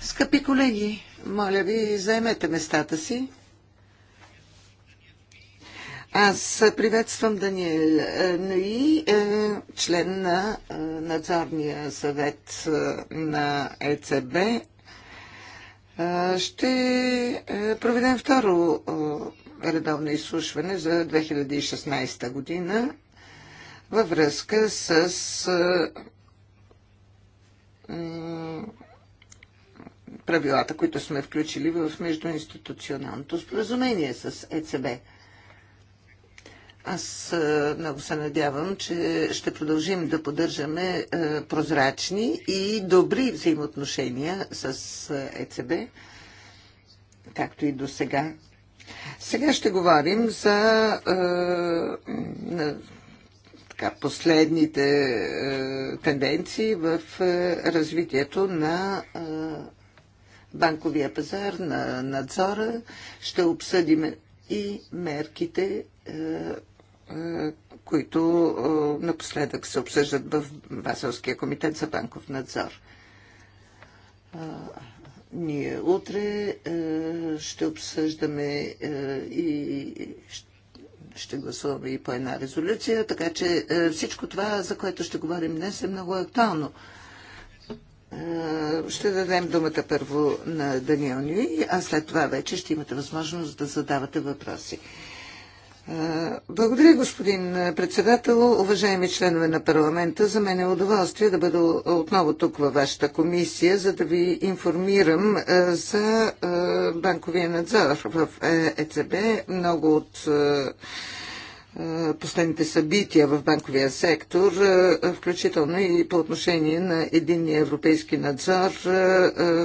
Скъпи колеги, моля ви, заемете местата си. Аз приветствам Даниел е, Наи, е, член на е, надзорния съвет на ЕЦБ. Ще проведем второ редовно изслушване за 2016 година във връзка с правилата, които сме включили в междуинституционалното споразумение с ЕЦБ. Аз много се надявам, че ще продължим да поддържаме прозрачни и добри взаимоотношения с ЕЦБ, както и до сега. Сега ще говорим за така, последните е, тенденции в е, развитието на е, банковия пазар, на надзора. Ще обсъдим и мерките, е, е, които е, напоследък се обсъждат в Базелския комитет за банков надзор. Е, ние утре е, ще обсъждаме е, и ще ще гласуваме и по една резолюция, така че е, всичко това, за което ще говорим днес, е много актуално. Е, ще дадем думата първо на Даниел Нюи, а след това вече ще имате възможност да задавате въпроси. Благодаря, господин председател. Уважаеми членове на парламента, за мен е удоволствие да бъда отново тук във вашата комисия, за да ви информирам за банковия надзор в ЕЦБ. Много от последните събития в банковия сектор, включително и по отношение на единния европейски надзор,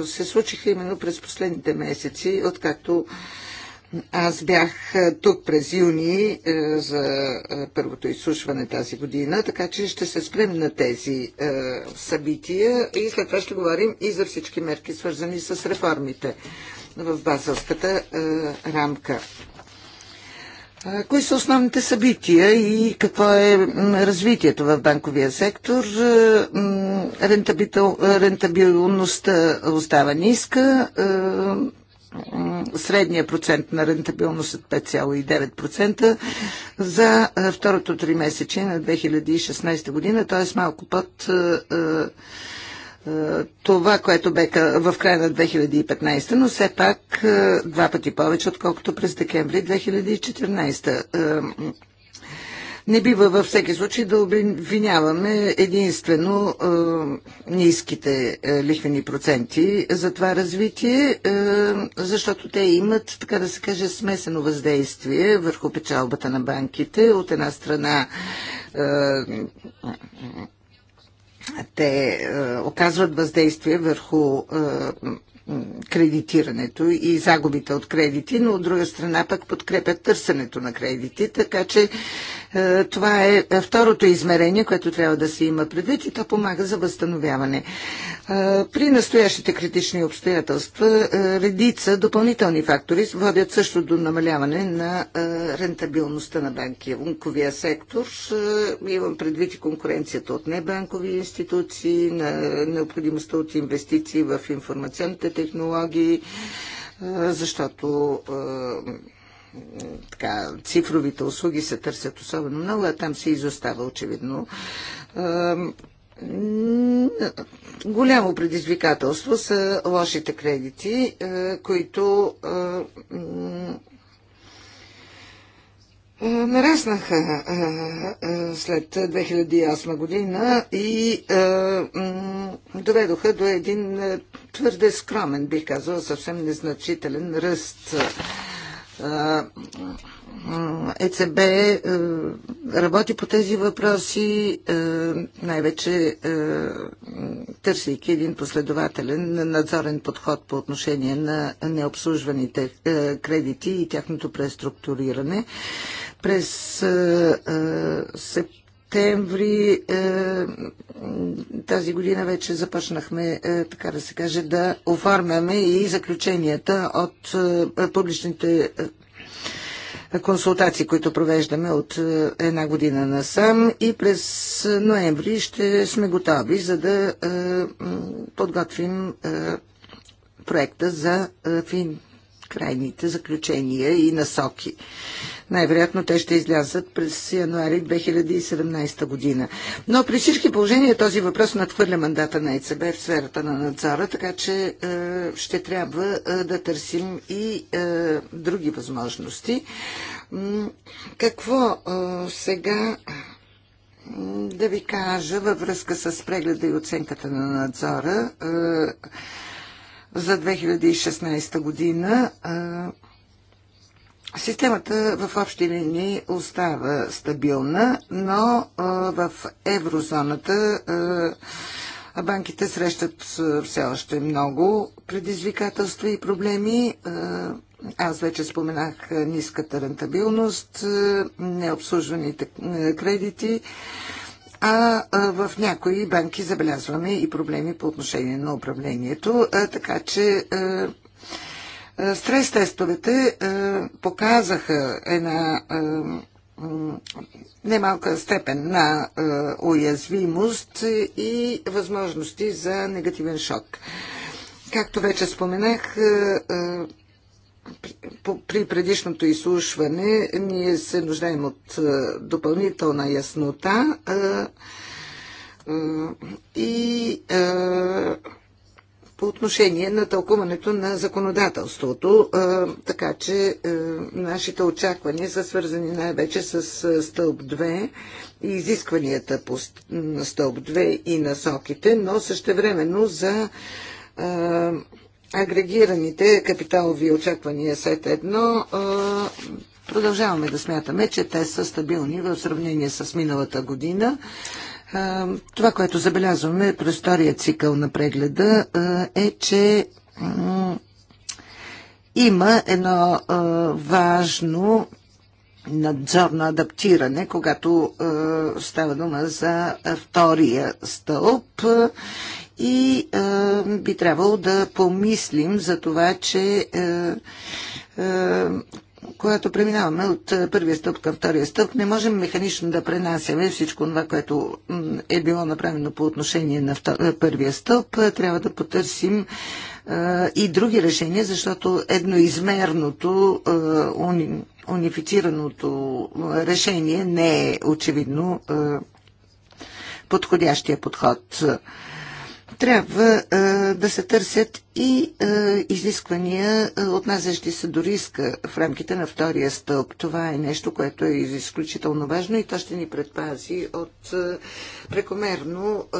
се случиха именно през последните месеци, откакто аз бях е, тук през юни е, за е, първото изслушване тази година, така че ще се спрем на тези събития и след това ще говорим и за всички мерки, свързани с реформите в базовската рамка. Кои са основните събития и какво е развитието в банковия сектор? Рентабилността остава ниска средния процент на рентабилност от е 5,9% за второто три месече на 2016 година, т.е. малко под това, което бе в края на 2015, но все пак два пъти повече, отколкото през декември 2014. Не бива във всеки случай да обвиняваме единствено е, ниските е, лихвени проценти за това развитие, е, защото те имат, така да се каже, смесено въздействие върху печалбата на банките. От една страна е, те е, оказват въздействие върху е, кредитирането и загубите от кредити, но от друга страна пък подкрепят търсенето на кредити, така че е, това е второто измерение, което трябва да се има предвид и то помага за възстановяване. Е, при настоящите критични обстоятелства е, редица допълнителни фактори водят също до намаляване на рентабилността на банки. банковия сектор. Имам предвид и конкуренцията от небанкови институции, на необходимостта от инвестиции в информационните технологии, защото така, цифровите услуги се търсят особено много, а там се изостава очевидно. Голямо предизвикателство са лошите кредити, които нараснаха след 2008 година и доведоха до един твърде скромен, бих казала, съвсем незначителен ръст. ЕЦБ работи по тези въпроси, най-вече търсейки един последователен надзорен подход по отношение на необслужваните кредити и тяхното преструктуриране. През септември тази година вече започнахме, така да се каже, да оформяме и заключенията от публичните консултации, които провеждаме от една година насам и през ноември ще сме готови, за да подготвим проекта за крайните заключения и насоки най-вероятно те ще излязат през януари 2017 година. Но при всички положения този въпрос надхвърля мандата на ЕЦБ в сферата на надзора, така че е, ще трябва е, да търсим и е, други възможности. Какво е, сега да ви кажа във връзка с прегледа и оценката на надзора е, за 2016 година? Е, Системата в общи линии остава стабилна, но в еврозоната банките срещат все още много предизвикателства и проблеми. Аз вече споменах ниската рентабилност, необслужваните кредити, а в някои банки забелязваме и проблеми по отношение на управлението, така че е, стрес тестовете е, показаха една е, немалка степен на уязвимост и възможности за негативен шок. Както вече споменах, при предишното изслушване ние се нуждаем от допълнителна яснота и по отношение на тълкуването на законодателството, така че нашите очаквания са свързани най-вече с стълб 2 и изискванията по стълб 2 и насоките, но същевременно за агрегираните капиталови очаквания след едно продължаваме да смятаме, че те са стабилни в сравнение с миналата година това, което забелязваме през втория цикъл на прегледа е, че има едно важно надзорно адаптиране, когато става дума за втория стълб и би трябвало да помислим за това, че когато преминаваме от е, първия стълб към втория стълб, не можем механично да пренасяме всичко това, което е било направено по отношение на е, първия стълб. Е, трябва да потърсим и други решения, защото едноизмерното, унифицираното решение не е очевидно подходящия подход трябва а, да се търсят и а, изисквания, а, отнасящи се до риска в рамките на втория стълб. Това е нещо, което е изключително важно и то ще ни предпази от а, прекомерно а,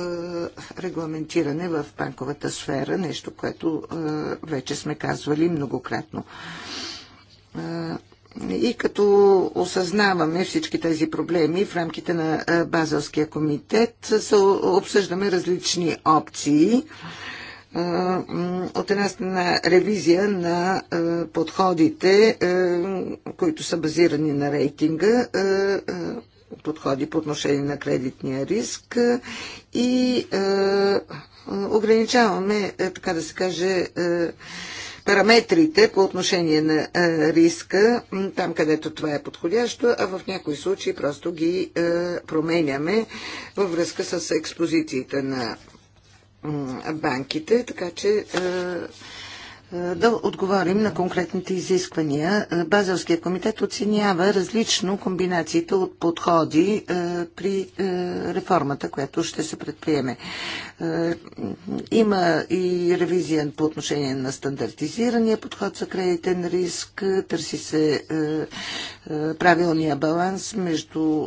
регламентиране в банковата сфера, нещо, което а, вече сме казвали многократно. А, и като осъзнаваме всички тези проблеми в рамките на Базелския комитет, обсъждаме различни опции. От една страна ревизия на подходите, които са базирани на рейтинга, подходи по отношение на кредитния риск и ограничаваме, така да се каже, параметрите по отношение на риска, там където това е подходящо, а в някои случаи просто ги променяме във връзка с експозициите на банките, така че е, да отговорим на конкретните изисквания. Е, Базелския комитет оценява различно комбинациите от подходи е, при реформата, която ще се предприеме. Има и ревизия по отношение на стандартизирания подход за кредитен риск. Търси се правилния баланс между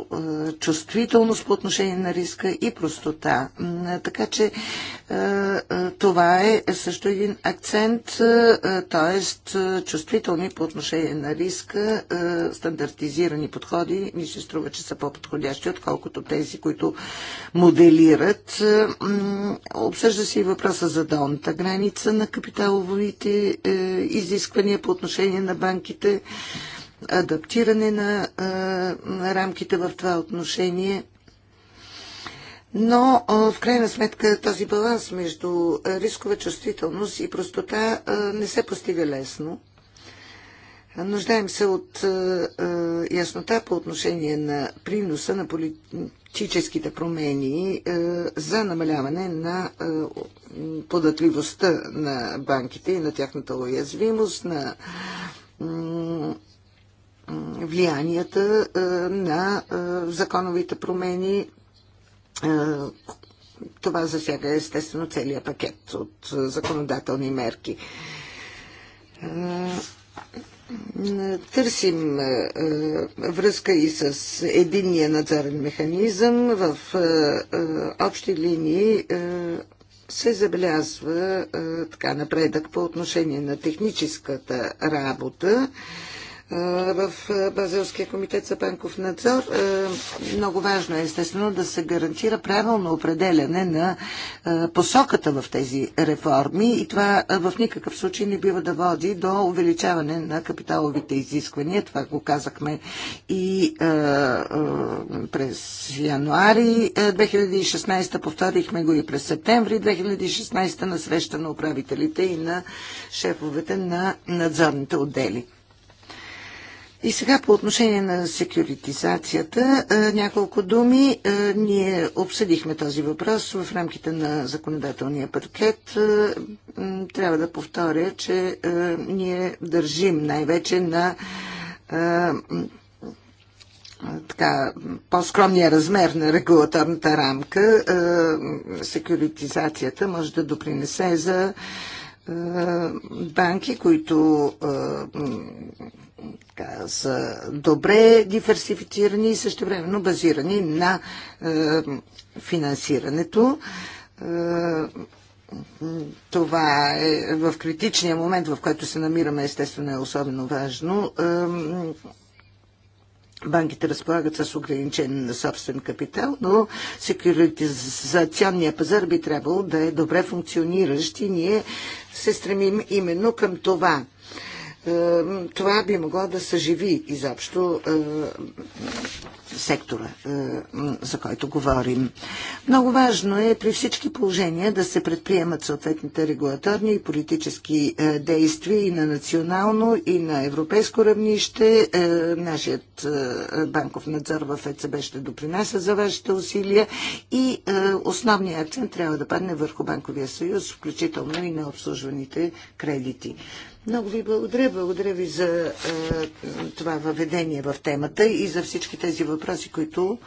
чувствителност по отношение на риска и простота. Така че това е също един акцент т.е. Е, чувствителни по отношение на риска, е, стандартизирани подходи, ми се струва, че са по-подходящи, отколкото тези, които моделират. Е, обсъжда се и въпроса за долната граница на капиталовите изисквания по отношение на банките, адаптиране на рамките в това отношение. Но в крайна сметка този баланс между рискова чувствителност и простота не се постига лесно. Нуждаем се от яснота по отношение на приноса на политическите промени за намаляване на податливостта на банките и на тяхната уязвимост, на влиянията на законовите промени е, това засяга естествено целият пакет от законодателни мерки. Е, търсим е, връзка и с единния надзорен механизъм. В общи линии се забелязва така напредък по отношение на техническата работа в Базилския комитет за банков надзор. Много важно е, естествено, да се гарантира правилно определяне на посоката в тези реформи и това в никакъв случай не бива да води до увеличаване на капиталовите изисквания. Това го казахме и през януари 2016, повторихме го и през септември 2016 на среща на управителите и на шефовете на надзорните отдели. И сега по отношение на секюритизацията, няколко думи. Ние обсъдихме този въпрос в рамките на законодателния пакет. Трябва да повторя, че ние държим най-вече на така, по-скромния размер на регулаторната рамка, секюритизацията може да допринесе за банки, които така, са добре диверсифицирани и същевременно базирани на е, финансирането. Е, това е в критичния момент, в който се намираме, естествено е особено важно. Е, банките разполагат с ограничен собствен капитал, но секюритизационния пазар би трябвало да е добре функциониращ и ние се стремим именно към това. Е, това би могло да съживи изобщо е, сектора, е, за който говорим. Много важно е при всички положения да се предприемат съответните регулаторни и политически действия и на национално, и на европейско равнище. Нашият банков надзор в ЕЦБ ще допринася за вашите усилия и основният акцент трябва да падне върху банковия съюз, включително и на обслужваните кредити. Много ви благодаря. Благодаря ви за е, това въведение в темата и за всички тези въпроси, които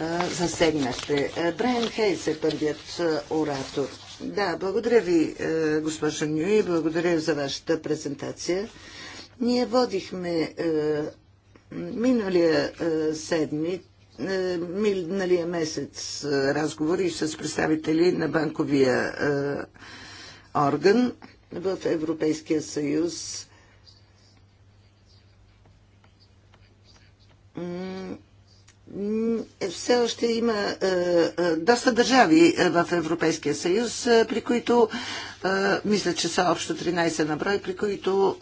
е, засегнахте. Е, Брайан Хейс е първият е, оратор. Да, благодаря ви, е, госпожа Нюи, благодаря за вашата презентация. Ние водихме е, миналия е, е, миналия месец е, разговори с представители на банковия орган в Европейския съюз все още има е, е, доста държави е, в Европейския съюз, при които, мисля, че са общо 13 на брой, при които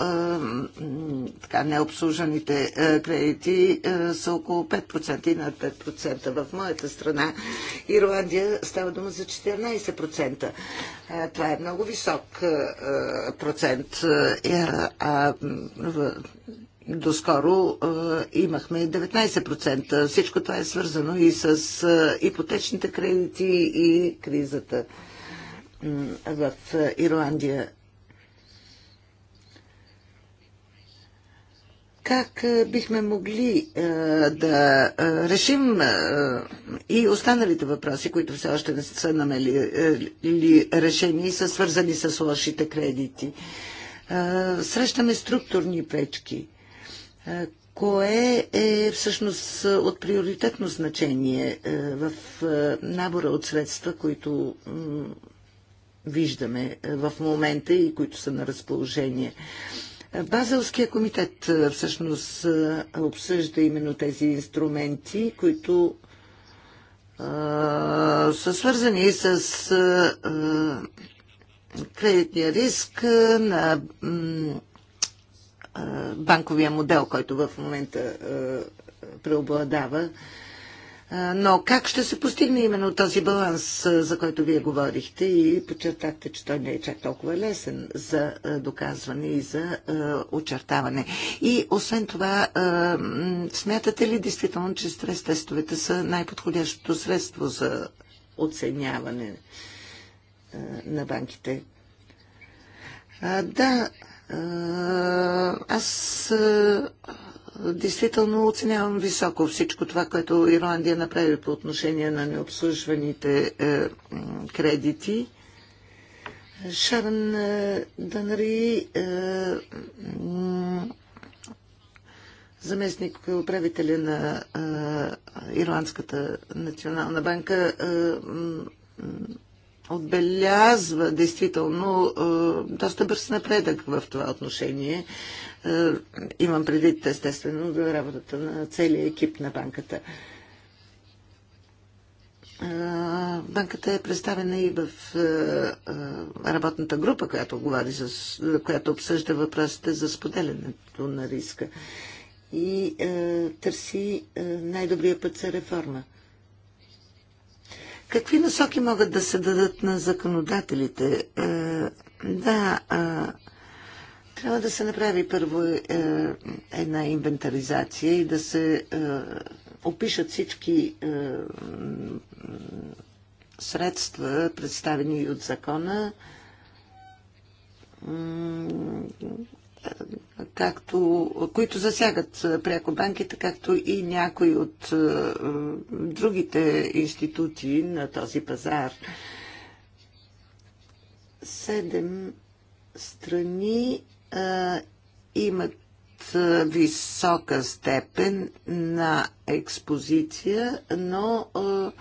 така, необслужените кредити са около 5% и над 5%. В моята страна, Ирландия, става дума за 14%. Това е много висок процент доскоро имахме 19%. Всичко това е свързано и с ипотечните кредити и кризата в Ирландия. Как бихме могли да решим и останалите въпроси, които все още не са намели решени и са свързани с лошите кредити? Срещаме структурни пречки кое е всъщност от приоритетно значение е, в е, набора от средства, които виждаме е, в момента и които са на разположение. Базелския комитет всъщност обсъжда именно тези инструменти, които са свързани с кредитния риск на банковия модел, който в момента преобладава. Но как ще се постигне именно този баланс, за който вие говорихте и подчертахте, че той не е чак толкова лесен за доказване и за очертаване? И освен това, смятате ли действително, че стрес-тестовете са най-подходящото средство за оценяване на банките? Да, е, аз е, действително оценявам високо всичко това, което Ирландия направи по отношение на необслужваните е, кредити. Шарън Данри, заместник управителя на Ирландската национална банка, отбелязва действително е, доста бърз напредък в това отношение. Е, имам предвид, естествено, работата на целия екип на банката. Е, банката е представена и в работната група, която, говори за, която обсъжда въпросите за споделянето на риска и търси най-добрия път за реформа. Какви насоки могат да се дадат на законодателите? Е, да, е, трябва да се направи първо е, една инвентаризация и да се опишат всички средства, представени от закона, както, които засягат пряко банките, както и някои от е, другите институции на този пазар. Седем страни а, е, имат е, висока степен на експозиция, но а,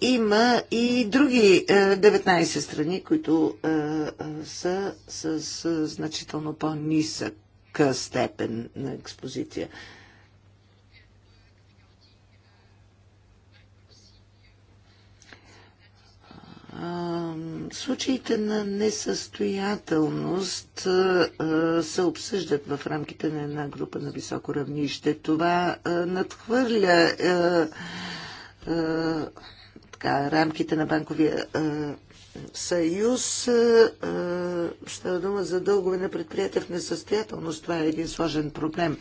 има и други 19 е, страни, които е, е, са с значително по-нисък степен на експозиция. Случаите на несъстоятелност се обсъждат в рамките на една група на високо равнище. Това надхвърля така, рамките на банковия а, съюз. Е, става дума за дългове на предприятия в несъстоятелност. Това е един сложен проблем.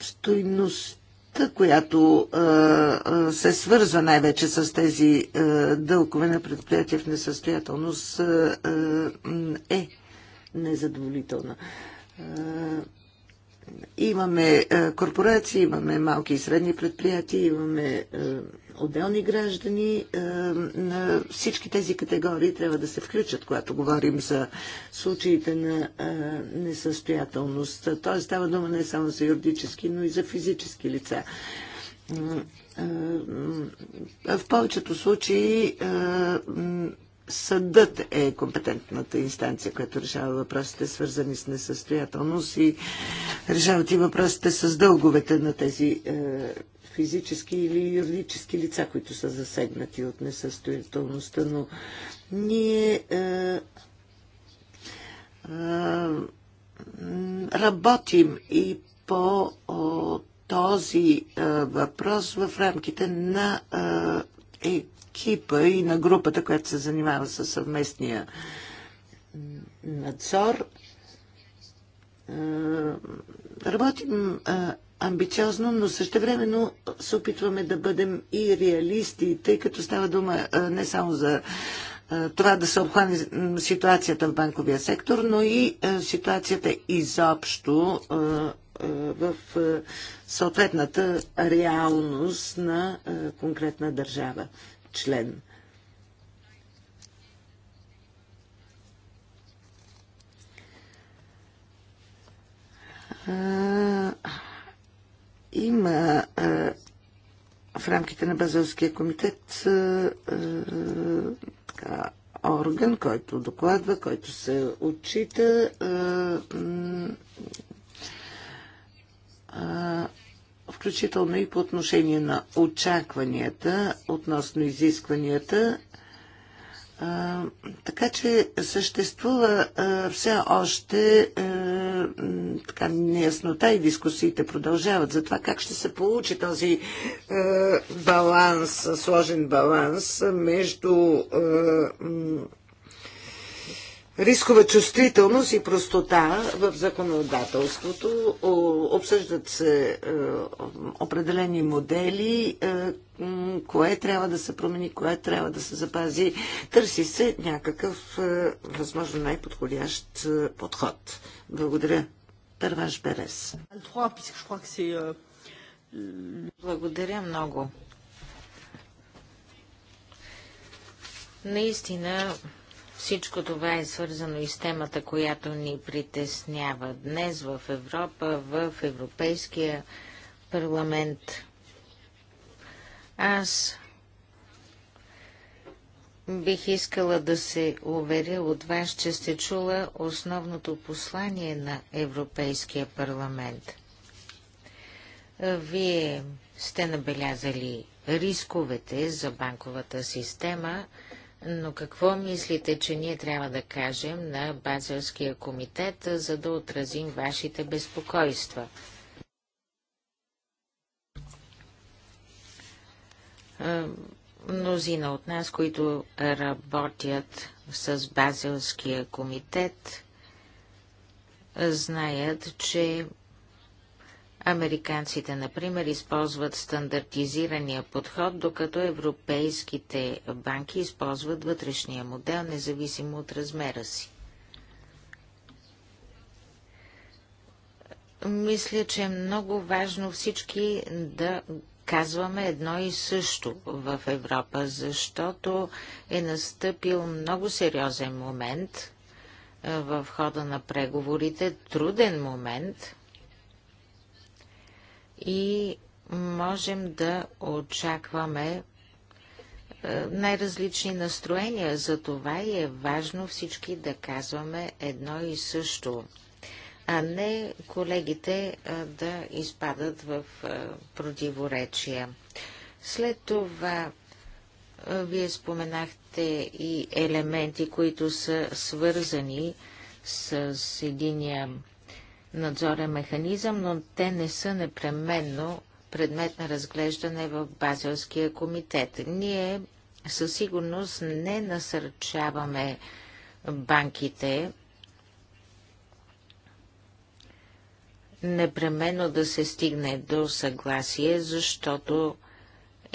стойността, която а, се свързва най-вече с тези а, дългове на предприятия в несъстоятелност, а, е незадоволителна. Е, имаме е, корпорации, имаме малки и средни предприятия, имаме е, отделни граждани. На всички тези категории трябва да се включат, когато говорим за случаите на несъстоятелност. Т.е. става дума не само за юридически, но и за физически лица. В повечето случаи съдът е компетентната инстанция, която решава въпросите, свързани с несъстоятелност и решават и въпросите с дълговете на тези е, физически или юридически лица, които са засегнати от несъстоятелността. Но ние е, е, работим и по о, този е, въпрос в рамките на е, екипа и на групата, която се занимава със съвместния надзор. Е, работим е, амбициозно, но също времено се опитваме да бъдем и реалисти, тъй като става дума е, не само за това да се обхване ситуацията в банковия сектор, но и ситуацията изобщо е, в е, съответната реалност на е, конкретна държава член. Има в рамките на Базелския комитет така, орган, който докладва, който се отчита включително и по отношение на очакванията относно изискванията. А, така че съществува а, все още а, е, така неяснота и дискусиите продължават за това как ще се получи този а, е, баланс, сложен баланс между а, е, рискова чувствителност и простота в законодателството. Обсъждат се е, определени модели, е, кое трябва да се промени, кое трябва да се запази. Търси се някакъв, е, възможно най-подходящ подход. Благодаря. Първаш Берес. Благодаря много. Наистина, всичко това е свързано и с темата, която ни притеснява днес в Европа, в Европейския парламент. Аз бих искала да се уверя от вас, че сте чула основното послание на Европейския парламент. Вие сте набелязали рисковете за банковата система – но какво мислите, че ние трябва да кажем на Базелския комитет, за да отразим вашите безпокойства? Мнозина от нас, които работят с Базелския комитет, знаят, че Американците, например, използват стандартизирания подход, докато европейските банки използват вътрешния модел, независимо от размера си. Мисля, че е много важно всички да казваме едно и също в Европа, защото е настъпил много сериозен момент в хода на преговорите, труден момент – и можем да очакваме е, най-различни настроения. За това и е важно всички да казваме едно и също, а не колегите е, да изпадат в е, противоречия. След това вие споменахте и елементи, които са свързани с единия надзорен механизъм, но те не са непременно предмет на разглеждане в Базелския комитет. Ние със сигурност не насърчаваме банките непременно да се стигне до съгласие, защото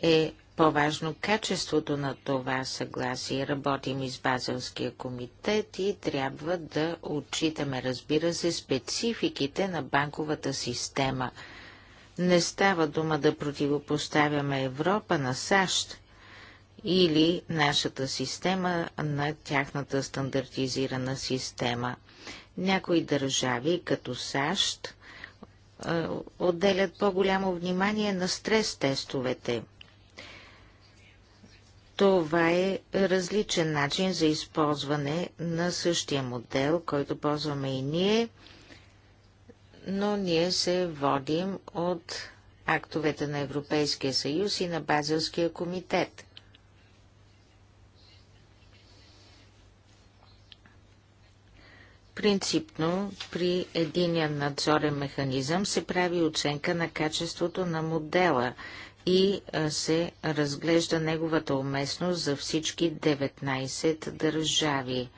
е по-важно качеството на това съгласие. Работим и с Базелския комитет и трябва да отчитаме, разбира се, спецификите на банковата система. Не става дума да противопоставяме Европа на САЩ или нашата система на тяхната стандартизирана система. Някои държави, като САЩ, е, отделят по-голямо внимание на стрес-тестовете. Това е различен начин за използване на същия модел, който ползваме и ние, но ние се водим от актовете на Европейския съюз и на Базелския комитет. Принципно при единия надзорен механизъм се прави оценка на качеството на модела и се разглежда неговата уместност за всички 19 държави.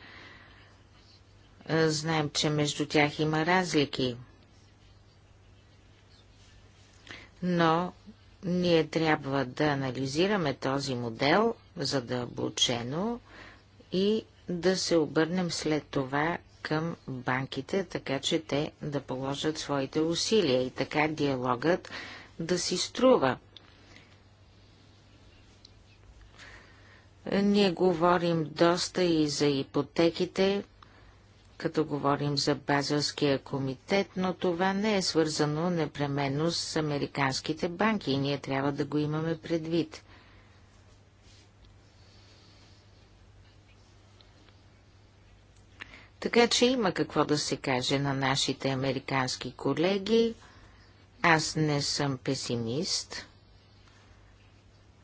Знаем, че между тях има разлики, но ние трябва да анализираме този модел задълбочено и да се обърнем след това към банките, така че те да положат своите усилия и така диалогът да си струва. Ние говорим доста и за ипотеките, като говорим за Базелския комитет, но това не е свързано непременно с американските банки и ние трябва да го имаме предвид. Така че има какво да се каже на нашите американски колеги. Аз не съм песимист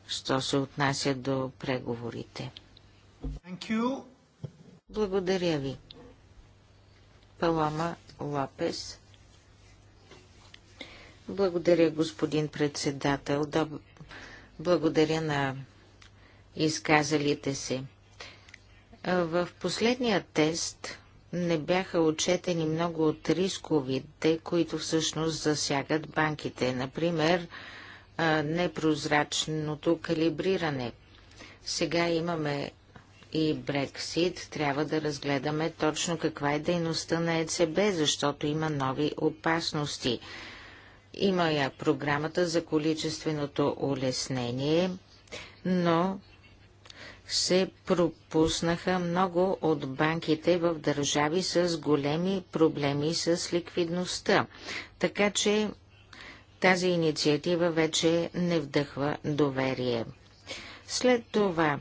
що се отнася до преговорите. Благодаря ви. Палама Лапес. Благодаря, господин председател. Да, благодаря на изказалите се. В последния тест не бяха отчетени много от рисковите, които всъщност засягат банките. Например, непрозрачното калибриране. Сега имаме и Брексит, трябва да разгледаме точно каква е дейността на ЕЦБ, защото има нови опасности. Има я програмата за количественото улеснение, но се пропуснаха много от банките в държави с големи проблеми с ликвидността. Така че тази инициатива вече не вдъхва доверие. След това,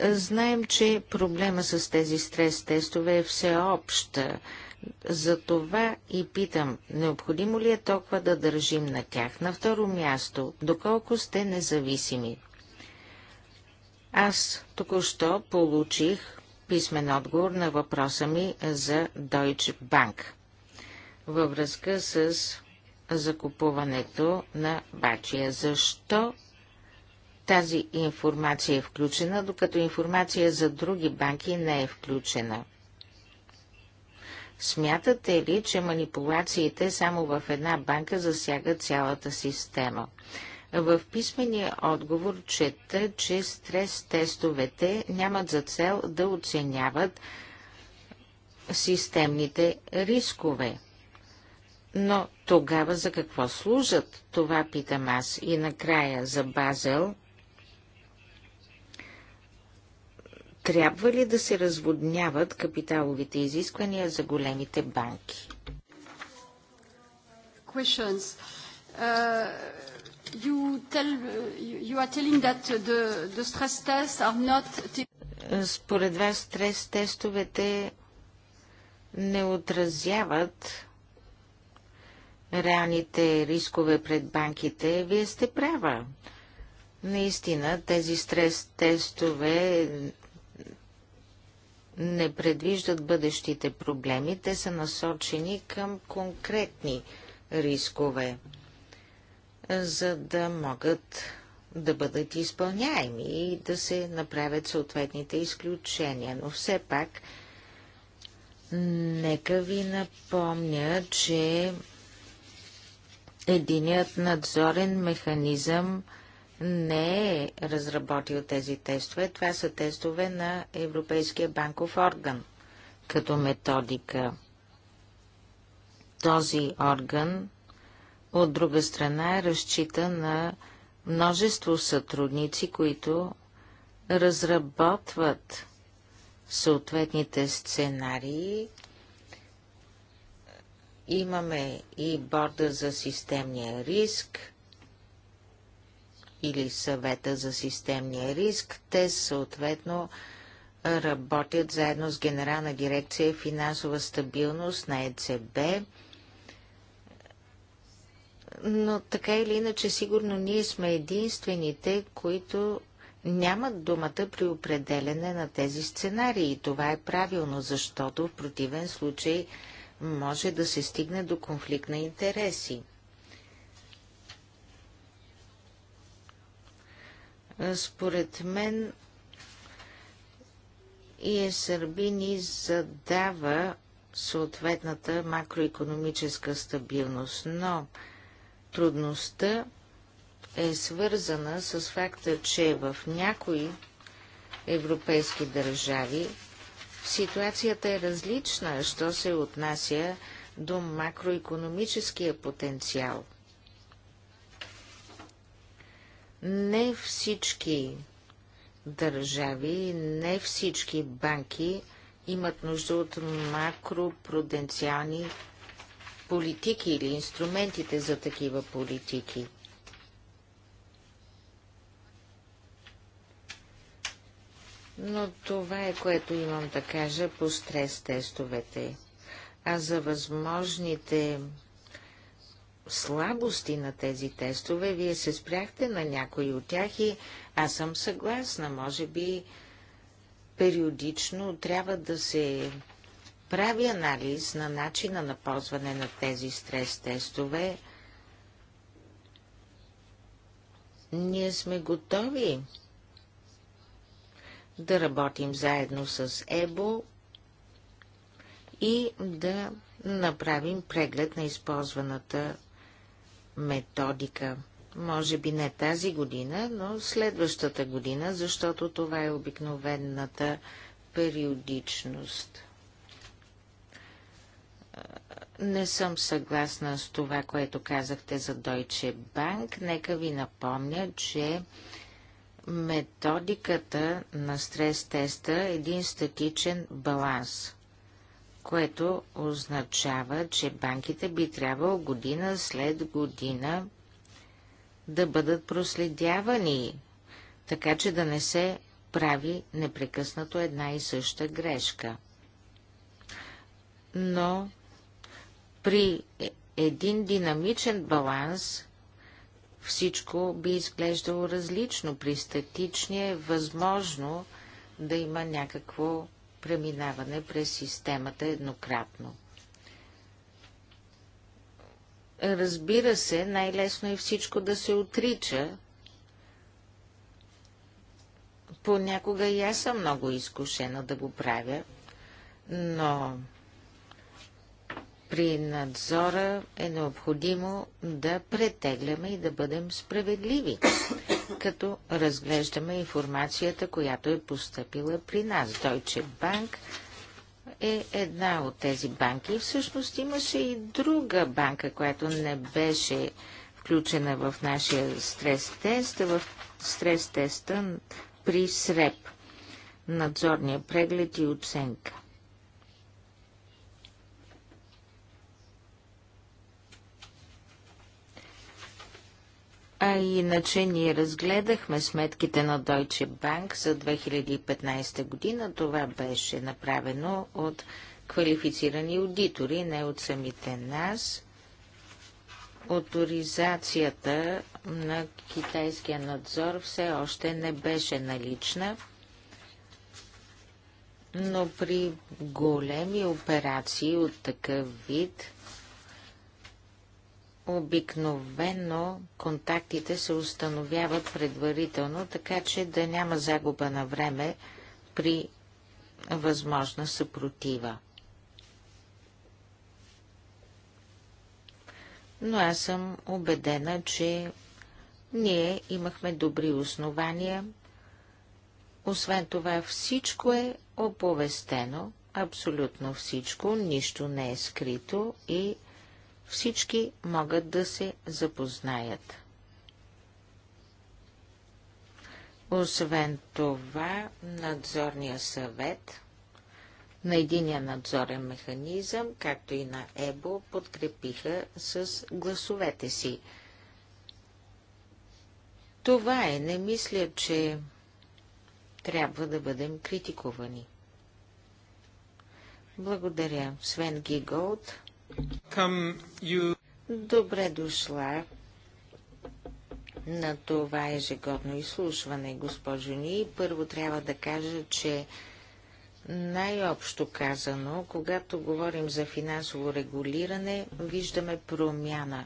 знаем, че проблема с тези стрес-тестове е всеобща. За това и питам, необходимо ли е толкова да държим на тях? На второ място, доколко сте независими? Аз току-що получих писмен отговор на въпроса ми за Deutsche Bank във връзка с закупуването на бачия. Защо тази информация е включена, докато информация за други банки не е включена? Смятате ли, че манипулациите само в една банка засягат цялата система? В писмения отговор чета, че стрес-тестовете нямат за цел да оценяват системните рискове. Но тогава за какво служат? Това питам аз. И накрая за Базел. Трябва ли да се разводняват капиталовите изисквания за големите банки? Questions. Uh, you, tell, you are telling that the, the stress tests are not... Според вас стрес тестовете не отразяват реалните рискове пред банките, вие сте права. Наистина, тези стрес-тестове не предвиждат бъдещите проблеми, те са насочени към конкретни рискове, за да могат да бъдат изпълняеми и да се направят съответните изключения. Но все пак, нека ви напомня, че Единият надзорен механизъм не е разработил тези тестове. Това са тестове на Европейския банков орган като методика. Този орган, от друга страна, е разчита на множество сътрудници, които разработват съответните сценарии Имаме и борда за системния риск или съвета за системния риск. Те съответно работят заедно с Генерална дирекция финансова стабилност на ЕЦБ. Но така или иначе, сигурно ние сме единствените, които нямат думата при определене на тези сценарии. И това е правилно, защото в противен случай може да се стигне до конфликт на интереси. Според мен и e ИСРБ ни задава съответната макроекономическа стабилност, но трудността е свързана с факта, че в някои европейски държави Ситуацията е различна, що се отнася до макроекономическия потенциал. Не всички държави, не всички банки имат нужда от макропруденциални политики или инструментите за такива политики. Но това е, което имам да кажа по стрес тестовете. А за възможните слабости на тези тестове, вие се спряхте на някои от тях и аз съм съгласна. Може би периодично трябва да се прави анализ на начина на ползване на тези стрес тестове. Ние сме готови да работим заедно с ЕБО и да направим преглед на използваната методика. Може би не тази година, но следващата година, защото това е обикновената периодичност. Не съм съгласна с това, което казахте за Deutsche Bank. Нека ви напомня, че методиката на стрес-теста е един статичен баланс, което означава, че банките би трябвало година след година да бъдат проследявани, така че да не се прави непрекъснато една и съща грешка. Но при е, един динамичен баланс всичко би изглеждало различно. При статичния е възможно да има някакво преминаване през системата еднократно. Разбира се, най-лесно е всичко да се отрича. Понякога и аз съм много изкушена да го правя, но при надзора е необходимо да претегляме и да бъдем справедливи, като разглеждаме информацията, която е поступила при нас. Deutsche Bank е една от тези банки. Всъщност имаше и друга банка, която не беше включена в нашия стрес-тест, в стрес-теста при СРЕП – надзорния преглед и оценка. А иначе ние разгледахме сметките на Deutsche Bank за 2015 година. Това беше направено от квалифицирани аудитори, не от самите нас. Авторизацията на китайския надзор все още не беше налична, но при големи операции от такъв вид – Обикновено контактите се установяват предварително, така че да няма загуба на време при възможна съпротива. Но аз съм убедена, че ние имахме добри основания. Освен това всичко е оповестено, абсолютно всичко, нищо не е скрито и всички могат да се запознаят. Освен това, надзорния съвет на единия надзорен механизъм, както и на ЕБО, подкрепиха с гласовете си. Това е, не мисля, че трябва да бъдем критикувани. Благодаря, Свен Гиголд. Добре дошла на това ежегодно изслушване, госпожо Ни. Първо трябва да кажа, че най-общо казано, когато говорим за финансово регулиране, виждаме промяна.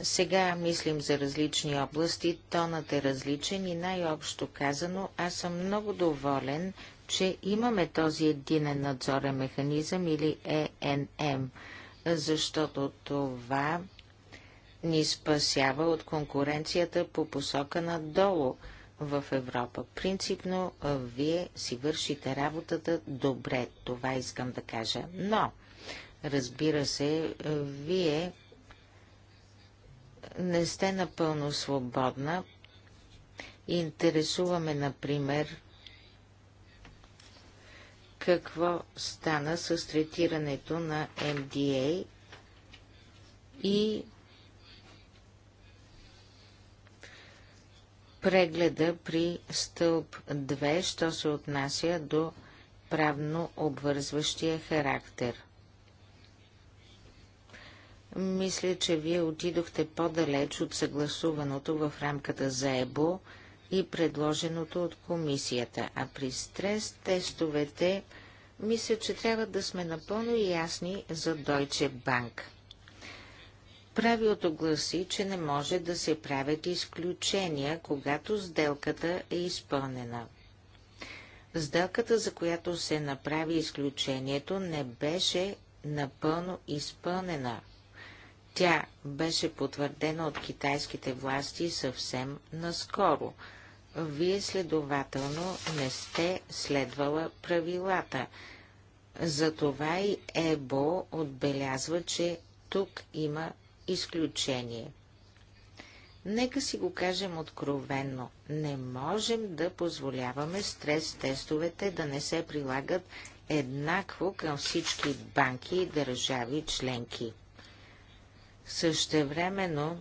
Сега мислим за различни области, тонът е различен и най-общо казано, аз съм много доволен, че имаме този единен надзорен механизъм или ЕНМ, защото това ни спасява от конкуренцията по посока надолу в Европа. Принципно, вие си вършите работата добре, това искам да кажа. Но, разбира се, вие не сте напълно свободна. Интересуваме, например, какво стана с третирането на МДА и прегледа при стълб 2, що се отнася до правно обвързващия характер. Мисля, че вие отидохте по-далеч от съгласуваното в рамката за ЕБО, и предложеното от комисията. А при стрес тестовете мисля, че трябва да сме напълно ясни за Deutsche Bank. Правилото гласи, че не може да се правят изключения, когато сделката е изпълнена. Сделката, за която се направи изключението, не беше напълно изпълнена. Тя беше потвърдена от китайските власти съвсем наскоро. Вие следователно не сте следвала правилата. Затова и ЕБО отбелязва, че тук има изключение. Нека си го кажем откровенно. Не можем да позволяваме стрес-тестовете да не се прилагат еднакво към всички банки и държави членки. Същевременно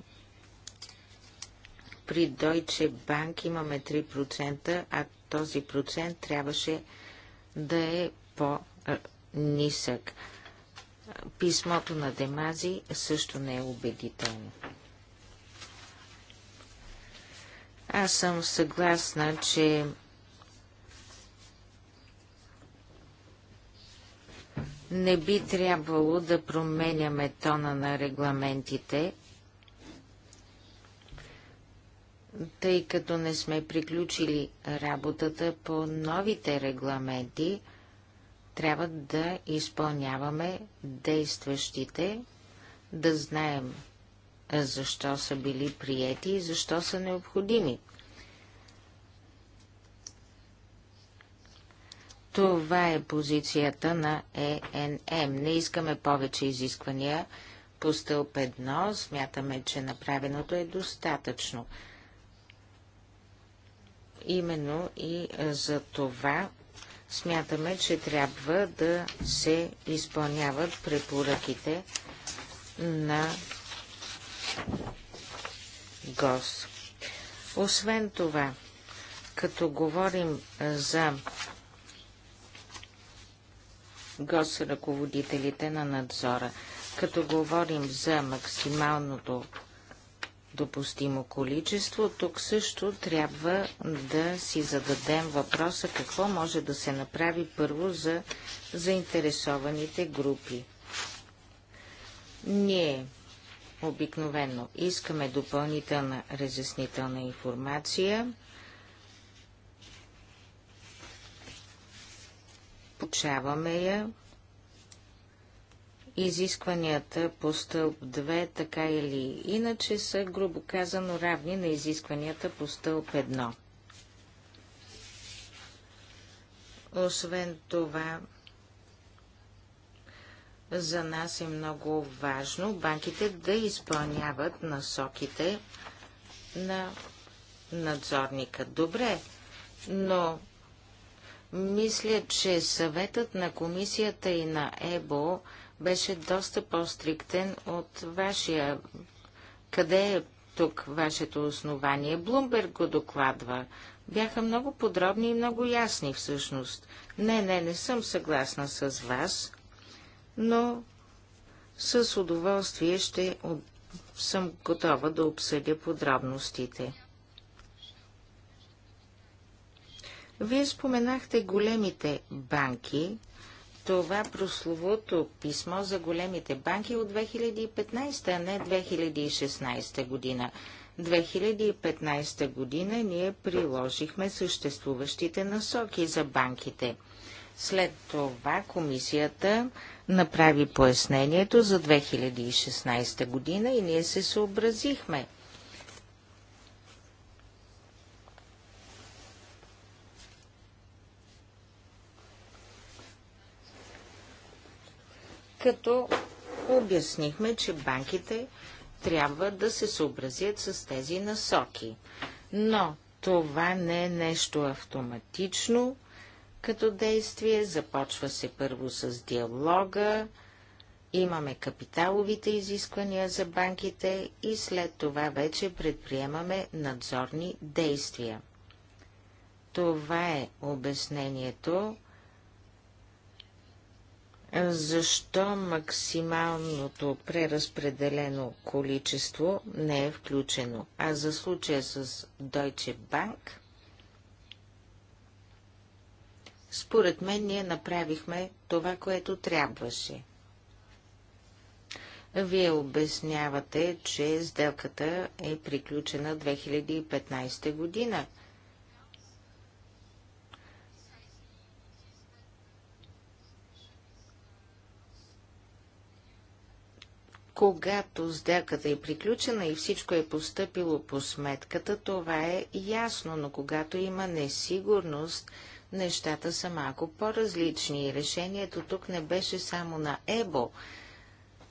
при Deutsche Bank имаме 3%, а този процент трябваше да е по-нисък. Писмото на Демази също не е убедително. Аз съм съгласна, че не би трябвало да променяме тона на регламентите, Тъй като не сме приключили работата по новите регламенти, трябва да изпълняваме действащите, да знаем защо са били приети и защо са необходими. Това е позицията на ЕНМ. Не искаме повече изисквания по стълб 1. Смятаме, че направеното е достатъчно. Именно и е, за това смятаме, че трябва да се изпълняват препоръките на ГОС. Освен това, като говорим е, за ГОС ръководителите на надзора, като говорим за максималното допустимо количество. Тук също трябва да си зададем въпроса какво може да се направи първо за заинтересованите групи. Ние обикновено искаме допълнителна разяснителна информация. почаваме я Изискванията по стълб 2 така или иначе са, грубо казано, равни на изискванията по стълб 1. Освен това, за нас е много важно банките да изпълняват насоките на надзорника. Добре, но мисля, че съветът на комисията и на ЕБО беше доста по-стриктен от вашия. Къде е тук вашето основание? Блумберг го докладва. Бяха много подробни и много ясни всъщност. Не, не, не съм съгласна с вас, но с удоволствие ще съм готова да обсъдя подробностите. Вие споменахте големите банки, това прословото писмо за големите банки от 2015, а не 2016 година. 2015 година ние приложихме съществуващите насоки за банките. След това комисията направи пояснението за 2016 година и ние се съобразихме – като обяснихме, че банките трябва да се съобразят с тези насоки. Но това не е нещо автоматично като действие. Започва се първо с диалога, имаме капиталовите изисквания за банките и след това вече предприемаме надзорни действия. Това е обяснението защо максималното преразпределено количество не е включено. А за случая с Deutsche Bank, според мен ние направихме това, което трябваше. Вие обяснявате, че сделката е приключена 2015 година – Когато сделката е приключена и всичко е поступило по сметката, това е ясно, но когато има несигурност, нещата са малко по-различни. И Решението тук не беше само на ЕБО.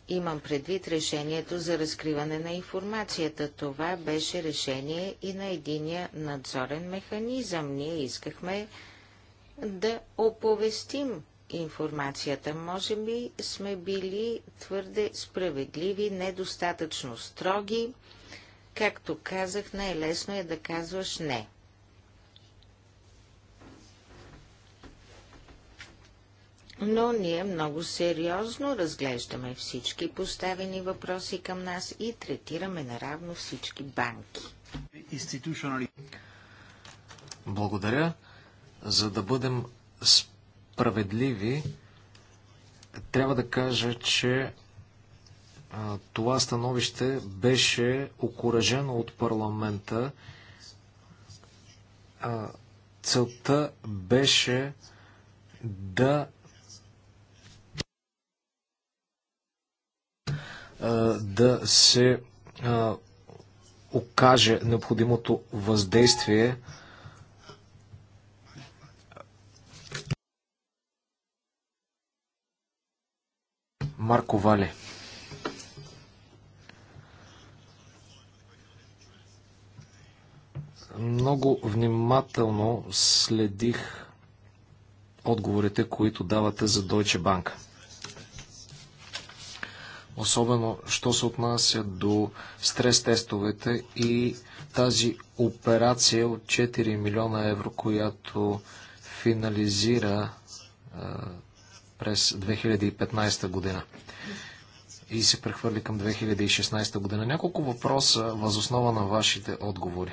Имам предвид решението за разкриване на информацията. Това беше решение и на единия надзорен механизъм. Ние искахме да оповестим информацията. Може би сме били твърде справедливи, недостатъчно строги. Както казах, най-лесно е да казваш не. Но ние много сериозно разглеждаме всички поставени въпроси към нас и третираме наравно всички банки. Благодаря. За да бъдем справедливи, трябва да кажа, че това становище беше окоръжено от парламента. Целта беше да да се окаже необходимото въздействие Марко Вали. Много внимателно следих отговорите, които давате за Deutsche Bank. Особено, що се отнася до стрес-тестовете и тази операция от 4 милиона евро, която финализира през 2015 година и се прехвърли към 2016 година. Няколко въпроса възоснова на вашите отговори.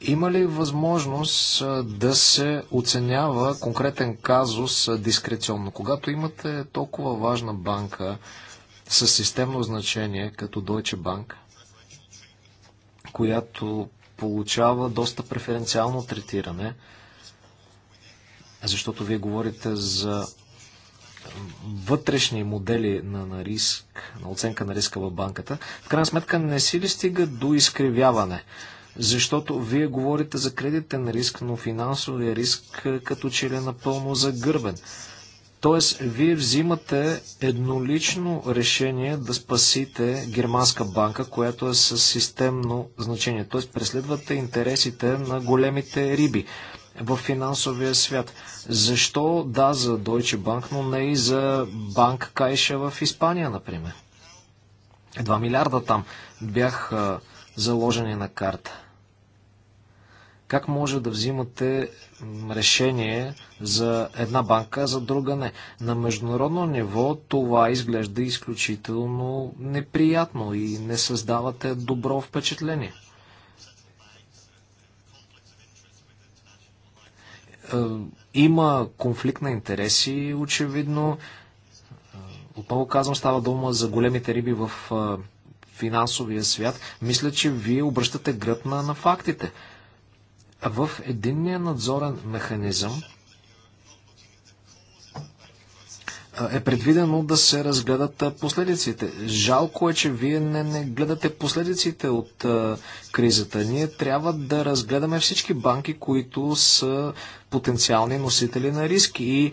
Има ли възможност да се оценява конкретен казус дискреционно? Когато имате толкова важна банка с системно значение, като Deutsche Bank, която получава доста преференциално третиране, защото вие говорите за вътрешни модели на, на риск, на оценка на риска в банката, в крайна сметка не си ли стига до изкривяване? Защото вие говорите за кредитен риск, но финансовия риск е, като че ли е напълно загърбен. Тоест, вие взимате еднолично решение да спасите германска банка, която е с системно значение. Тоест, преследвате интересите на големите риби в финансовия свят. Защо да за Deutsche Bank, но не и за банк Кайша в Испания, например? Два милиарда там бях заложени на карта. Как може да взимате решение за една банка, за друга не? На международно ниво това изглежда изключително неприятно и не създавате добро впечатление. Е, има конфликт на интереси, очевидно. Е, отново казвам, става дума за големите риби в е, финансовия свят. Мисля, че вие обръщате гръб на, на фактите в единния надзорен механизъм е предвидено да се разгледат последиците. Жалко е, че вие не, не гледате последиците от а, кризата. Ние трябва да разгледаме всички банки, които са потенциални носители на риски и а,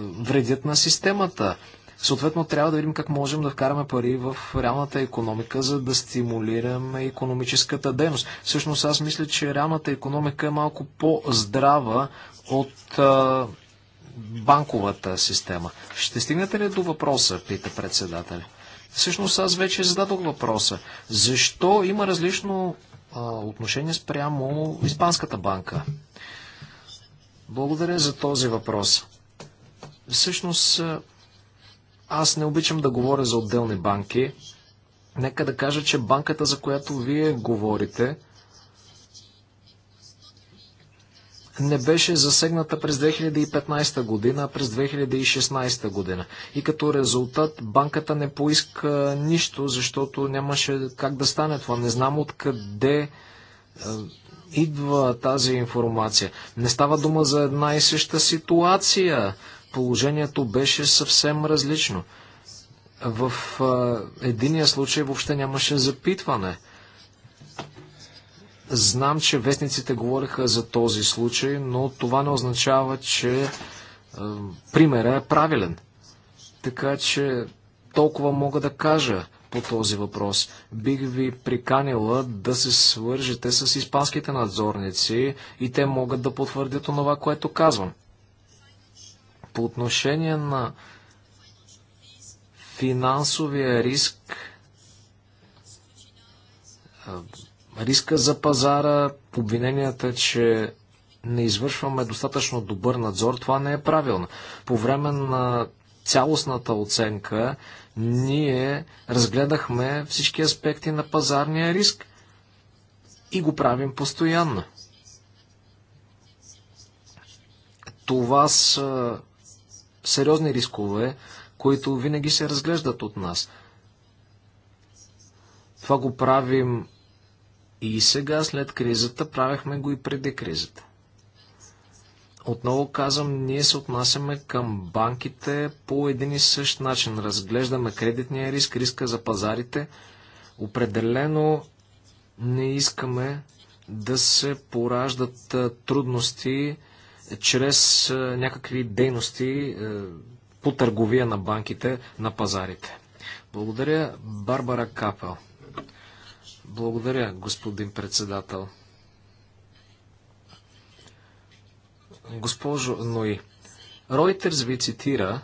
вредят на системата. Съответно, трябва да видим как можем да вкараме пари в реалната економика, за да стимулираме економическата дейност. Всъщност, аз мисля, че реалната економика е малко по-здрава от а, банковата система. Ще стигнете ли до въпроса, пита председателя? Всъщност, аз вече зададох въпроса. Защо има различно а, отношение спрямо Испанската банка? Благодаря за този въпрос. Всъщност, аз не обичам да говоря за отделни банки. Нека да кажа, че банката, за която вие говорите, не беше засегната през 2015 година, а през 2016 година. И като резултат банката не поиска нищо, защото нямаше как да стане това. Не знам откъде е, идва тази информация. Не става дума за една и съща ситуация положението беше съвсем различно. В а, единия случай въобще нямаше запитване. Знам, че вестниците говориха за този случай, но това не означава, че а, е правилен. Така че толкова мога да кажа по този въпрос. Бих ви приканила да се свържете с испанските надзорници и те могат да потвърдят онова, което казвам. По отношение на финансовия риск, риска за пазара, обвиненията, че не извършваме достатъчно добър надзор, това не е правилно. По време на цялостната оценка ние разгледахме всички аспекти на пазарния риск и го правим постоянно. Това са сериозни рискове, които винаги се разглеждат от нас. Това го правим и сега, след кризата, правехме го и преди кризата. Отново казвам, ние се отнасяме към банките по един и същ начин. Разглеждаме кредитния риск, риска за пазарите. Определено не искаме да се пораждат трудности чрез е, някакви дейности е, по търговия на банките на пазарите. Благодаря, Барбара Капел. Благодаря, господин председател. Госпожо Нои, Ройтерс ви цитира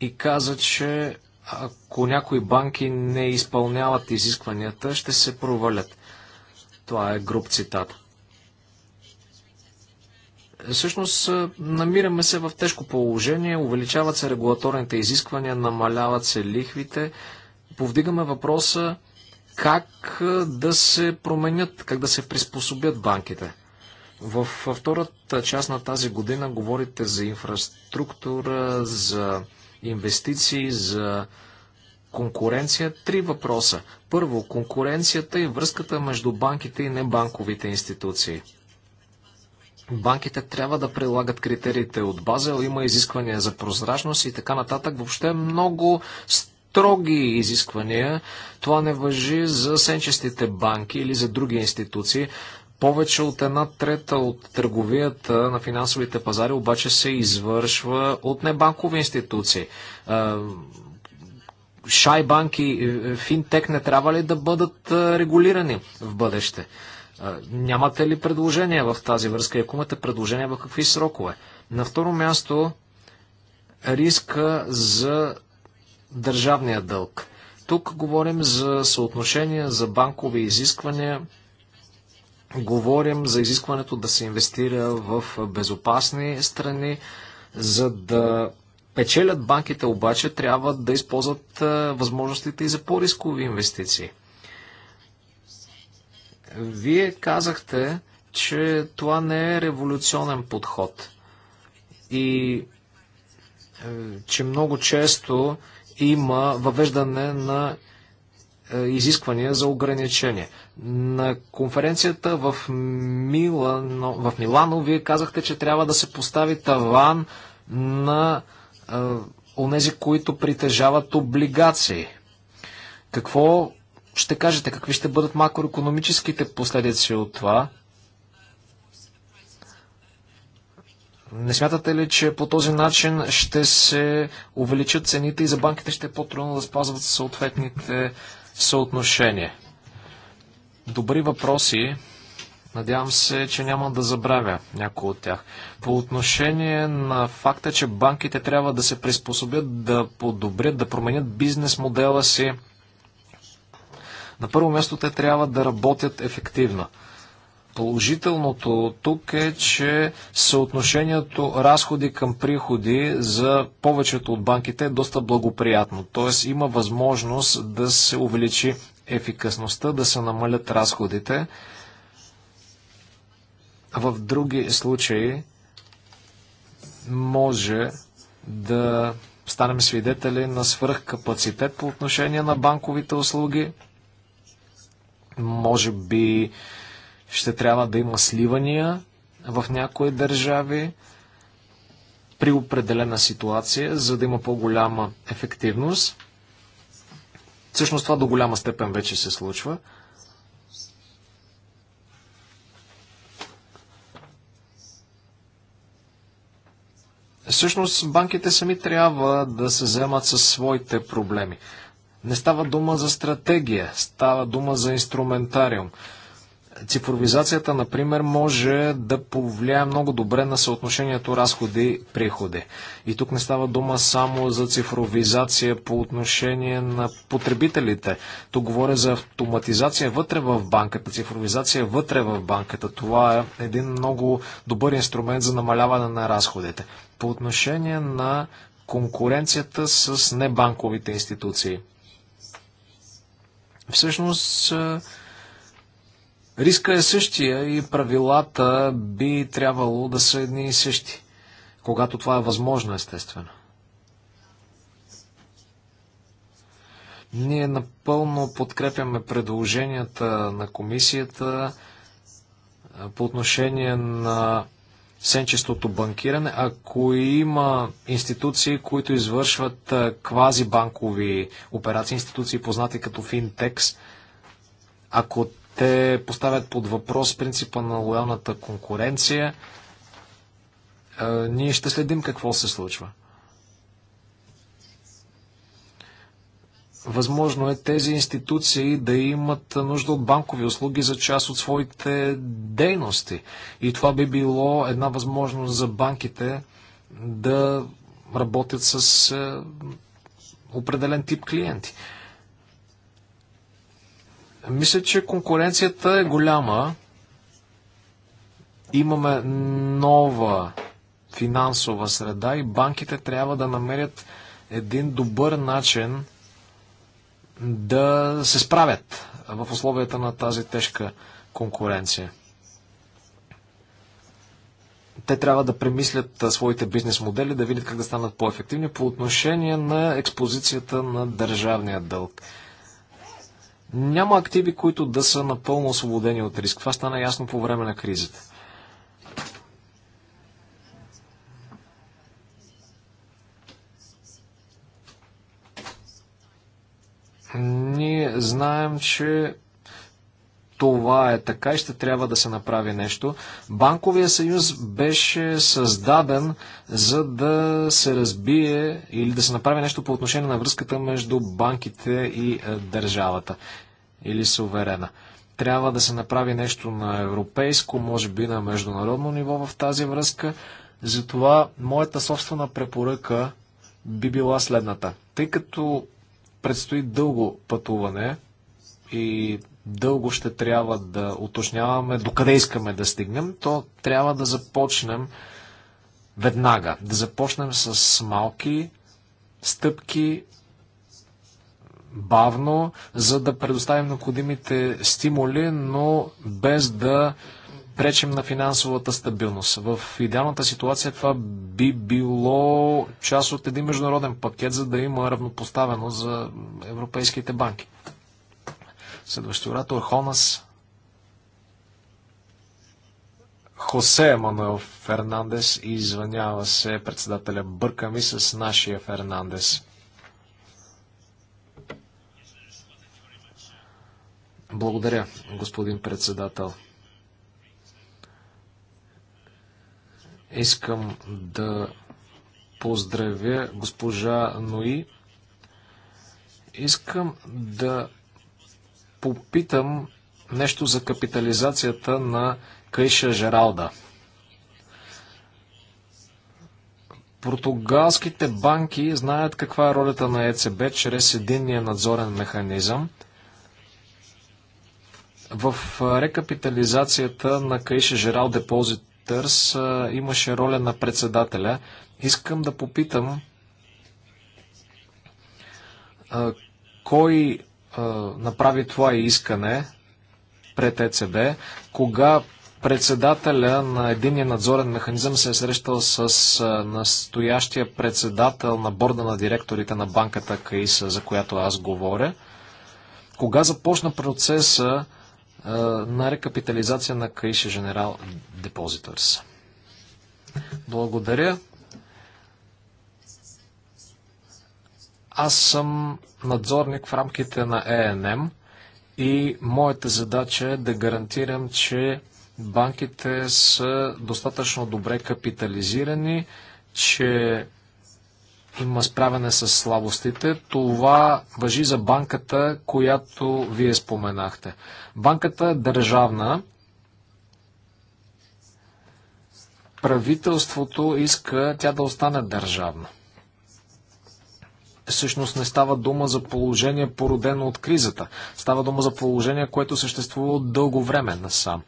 и каза, че ако някои банки не изпълняват изискванията, ще се провалят. Това е груб цитат. Всъщност намираме се в тежко положение, увеличават се регулаторните изисквания, намаляват се лихвите. Повдигаме въпроса как да се променят, как да се приспособят банките. Във втората част на тази година говорите за инфраструктура, за инвестиции, за конкуренция. Три въпроса. Първо, конкуренцията и връзката между банките и небанковите институции банките трябва да прилагат критериите от Базел, има изисквания за прозрачност и така нататък. Въобще много строги изисквания. Това не въжи за сенчестите банки или за други институции. Повече от една трета от търговията на финансовите пазари обаче се извършва от небанкови институции. Шай банки, е, финтек не трябва ли да бъдат регулирани в бъдеще? Нямате ли предложения в тази връзка? Ако имате предложения, в какви срокове? На второ място, риска за държавния дълг. Тук говорим за съотношения, за банкови изисквания, говорим за изискването да се инвестира в безопасни страни, за да печелят банките обаче трябва да използват възможностите и за по-рискови инвестиции. Вие казахте, че това не е революционен подход и е, че много често има въвеждане на е, изисквания за ограничение. На конференцията в Милано, в Милано вие казахте, че трябва да се постави таван на е, онези, които притежават облигации. Какво ще кажете какви ще бъдат макроекономическите последици от това. Не смятате ли, че по този начин ще се увеличат цените и за банките ще е по-трудно да спазват съответните съотношения? Добри въпроси. Надявам се, че няма да забравя някои от тях. По отношение на факта, че банките трябва да се приспособят, да подобрят, да променят бизнес модела си, на първо място те трябва да работят ефективно. Положителното тук е, че съотношението разходи към приходи за повечето от банките е доста благоприятно. Т.е. има възможност да се увеличи ефикасността, да се намалят разходите. В други случаи може да станем свидетели на свръхкапацитет по отношение на банковите услуги. Може би ще трябва да има сливания в някои държави при определена ситуация, за да има по-голяма ефективност. Всъщност това до голяма степен вече се случва. Всъщност банките сами трябва да се вземат със своите проблеми. Не става дума за стратегия, става дума за инструментариум. Цифровизацията, например, може да повлияе много добре на съотношението разходи-приходи. И тук не става дума само за цифровизация по отношение на потребителите. Тук говоря за автоматизация вътре в банката, цифровизация вътре в банката. Това е един много добър инструмент за намаляване на разходите. По отношение на конкуренцията с небанковите институции. Всъщност, риска е същия и правилата би трябвало да са едни и същи, когато това е възможно, естествено. Ние напълно подкрепяме предложенията на комисията по отношение на сенчестото банкиране. Ако има институции, които извършват квазибанкови операции, институции познати като финтекс, ако те поставят под въпрос принципа на лоялната конкуренция, ние ще следим какво се случва. Възможно е тези институции да имат нужда от банкови услуги за част от своите дейности. И това би било една възможност за банките да работят с е, определен тип клиенти. Мисля, че конкуренцията е голяма. Имаме нова финансова среда и банките трябва да намерят един добър начин да се справят в условията на тази тежка конкуренция. Те трябва да премислят своите бизнес модели, да видят как да станат по-ефективни по отношение на експозицията на държавния дълг. Няма активи, които да са напълно освободени от риск. Това стана ясно по време на кризата. Ние знаем, че това е така и ще трябва да се направи нещо. Банковия съюз беше създаден за да се разбие или да се направи нещо по отношение на връзката между банките и е, държавата или суверена. Трябва да се направи нещо на европейско, може би на международно ниво в тази връзка. Затова моята собствена препоръка би била следната. Тъй като предстои дълго пътуване и дълго ще трябва да уточняваме докъде искаме да стигнем, то трябва да започнем веднага. Да започнем с малки стъпки, бавно, за да предоставим необходимите стимули, но без да пречим на финансовата стабилност. В идеалната ситуация това би било част от един международен пакет, за да има равнопоставено за европейските банки. Следващия оратор Хонас Хосе Мануел Фернандес и извинява се председателя бърка ми с нашия Фернандес. Благодаря, господин председател. Искам да поздравя госпожа Нои. Искам да попитам нещо за капитализацията на Кайша Жералда. Португалските банки знаят каква е ролята на ЕЦБ чрез единния надзорен механизъм. В рекапитализацията на Каиша Жерал Депозит Петърс имаше роля на председателя. Искам да попитам кой направи това искане пред ЕЦБ, кога председателя на единния надзорен механизъм се е срещал с настоящия председател на борда на директорите на банката КАИСа, за която аз говоря. Кога започна процеса на рекапитализация на Каиша Женерал Депозитърс. Благодаря. Аз съм надзорник в рамките на ЕНМ и моята задача е да гарантирам, че банките са достатъчно добре капитализирани, че има справяне с слабостите. Това въжи за банката, която вие споменахте. Банката е държавна. Правителството иска тя да остане държавна. Всъщност не става дума за положение породено от кризата. Става дума за положение, което съществува от дълго време насам. сам.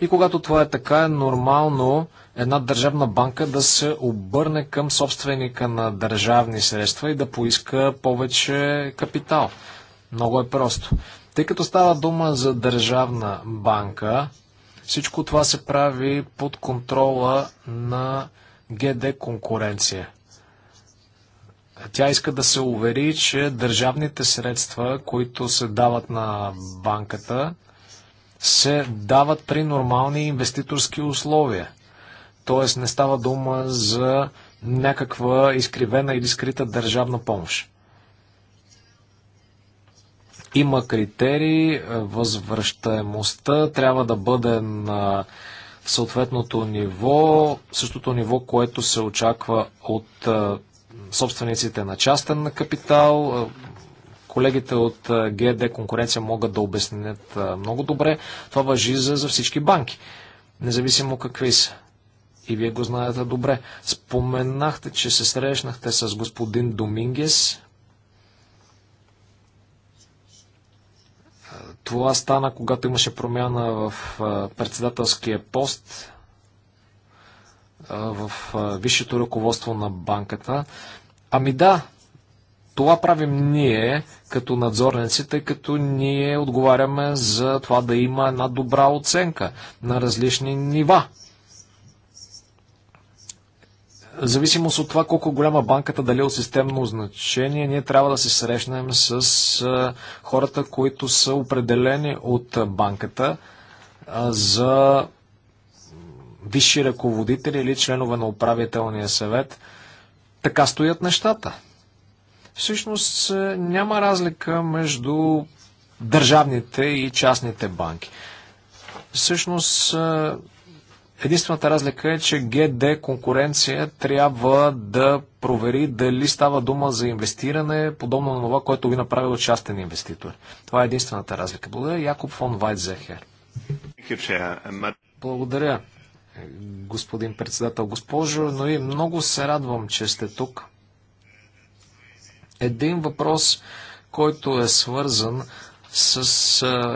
И когато това е така, е нормално една държавна банка да се обърне към собственика на държавни средства и да поиска повече капитал. Много е просто. Тъй като става дума за държавна банка, всичко това се прави под контрола на ГД конкуренция. Тя иска да се увери, че държавните средства, които се дават на банката, се дават при нормални инвеститорски условия. Тоест не става дума за някаква изкривена или скрита държавна помощ. Има критерии, възвръщаемостта трябва да бъде на съответното ниво, същото ниво, което се очаква от собствениците на частен капитал, Колегите от ГД конкуренция могат да обяснят много добре. Това въжи за, за всички банки, независимо какви са. И вие го знаете добре. Споменахте, че се срещнахте с господин Домингес. Това стана, когато имаше промяна в председателския пост в висшето ръководство на банката. Ами да, това правим ние като надзорници, тъй като ние отговаряме за това да има една добра оценка на различни нива. В зависимост от това колко голяма банката, дали е от системно значение, ние трябва да се срещнем с хората, които са определени от банката за висши ръководители или членове на управителния съвет. Така стоят нещата всъщност е, няма разлика между държавните и частните банки. Всъщност е, единствената разлика е, че ГД конкуренция трябва да провери дали става дума за инвестиране, подобно на това, което ви направил частен инвеститор. Това е единствената разлика. Благодаря. Якоб фон Вайтзехер. Благодаря, господин председател. Госпожо, но и много се радвам, че сте тук. Един въпрос, който е свързан с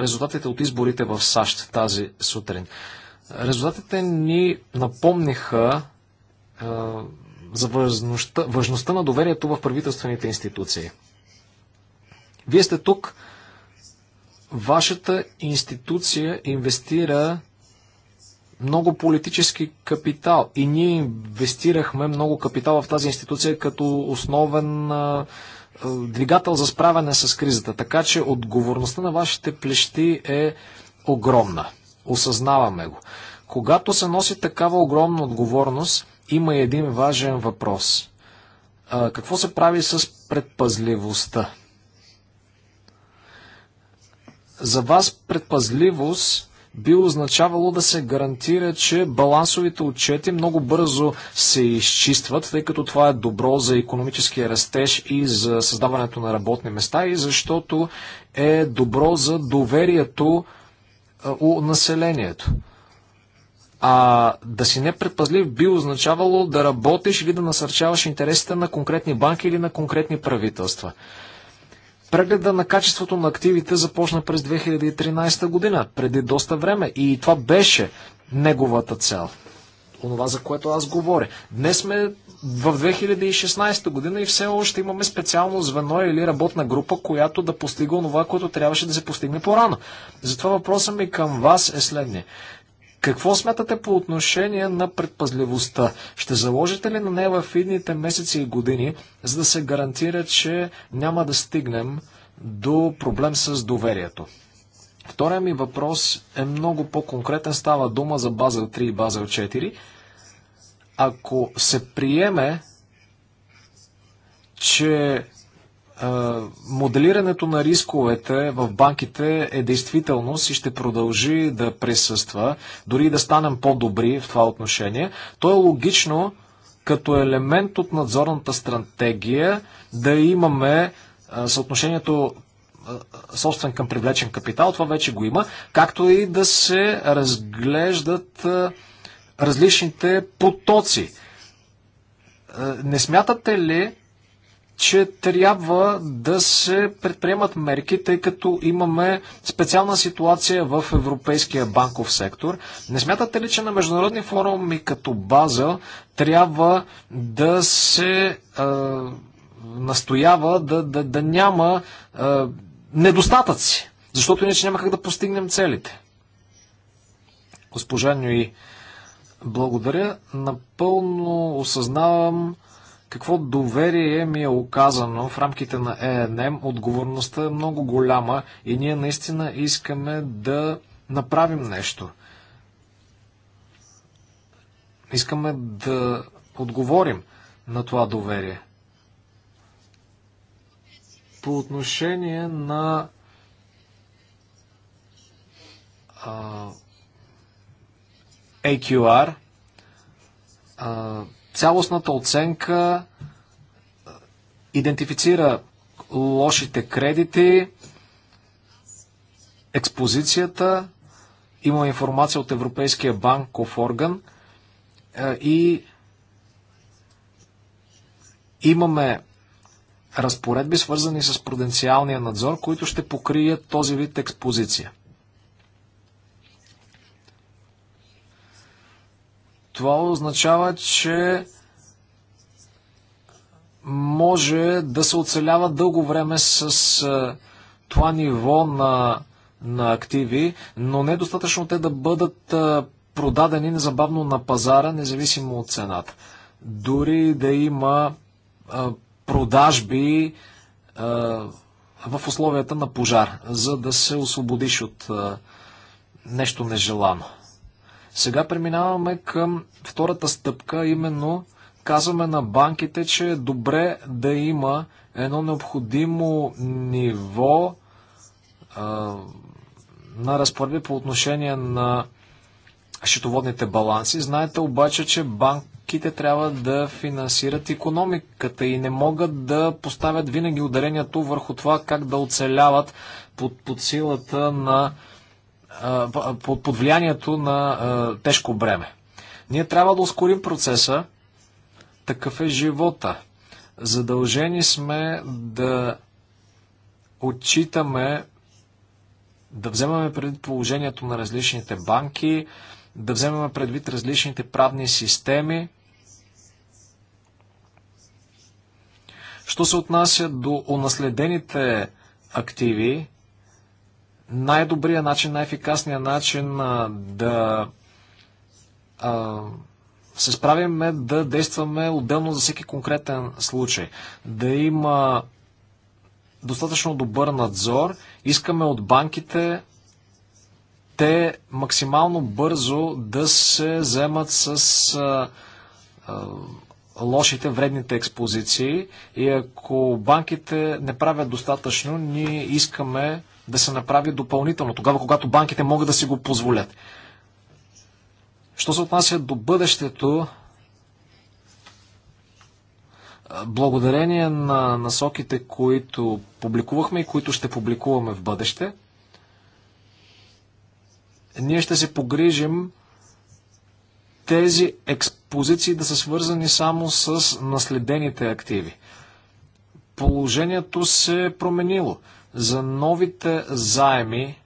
резултатите от изборите в САЩ тази сутрин. Резултатите ни напомниха е, за важността, важността на доверието в правителствените институции. Вие сте тук. Вашата институция инвестира много политически капитал и ние инвестирахме много капитал в тази институция като основен е, двигател за справяне с кризата. Така че отговорността на вашите плещи е огромна. Осъзнаваме го. Когато се носи такава огромна отговорност, има един важен въпрос. А, е, какво се прави с предпазливостта? За вас предпазливост би означавало да се гарантира, че балансовите отчети много бързо се изчистват, тъй като това е добро за економическия растеж и за създаването на работни места и защото е добро за доверието у населението. А да си непредпазлив би означавало да работиш или да насърчаваш интересите на конкретни банки или на конкретни правителства. Прегледа на качеството на активите започна през 2013 година, преди доста време. И това беше неговата цел. Онова, за което аз говоря. Днес сме в 2016 година и все още имаме специално звено или работна група, която да постига онова, което трябваше да се постигне по-рано. Затова въпросът ми към вас е следния. Какво смятате по отношение на предпазливостта? Ще заложите ли на нея в идните месеци и години, за да се гарантира, че няма да стигнем до проблем с доверието? Втория ми въпрос е много по-конкретен. Става дума за Базел 3 и Базел 4. Ако се приеме, че моделирането на рисковете в банките е действителност и ще продължи да присъства, дори да станем по-добри в това отношение. То е логично като елемент от надзорната стратегия да имаме съотношението собствен към привлечен капитал, това вече го има, както и да се разглеждат различните потоци. Не смятате ли, че трябва да се предприемат мерки, тъй като имаме специална ситуация в европейския банков сектор. Не смятате ли, че на международни форуми като база трябва да се е, настоява да, да, да няма е, недостатъци, защото иначе няма как да постигнем целите? Госпожа Нюи, благодаря. Напълно осъзнавам какво доверие ми е оказано в рамките на ЕНМ, отговорността е много голяма и ние наистина искаме да направим нещо. Искаме да отговорим на това доверие. По отношение на а, AQR, а, Цялостната оценка идентифицира лошите кредити, експозицията, има информация от Европейския банков орган е, и имаме разпоредби, свързани с пруденциалния надзор, които ще покрият този вид експозиция. Това означава, че може да се оцелява дълго време с това ниво на, на активи, но не е достатъчно те да бъдат продадени незабавно на пазара, независимо от цената. Дори да има а, продажби а, в условията на пожар, за да се освободиш от а, нещо нежелано. Сега преминаваме към втората стъпка, именно казваме на банките, че е добре да има едно необходимо ниво а, на разпоредби по отношение на счетоводните баланси. Знаете обаче, че банките трябва да финансират економиката и не могат да поставят винаги ударението върху това как да оцеляват под, под силата на под влиянието на тежко бреме. Ние трябва да ускорим процеса. Такъв е живота. Задължени сме да отчитаме, да вземаме предвид положението на различните банки, да вземаме предвид различните правни системи. Що се отнася до унаследените активи, най-добрият начин, най-ефикасният начин да се справим е да действаме отделно за всеки конкретен случай. Да има достатъчно добър надзор. Искаме от банките те максимално бързо да се вземат с а, а, лошите, вредните експозиции. И ако банките не правят достатъчно, ние искаме да се направи допълнително, тогава когато банките могат да си го позволят. Що се отнася до бъдещето, благодарение на насоките, които публикувахме и които ще публикуваме в бъдеще, ние ще се погрижим тези експозиции да са свързани само с наследените активи. Положението се е променило. За новите заеми е,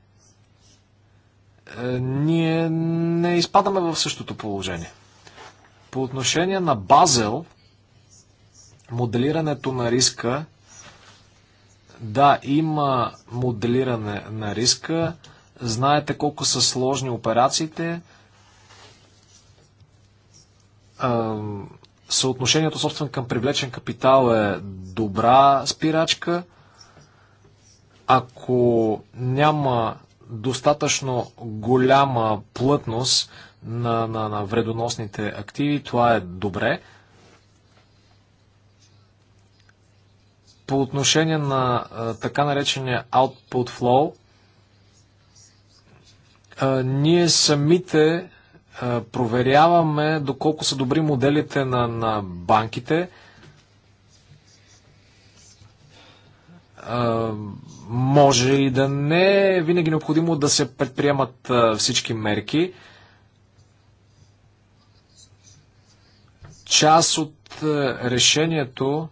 ние не изпадаме в същото положение. По отношение на Базел, моделирането на риска, да, има моделиране на риска, знаете колко са сложни операциите, съотношението собствен към привлечен капитал е добра спирачка – ако няма достатъчно голяма плътност на, на, на вредоносните активи, това е добре. По отношение на а, така наречения output flow, а, ние самите а, проверяваме доколко са добри моделите на, на банките, може и да не е винаги необходимо да се предприемат всички мерки. Част от решението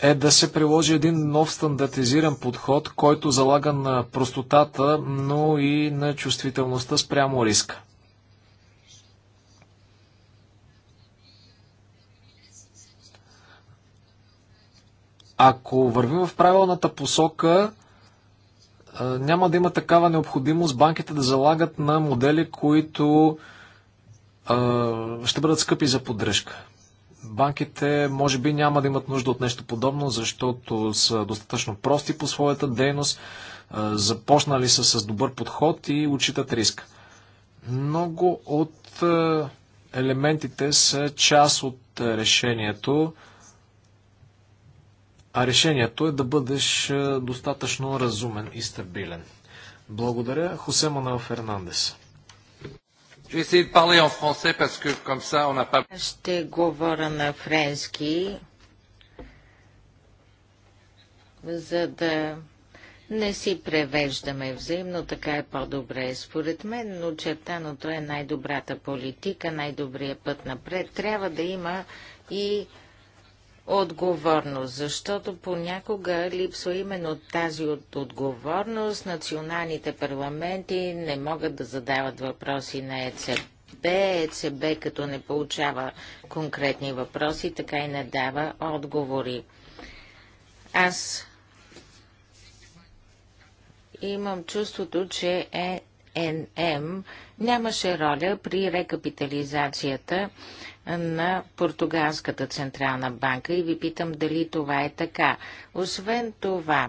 е да се приложи един нов стандартизиран подход, който залага на простотата, но и на чувствителността спрямо риска. Ако вървим в правилната посока, няма да има такава необходимост банките да залагат на модели, които ще бъдат скъпи за поддръжка. Банките може би няма да имат нужда от нещо подобно, защото са достатъчно прости по своята дейност, започнали са с добър подход и отчитат риска. Много от елементите са част от решението. А решението е да бъдеш е, достатъчно разумен и стабилен. Благодаря, Хосе Манал Фернандес. Ще говоря на френски, за да не си превеждаме взаимно, така е по-добре. Според мен, но чертаното е най-добрата политика, най-добрият път напред. Трябва да има и отговорност, защото понякога липсва именно тази от отговорност. Националните парламенти не могат да задават въпроси на ЕЦБ. ЕЦБ като не получава конкретни въпроси, така и не дава отговори. Аз имам чувството, че ЕНМ нямаше роля при рекапитализацията на Португалската централна банка и ви питам дали това е така. Освен това,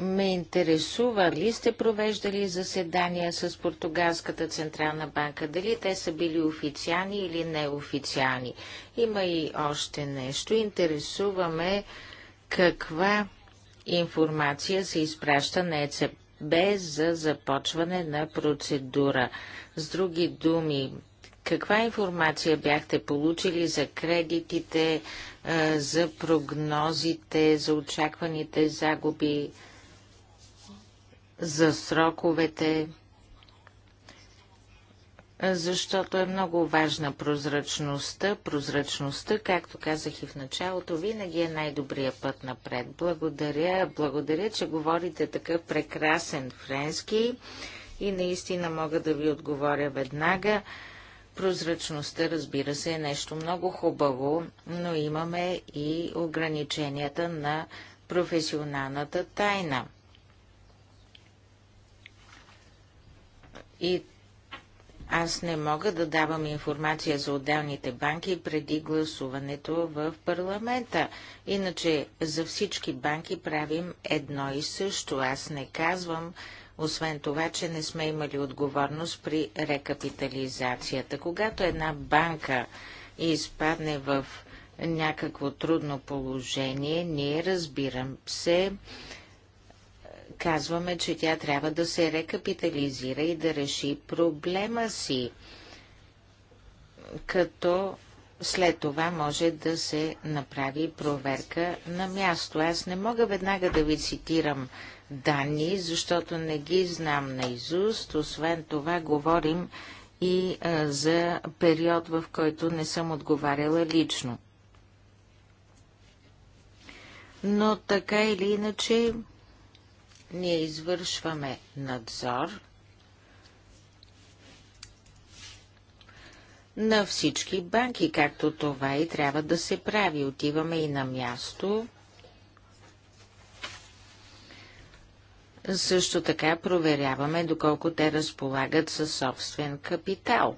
ме интересува ли сте провеждали заседания с Португалската Централна банка, дали те са били официални или неофициални. Има и още нещо. Интересуваме каква информация се изпраща на ЕЦБ без за започване на процедура. С други думи, каква информация бяхте получили за кредитите, е, за прогнозите, за очакваните загуби, за сроковете? защото е много важна прозрачността. Прозрачността, както казах и в началото, винаги е най-добрия път напред. Благодаря, благодаря, че говорите такъв прекрасен френски и наистина мога да ви отговоря веднага. Прозрачността, разбира се, е нещо много хубаво, но имаме и ограниченията на професионалната тайна. И аз не мога да давам информация за отделните банки преди гласуването в парламента. Иначе за всички банки правим едно и също. Аз не казвам, освен това, че не сме имали отговорност при рекапитализацията. Когато една банка изпадне в някакво трудно положение, ние разбирам се, казваме, че тя трябва да се рекапитализира и да реши проблема си, като след това може да се направи проверка на място. Аз не мога веднага да ви цитирам данни, защото не ги знам наизуст. Освен това говорим и а, за период, в който не съм отговаряла лично. Но така или иначе ние извършваме надзор на всички банки, както това и трябва да се прави. Отиваме и на място. Също така проверяваме доколко те разполагат със собствен капитал.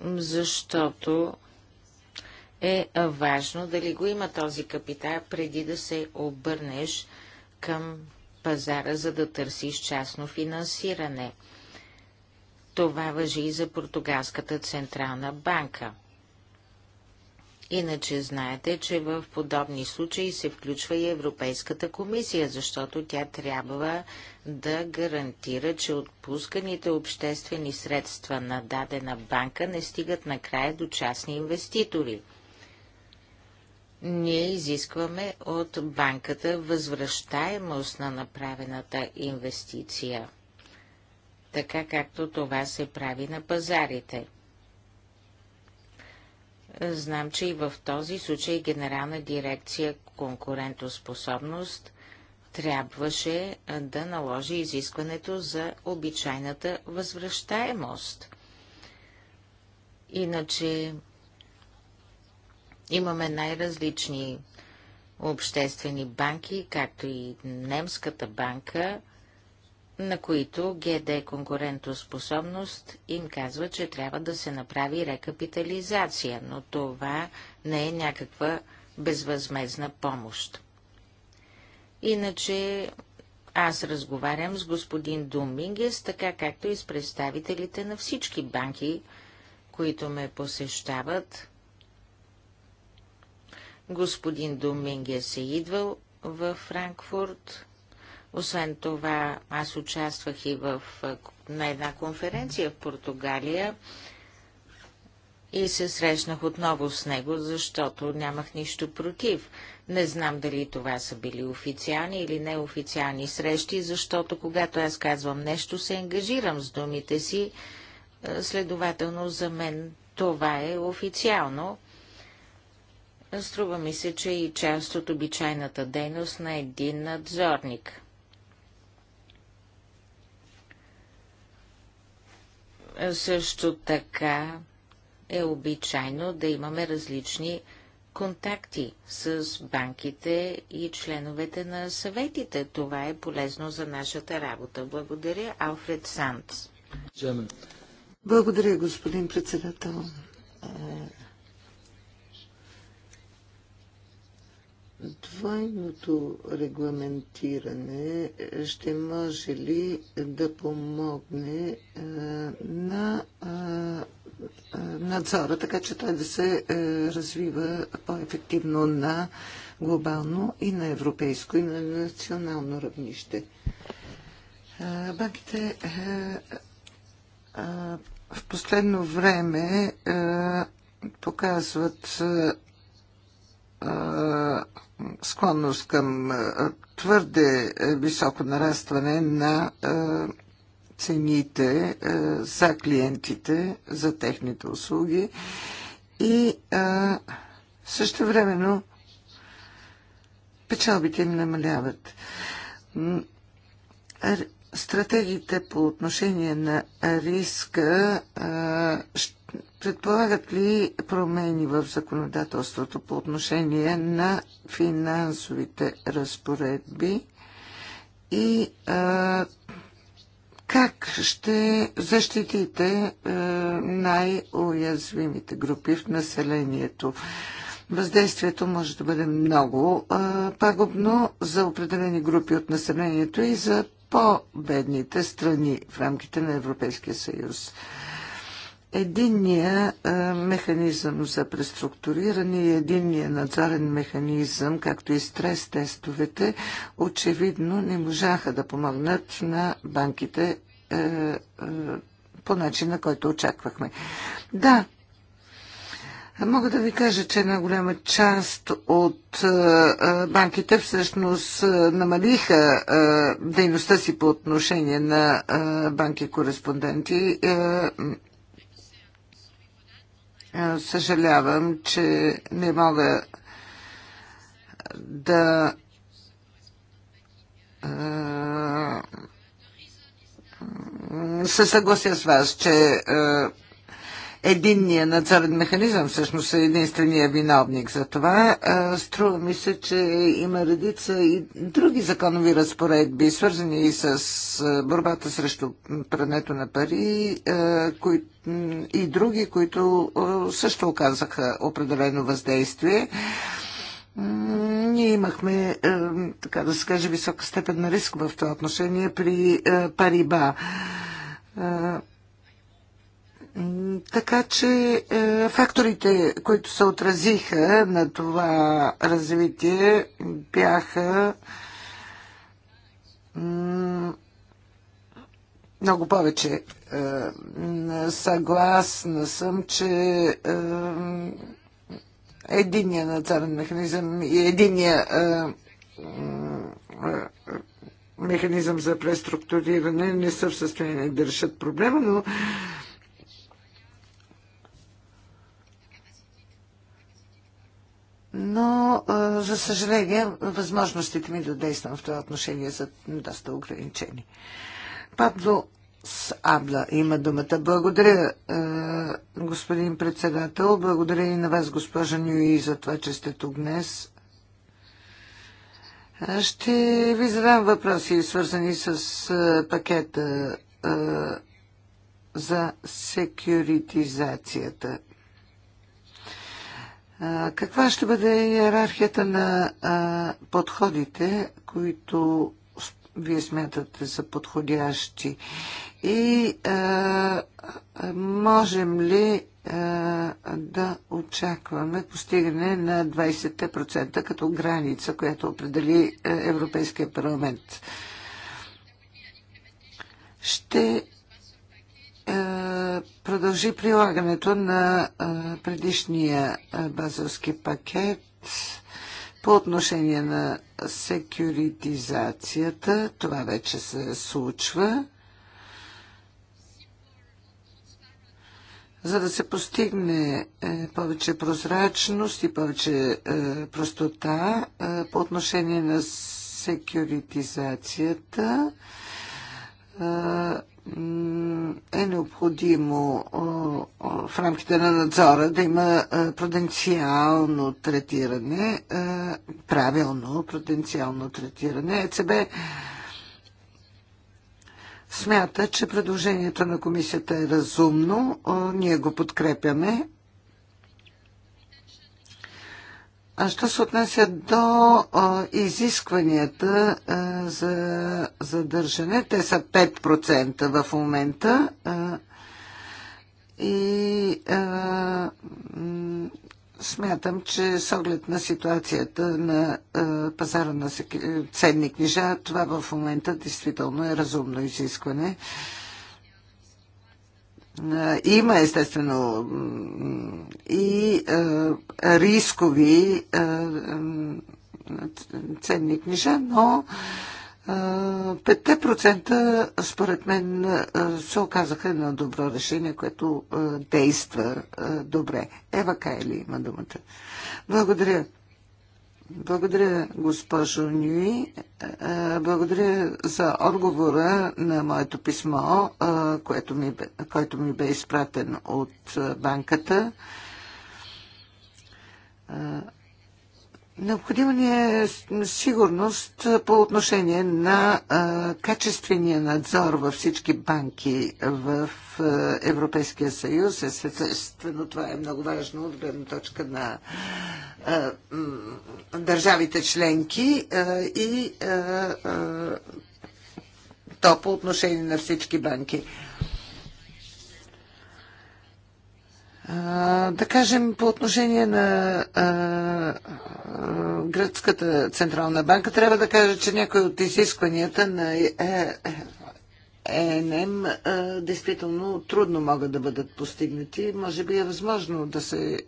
Защото е важно дали го има този капитал преди да се обърнеш към пазара, за да търсиш частно финансиране. Това въжи и за Португалската централна банка. Иначе знаете, че в подобни случаи се включва и Европейската комисия, защото тя трябва да гарантира, че отпусканите обществени средства на дадена банка не стигат накрая до частни инвеститори ние изискваме от банката възвръщаемост на направената инвестиция, така както това се прави на пазарите. Знам, че и в този случай Генерална дирекция конкурентоспособност трябваше да наложи изискването за обичайната възвръщаемост. Иначе Имаме най-различни обществени банки, както и немската банка, на които ГД конкурентоспособност им казва, че трябва да се направи рекапитализация, но това не е някаква безвъзмезна помощ. Иначе аз разговарям с господин Думингес, така както и с представителите на всички банки, които ме посещават. Господин Доминге се идвал в Франкфурт. Освен това, аз участвах и в, на една конференция в Португалия и се срещнах отново с него, защото нямах нищо против. Не знам дали това са били официални или неофициални срещи, защото когато аз казвам нещо, се ангажирам с думите си. Следователно, за мен това е официално. Струва ми се, че е и част от обичайната дейност на един надзорник. Също така е обичайно да имаме различни контакти с банките и членовете на съветите. Това е полезно за нашата работа. Благодаря, Алфред Сандс. Благодаря, господин председател. Двойното регламентиране ще може ли да помогне е, на е, е, надзора, така че той да се развива по-ефективно на глобално и на европейско и на национално равнище? Банките в последно време показват склонност към твърде високо нарастване на цените за клиентите, за техните услуги и също времено печалбите им намаляват. Стратегиите по отношение на риска Предполагат ли промени в законодателството по отношение на финансовите разпоредби и а, как ще защитите най-уязвимите групи в населението? Въздействието може да бъде много а, пагубно за определени групи от населението и за по-бедните страни в рамките на Европейския съюз. Единния механизъм за преструктуриране и единния надзорен механизъм, както и стрес тестовете, очевидно не можаха да помогнат на банките е, е, по начина, който очаквахме. Да, Мога да ви кажа, че една голяма част от е, е, банките всъщност е, намалиха дейността си по отношение на банки-кореспонденти е, съжалявам, че не мога да е, се съглася с вас, че е, единния надзорен механизъм всъщност е единствения виновник за това. Струва ми се, че има редица и други законови разпоредби, свързани и с борбата срещу прането на пари и други, които също оказаха определено въздействие. Ние имахме, така да се каже, висока степен на риск в това отношение при Париба. Така че е, факторите, които се отразиха на това развитие, бяха много повече. Е, съгласна съм, че е, единия надзорен механизъм и единия механизъм за преструктуриране не са в състояние да решат проблема, но но, за съжаление, възможностите ми да действам в това отношение са доста ограничени. Пабло с Абла има думата. Благодаря, господин председател. Благодаря и на вас, госпожа Нюи, за това, че сте тук днес. Ще ви задам въпроси, свързани с пакета за секюритизацията. Каква ще бъде иерархията на подходите, които вие смятате за подходящи? И можем ли да очакваме постигане на 20% като граница, която определи е, Европейския парламент? Ще е, продължи прилагането на е, предишния е, базовски пакет по отношение на секюритизацията. Това вече се случва. За да се постигне повече прозрачност и повече простота по отношение на секюритизацията, е необходимо в рамките на надзора да има потенциално третиране, правилно пруденциално третиране. ЕЦБ смята, че предложението на комисията е разумно, ние го подкрепяме А що се отнася до а, изискванията а, за задържане, те са 5% в момента. А, и а, смятам, че с оглед на ситуацията на а, пазара на ценни книжа, това в момента действително е разумно изискване. А, е, има естествено и е, рискови е, ценни книжа, но 5% според мен се оказаха едно добро решение, което действа добре. Ева Кайли има думата. Благодаря. Благодаря, госпожо Нюи. Благодаря за отговора на моето писмо, което ми, който ми бе изпратен от банката. Необходима ни е сигурност по отношение на а, качествения надзор във всички банки в а, Европейския съюз. Естествено, това е много важно от гледна точка на а, държавите членки а, и а, а, то по отношение на всички банки. А, да кажем, по отношение на Гръцката централна банка, трябва да кажа, че някои от изискванията на ЕНМ е, е, действително трудно могат да бъдат постигнати. Може би е възможно да се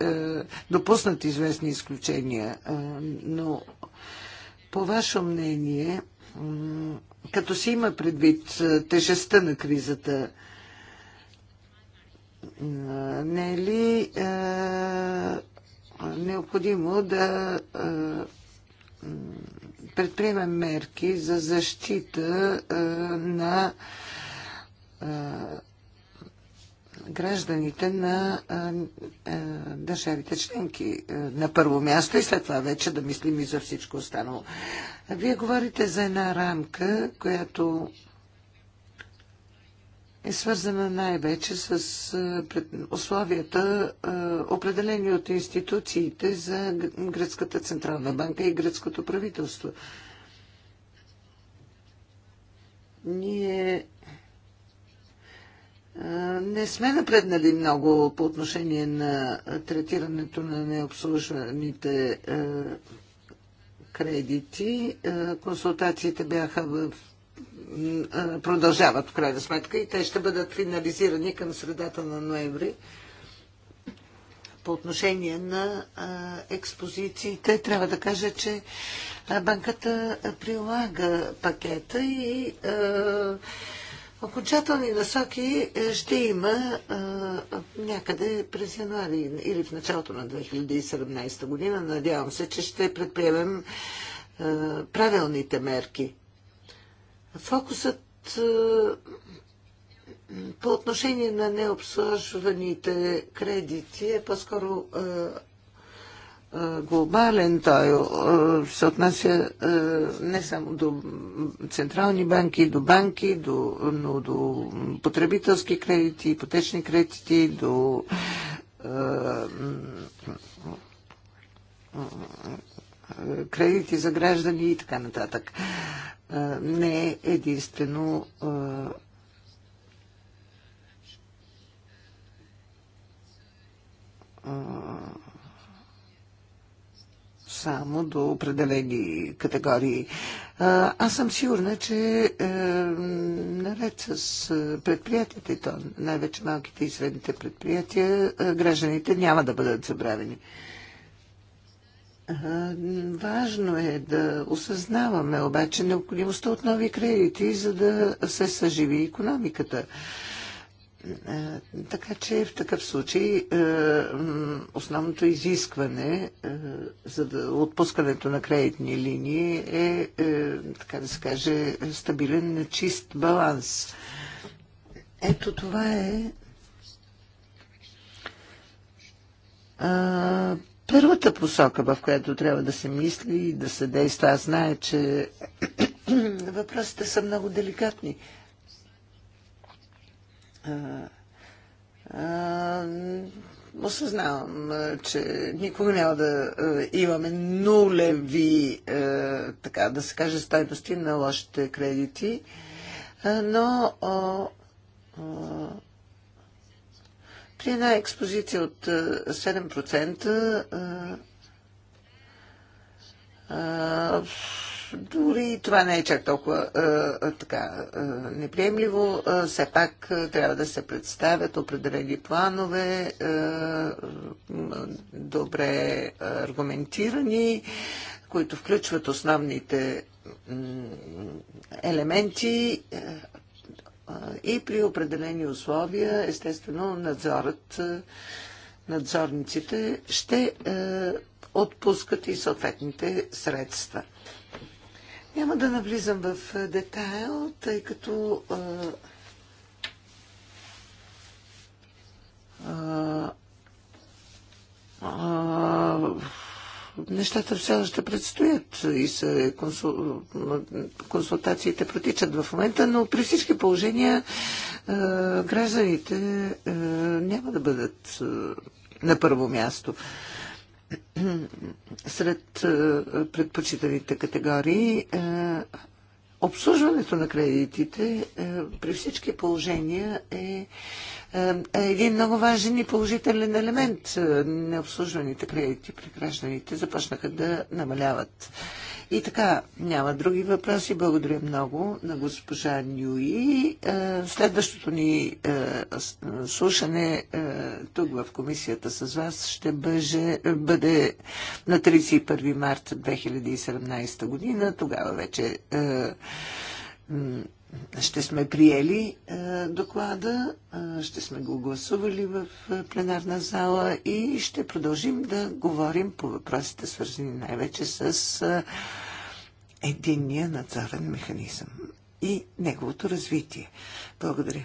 допуснат известни изключения, но по ваше мнение, като се има предвид тежестта на кризата, не е ли е, необходимо да е, предприемем мерки за защита е, на е, гражданите на е, е, държавите членки е, на първо място и след това вече да мислим и за всичко останало. Вие говорите за една рамка, която е свързана най-вече с условията, определени от институциите за Гръцката Централна банка и Гръцкото правителство. Ние не сме напреднали много по отношение на третирането на необслужваните кредити. Консултациите бяха в продължават в крайна сметка и те ще бъдат финализирани към средата на ноември. По отношение на експозициите, трябва да кажа, че банката прилага пакета и окончателни насоки е, ще има някъде през януари или в началото на 2017 година. Надявам се, че ще предприемем правилните мерки Фокусът е, по отношение на необслужваните кредити е по-скоро е, е, глобален. Той се отнася не само до централни банки, до банки, до, но до потребителски кредити, ипотечни кредити, до кредити за граждани и така нататък не е единствено само до определени категории. Аз съм сигурна, че е, наред с предприятията, и то най-вече малките и средните предприятия, гражданите няма да бъдат забравени. Важно е да осъзнаваме обаче необходимостта от нови кредити, за да се съживи економиката. Така че в такъв случай основното изискване за да, отпускането на кредитни линии е, е, така да се каже, стабилен, чист баланс. Ето това е първата посока, в която трябва да се мисли и да се действа. Аз знае, че въпросите са много деликатни. Осъзнавам, че никога няма да имаме нулеви, така да се каже, стойности на лошите кредити, но ли една експозиция от 7% дори това не е чак толкова а, така, а, неприемливо. А, все пак а, трябва да се представят определени планове, а, добре аргументирани, които включват основните елементи, и при определени условия, естествено, надзорът, надзорниците ще отпускат и съответните средства. Няма да навлизам в детайл, тъй като а, а, Нещата все още предстоят и са, консул... консултациите протичат в момента, но при всички положения е, гражданите е, няма да бъдат е, на първо място. Сред е, предпочитаните категории е, Обслужването на кредитите е, при всички положения е, е, е един много важен и положителен елемент. Необслужваните кредити при гражданите започнаха да намаляват. И така, няма други въпроси. Благодаря много на госпожа Нюи. Е, следващото ни е, слушане е, тук в комисията с вас ще бъде, бъде на 31 март 2017 година. Тогава вече ще сме приели е, доклада, е, ще сме го гласували в е, пленарна зала и ще продължим да говорим по въпросите, свързани най-вече с единния надзорен механизъм и неговото развитие. Благодаря.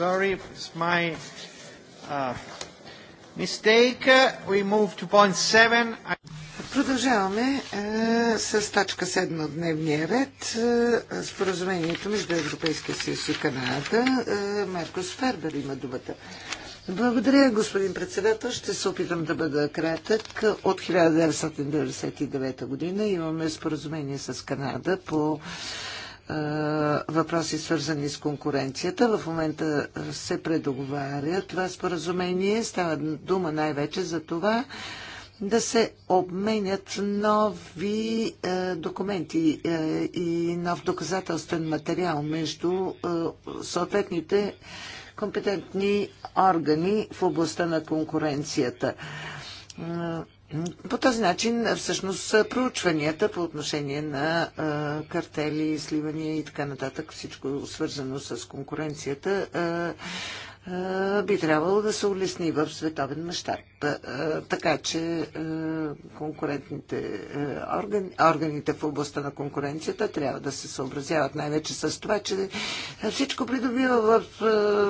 sorry, it's my uh, mistake. We move to point seven. Продължаваме е, с точка 7 от дневния ред. Е, споразумението между Европейския съюз и Канада. Е, Маркос Фербер има думата. Благодаря, господин председател. Ще се опитам да бъда кратък. От 1999 година имаме споразумение с Канада по е, въпроси свързани с конкуренцията. В момента се предоговаря това споразумение. Става дума най-вече за това да се обменят нови е, документи е, и нов доказателствен материал между е, съответните компетентни органи в областта на конкуренцията. Е, по този начин всъщност проучванията по отношение на картели, сливания и така нататък, всичко свързано с конкуренцията, би трябвало да се улесни в световен мащаб. Така че конкурентните органи, органите в областта на конкуренцията трябва да се съобразяват най-вече с това, че всичко придобива в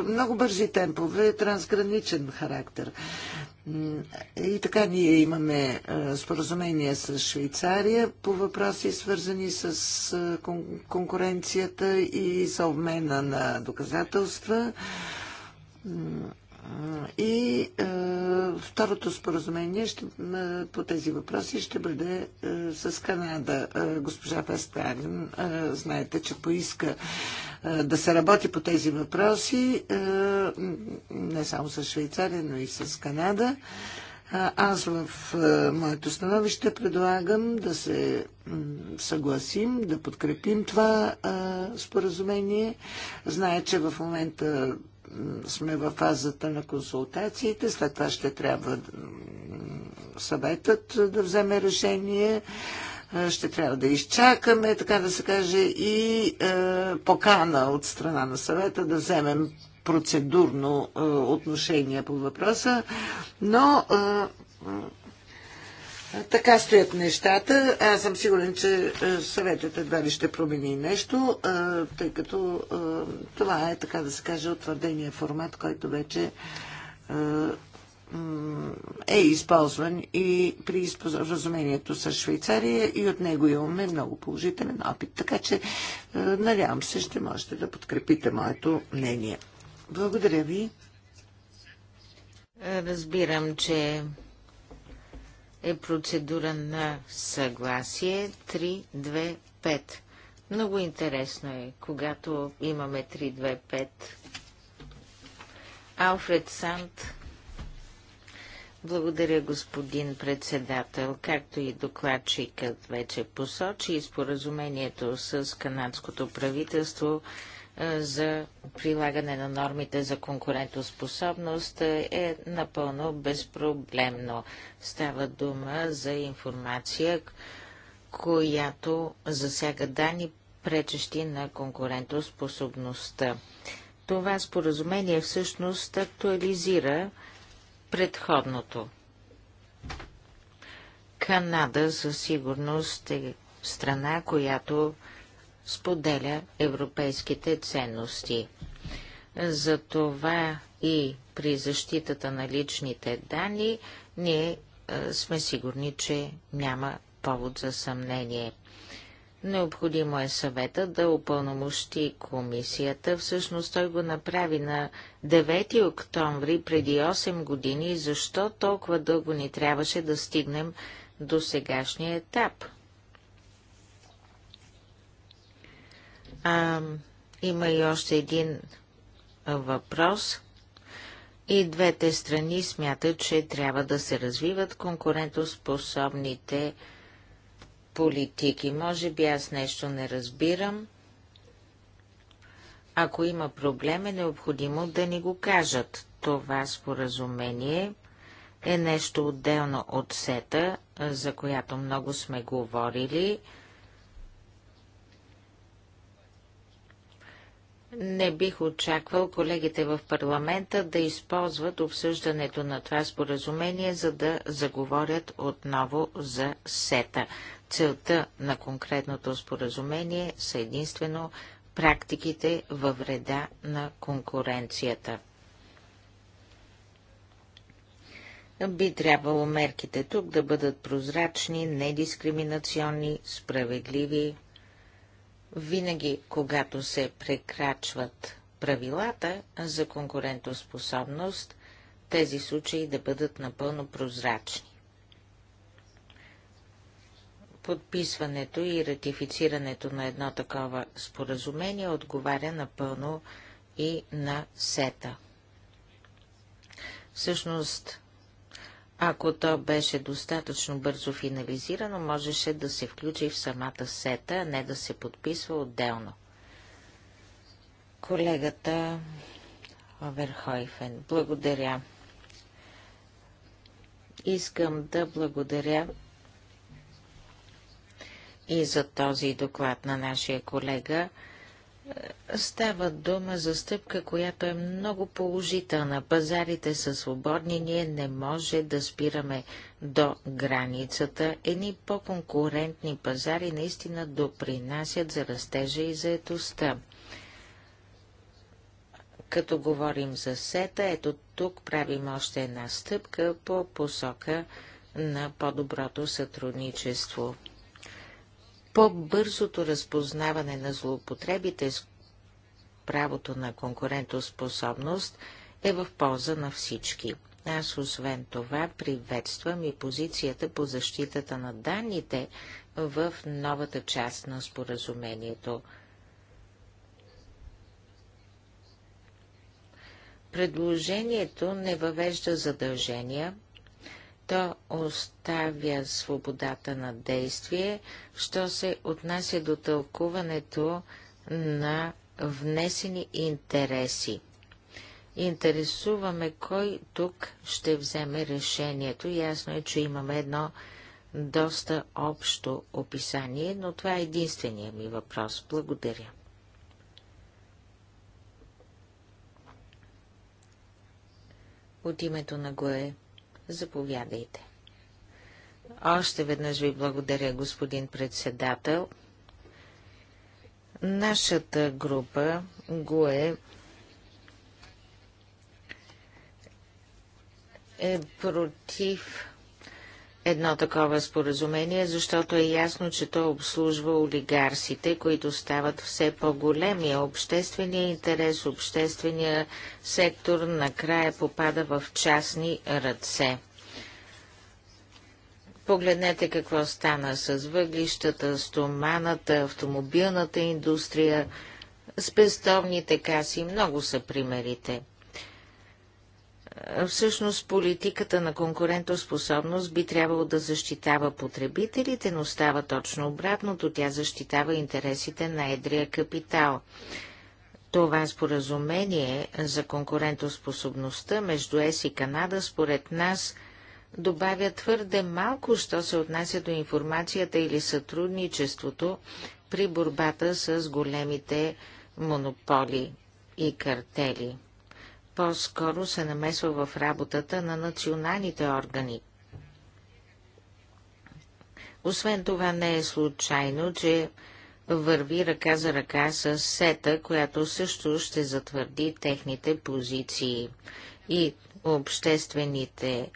много бързи темпове трансграничен характер. И така ние имаме споразумение с Швейцария по въпроси свързани с конкуренцията и с обмена на доказателства. И е, второто споразумение ще, е, по тези въпроси ще бъде е, с Канада. Е, госпожа Пестарин, е, знаете, че поиска е, да се работи по тези въпроси, е, не само с Швейцария, но и с Канада. Е, аз в моето становище предлагам да се съгласим, да подкрепим това споразумение. Зная, че в момента сме в фазата на консултациите, след това ще трябва съветът да вземе решение. Е, ще трябва да изчакаме, така да се каже, и е, покана от страна на съвета да вземем процедурно е, отношение по въпроса, но е, е така стоят нещата. Аз съм сигурен, че е, съветът едва ли ще промени нещо, тъй като това е, така да се каже, утвърдения формат, който вече е използван и при споразумението с Швейцария и от него имаме много положителен опит. Така че е, надявам се, ще можете да подкрепите моето мнение. Благодаря ви. Разбирам, че е процедура на съгласие 3-2-5. Много интересно е, когато имаме 3-2-5. Алфред Сант. Благодаря, господин председател. Както и докладчикът вече посочи, споразумението с канадското правителство за прилагане на нормите за конкурентоспособност е напълно безпроблемно. Става дума за информация, която засяга данни, пречещи на конкурентоспособността. Това споразумение всъщност актуализира предходното. Канада със сигурност е страна, която споделя европейските ценности. Затова и при защитата на личните данни ние сме сигурни, че няма повод за съмнение. Необходимо е съвета да опълномощи комисията. Всъщност той го направи на 9 октомври преди 8 години. Защо толкова дълго ни трябваше да стигнем до сегашния етап? А, има и още един въпрос. И двете страни смятат, че трябва да се развиват конкурентоспособните способните политики. Може би аз нещо не разбирам. Ако има проблем, е необходимо да ни го кажат. Това споразумение е нещо отделно от сета, за която много сме говорили. Не бих очаквал колегите в парламента да използват обсъждането на това споразумение, за да заговорят отново за сета. Целта на конкретното споразумение са единствено практиките във вреда на конкуренцията. Би трябвало мерките тук да бъдат прозрачни, недискриминационни, справедливи. Винаги, когато се прекрачват правилата за конкурентоспособност, тези случаи да бъдат напълно прозрачни. Подписването и ратифицирането на едно такова споразумение отговаря напълно и на сета. Всъщност, ако то беше достатъчно бързо финализирано, можеше да се включи в самата сета, а не да се подписва отделно. Колегата Оверхойфен, благодаря. Искам да благодаря и за този доклад на нашия колега. Е, става дума за стъпка, която е много положителна. Пазарите са свободни, ние не може да спираме до границата. Едни по-конкурентни пазари наистина допринасят за растежа и заетостта. Като говорим за сета, ето тук правим още една стъпка по посока на по-доброто сътрудничество по-бързото разпознаване на злоупотребите с правото на конкурентоспособност е в полза на всички. Аз освен това приветствам и позицията по защитата на данните в новата част на споразумението. Предложението не въвежда задължения, то оставя свободата на действие, що се отнася до тълкуването на внесени интереси. Интересуваме кой тук ще вземе решението. Ясно е, че имаме едно доста общо описание, но това е единствения ми въпрос. Благодаря. От името на Гое. Заповядайте. Още веднъж ви благодаря, господин председател. Нашата група ГУЕ е против едно такова споразумение, защото е ясно, че то обслужва олигарсите, които стават все по-големия. Обществения интерес, обществения сектор накрая попада в частни ръце. Погледнете какво стана с въглищата, стоманата, автомобилната индустрия, спестовните каси. Много са примерите. Е, всъщност политиката на конкурентоспособност би трябвало да защитава потребителите, но става точно обратното. Тя защитава интересите на едрия капитал. Това споразумение за конкурентоспособността между ЕС и Канада според нас добавя твърде малко, що се отнася до информацията или сътрудничеството при борбата с големите монополи и картели по-скоро се намесва в работата на националните органи. Освен това не е случайно, че върви ръка за ръка с сета, която също ще затвърди техните позиции и обществените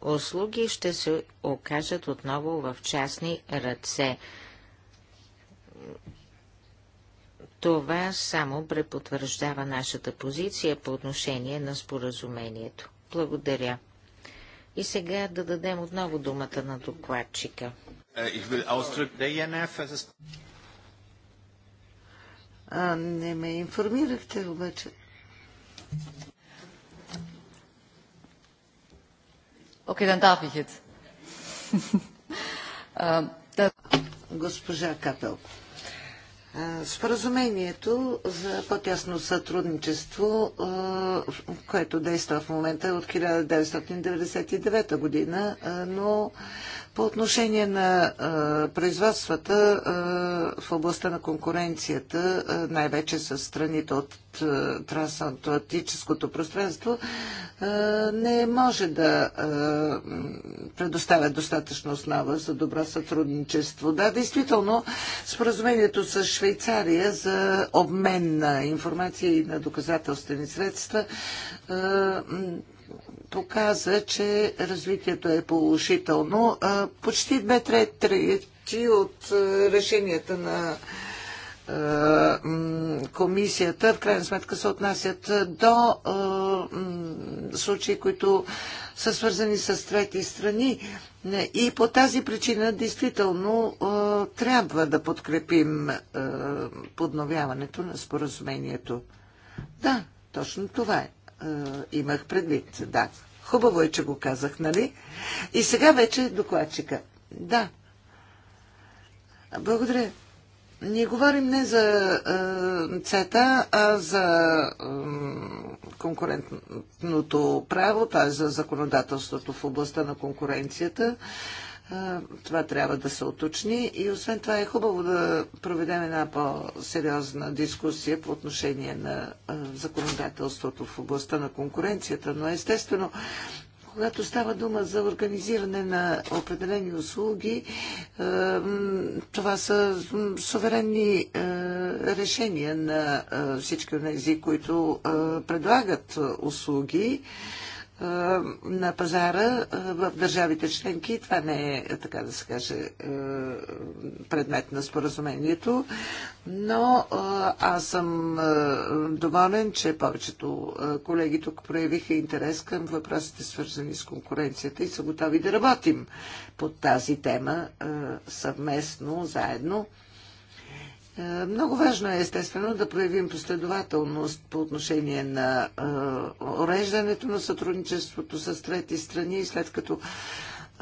услуги ще се окажат отново в частни ръце. Това само препотвърждава нашата позиция по отношение на споразумението. Благодаря. И сега да дадем отново думата на докладчика. Е, е а, не ме информирахте обаче. Окей, okay, dann Госпожа Капелко. Споразумението за по-тясно сътрудничество, което действа в момента е от 1999 година, но по отношение на а, производствата а, в областта на конкуренцията, най-вече с страните от а, трансатлантическото пространство, а, не може да а, предоставя достатъчно основа за добро сътрудничество. Да, действително, споразумението с Швейцария за обмен на информация и на доказателствени средства а, показа, че развитието е положително. Почти две трети от решенията на комисията в крайна сметка се отнасят до случаи, които са свързани с трети страни. И по тази причина действително трябва да подкрепим подновяването на споразумението. Да, точно това е имах предвид. Да. Хубаво е, че го казах, нали? И сега вече е докладчика. Да. Благодаря. Ние говорим не за е, ЦЕТА, а за е, конкурентното право, т.е. за законодателството в областта на конкуренцията. Е, това трябва да се уточни и освен това е хубаво да проведем една по-сериозна дискусия по отношение на законодателството в областта на конкуренцията, но естествено когато става дума за организиране на определени услуги, това са суверенни решения на всички от тези, които предлагат услуги на пазара в държавите членки. Това не е, така да се каже, предмет на споразумението, но аз съм доволен, че повечето колеги тук проявиха интерес към въпросите свързани с конкуренцията и са готови да работим под тази тема съвместно, заедно. Е, много важно е, естествено, да проявим последователност по отношение на е, уреждането на сътрудничеството с трети страни и след като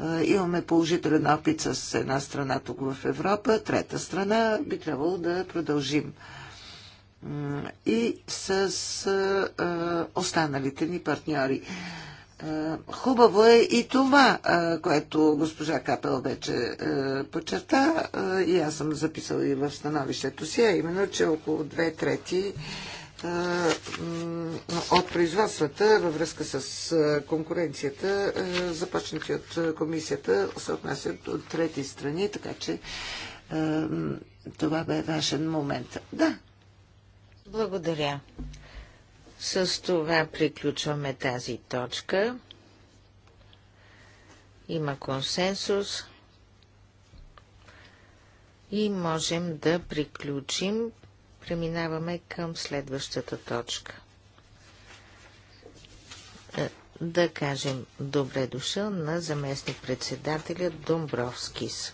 е, имаме положителен опит с една страна тук в Европа, трета страна би трябвало да продължим и с останалите ни партньори. Хубаво е и това, което госпожа Капел вече подчерта, и аз съм записала и в становището си, а именно, че около две трети от производствата във връзка с конкуренцията, започнати от комисията, се отнасят от трети страни, така че това бе важен момент. Да. Благодаря. С това приключваме тази точка. Има консенсус и можем да приключим. Преминаваме към следващата точка. Е, да кажем добре дошъл на заместник-председателя Домбровскис.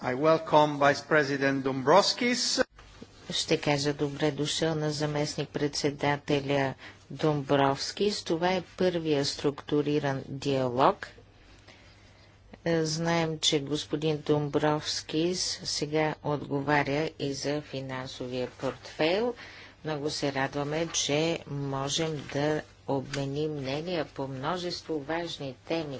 I welcome Vice President Dombrovskis. Ще кажа добре дошъл на заместник председателя Домбровскис. Това е първия структуриран диалог. Е, знаем, че господин Домбровскис сега отговаря и за финансовия портфейл. Много се радваме, че можем да обменим мнения по множество важни теми.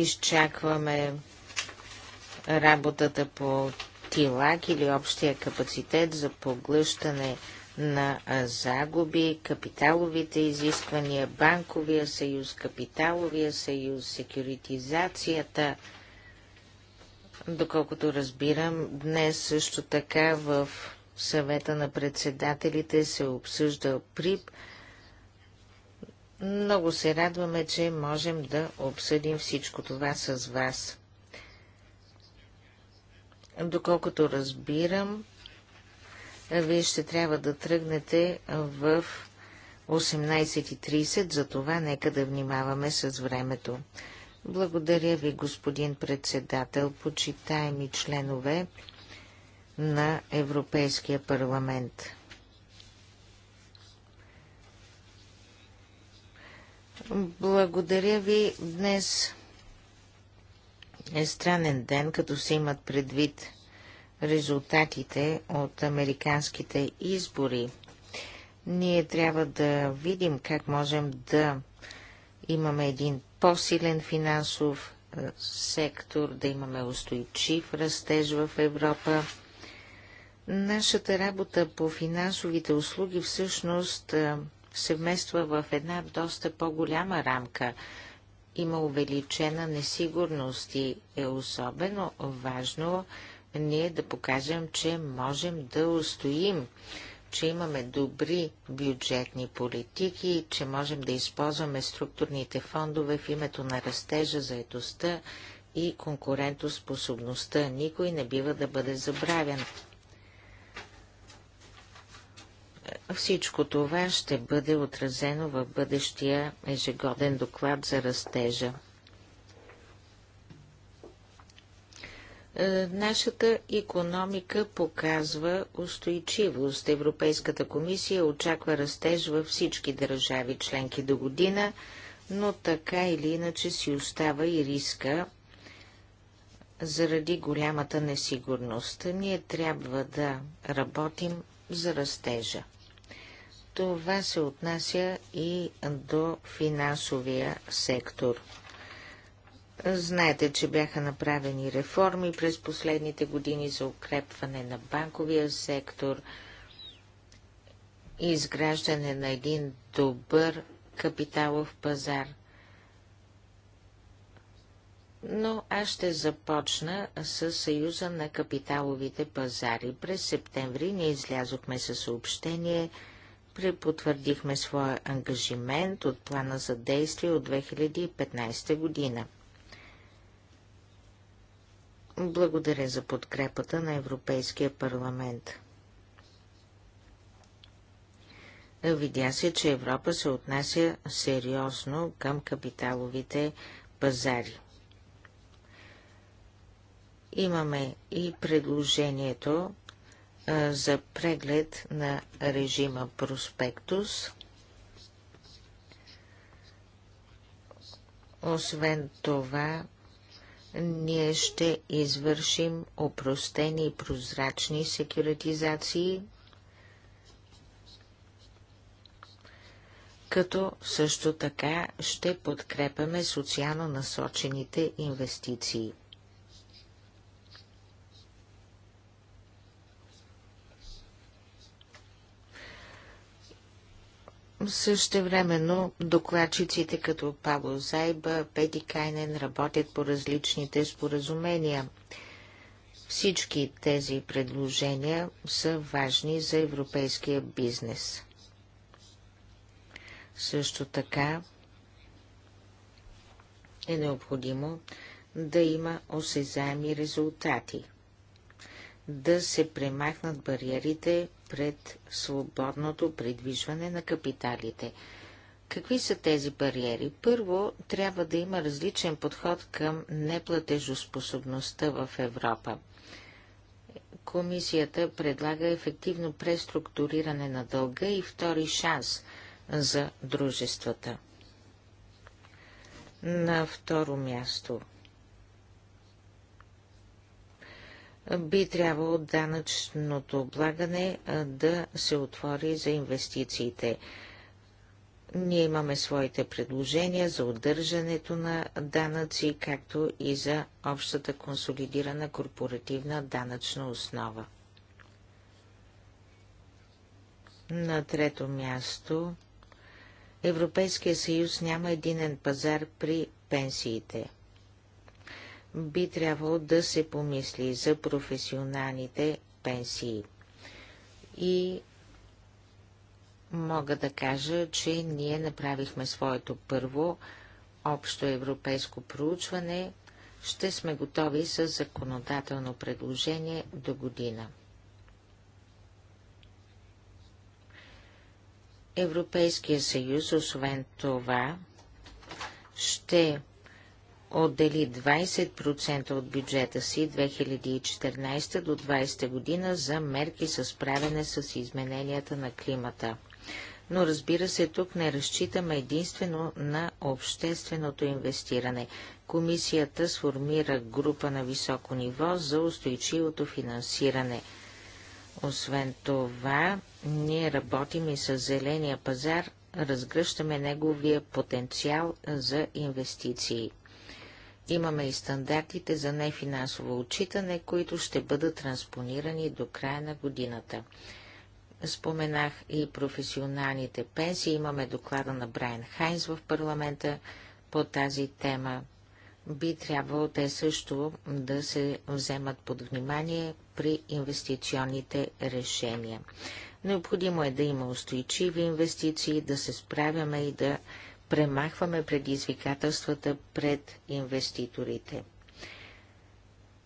изчакваме работата по ТИЛАК или общия капацитет за поглъщане на загуби, капиталовите изисквания, банковия съюз, капиталовия съюз, секюритизацията. Доколкото разбирам, днес също така в съвета на председателите се обсъжда ПРИП – много се радваме, че можем да обсъдим всичко това с вас. Доколкото разбирам, вие ще трябва да тръгнете в 18.30, за това нека да внимаваме с времето. Благодаря ви, господин председател, почитаеми членове на Европейския парламент. Благодаря ви. Днес е странен ден, като се имат предвид резултатите от американските избори. Ние трябва да видим как можем да имаме един по-силен финансов е, сектор, да имаме устойчив растеж в Европа. Нашата работа по финансовите услуги всъщност е, се вмества в една доста по-голяма рамка. Има увеличена несигурност и е особено важно ние да покажем, че можем да устоим, че имаме добри бюджетни политики, че можем да използваме структурните фондове в името на растежа, заедостта и конкурентоспособността. Никой не бива да бъде забравен. Всичко това ще бъде отразено в бъдещия ежегоден доклад за растежа. Е, нашата економика показва устойчивост. Европейската комисия очаква растеж във всички държави членки до година, но така или иначе си остава и риска заради голямата несигурност. Ние трябва да работим за растежа. Това се отнася и до финансовия сектор. Знаете, че бяха направени реформи през последните години за укрепване на банковия сектор, и изграждане на един добър капиталов пазар. Но аз ще започна с Съюза на капиталовите пазари. През септември ние излязохме със съобщение – препотвърдихме своя ангажимент от плана за действие от 2015 година. Благодаря за подкрепата на Европейския парламент. Видя се, че Европа се отнася сериозно към капиталовите пазари. Имаме и предложението за преглед на режима Проспектус. Освен това, ние ще извършим опростени и прозрачни секюритизации, като също така ще подкрепяме социално насочените инвестиции. Същевременно докладчиците като Павло Зайба, Пети Кайнен работят по различните споразумения. Всички тези предложения са важни за европейския бизнес. Също така е необходимо да има осезаеми резултати, да се премахнат бариерите пред свободното придвижване на капиталите. Какви са тези бариери? Първо, трябва да има различен подход към неплатежоспособността в Европа. Комисията предлага ефективно преструктуриране на дълга и втори шанс за дружествата. На второ място – би трябвало данъчното облагане да се отвори за инвестициите. Ние имаме своите предложения за удържането на данъци, както и за общата консолидирана корпоративна данъчна основа. На трето място Европейския съюз няма единен пазар при пенсиите би трябвало да се помисли за професионалните пенсии. И мога да кажа, че ние направихме своето първо общо европейско проучване. Ще сме готови с законодателно предложение до година. Европейския съюз, освен това, ще отдели 20% от бюджета си 2014 до 2020 година за мерки за справяне с измененията на климата. Но разбира се, тук не разчитаме единствено на общественото инвестиране. Комисията сформира група на високо ниво за устойчивото финансиране. Освен това, ние работим и с зеления пазар, разгръщаме неговия потенциал за инвестиции. Имаме и стандартите за нефинансово отчитане, които ще бъдат транспонирани до края на годината. Споменах и професионалните пенсии. Имаме доклада на Брайан Хайнс в парламента по тази тема. Би трябвало те също да се вземат под внимание при инвестиционните решения. Необходимо е да има устойчиви инвестиции, да се справяме и да премахваме предизвикателствата пред инвеститорите.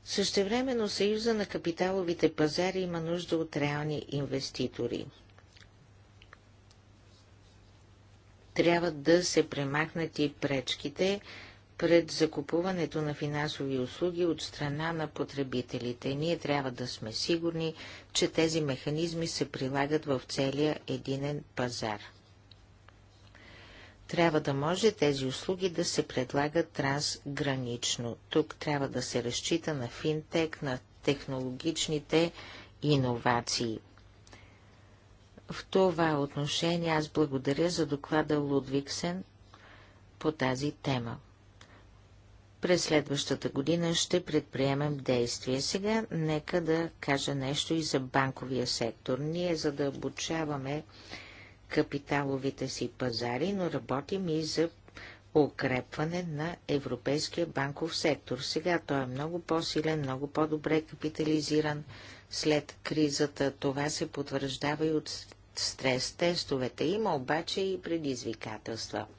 Същевременно Съюза на капиталовите пазари има нужда от реални инвеститори. Трябва да се премахнат и пречките пред закупуването на финансови услуги от страна на потребителите. Ние трябва да сме сигурни, че тези механизми се прилагат в целия единен пазар трябва да може тези услуги да се предлагат трансгранично. Тук трябва да се разчита на финтек, на технологичните иновации. В това отношение аз благодаря за доклада Лудвиксен по тази тема. През следващата година ще предприемем действия. Сега нека да кажа нещо и за банковия сектор. Ние задълбочаваме да капиталовите си пазари, но работим и за укрепване на европейския банков сектор. Сега той е много по-силен, много по-добре капитализиран след кризата. Това се потвърждава и от стрес-тестовете. Има обаче и предизвикателства –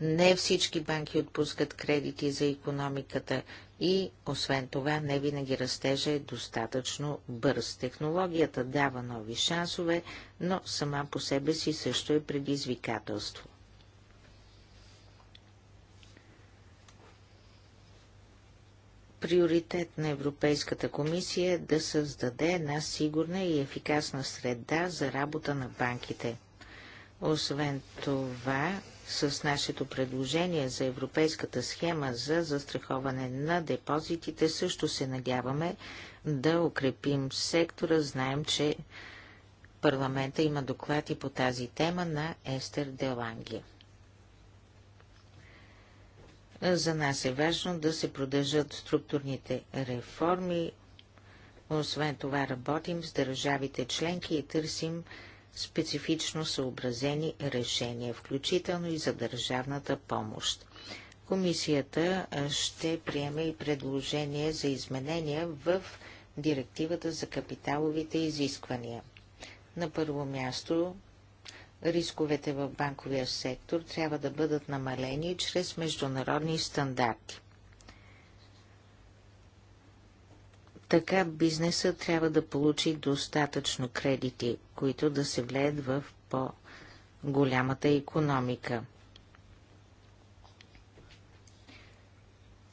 не всички банки отпускат кредити за економиката и, освен това, не винаги растежа е достатъчно бърз. Технологията дава нови шансове, но сама по себе си също е предизвикателство. приоритет на Европейската комисия е да създаде една сигурна и ефикасна среда за работа на банките. Освен това, с нашето предложение за европейската схема за застраховане на депозитите също се надяваме да укрепим сектора. Знаем, че парламента има доклад и по тази тема на Естер Деланги. За нас е важно да се продължат структурните реформи. Освен това работим с държавите членки и търсим специфично съобразени решения, включително и за държавната помощ. Комисията ще приеме и предложение за изменения в Директивата за капиталовите изисквания. На първо място, рисковете в банковия сектор трябва да бъдат намалени чрез международни стандарти. Така бизнеса трябва да получи достатъчно кредити, които да се влеят в по-голямата економика.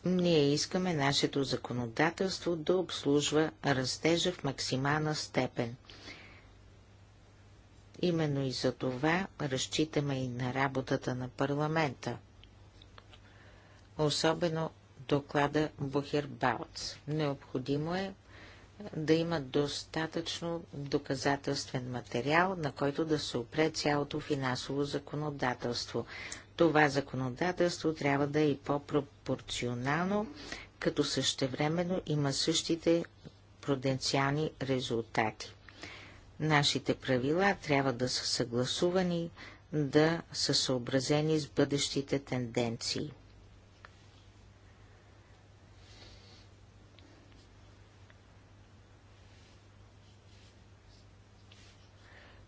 Ние искаме нашето законодателство да обслужва растежа в максимална степен. Именно и за това разчитаме и на работата на парламента. Особено доклада Бухер Бауц. Необходимо е да има достатъчно доказателствен материал, на който да се опре цялото финансово законодателство. Това законодателство трябва да е и по-пропорционално, като същевременно има същите пруденциални резултати. Нашите правила трябва да са съгласувани, да са съобразени с бъдещите тенденции.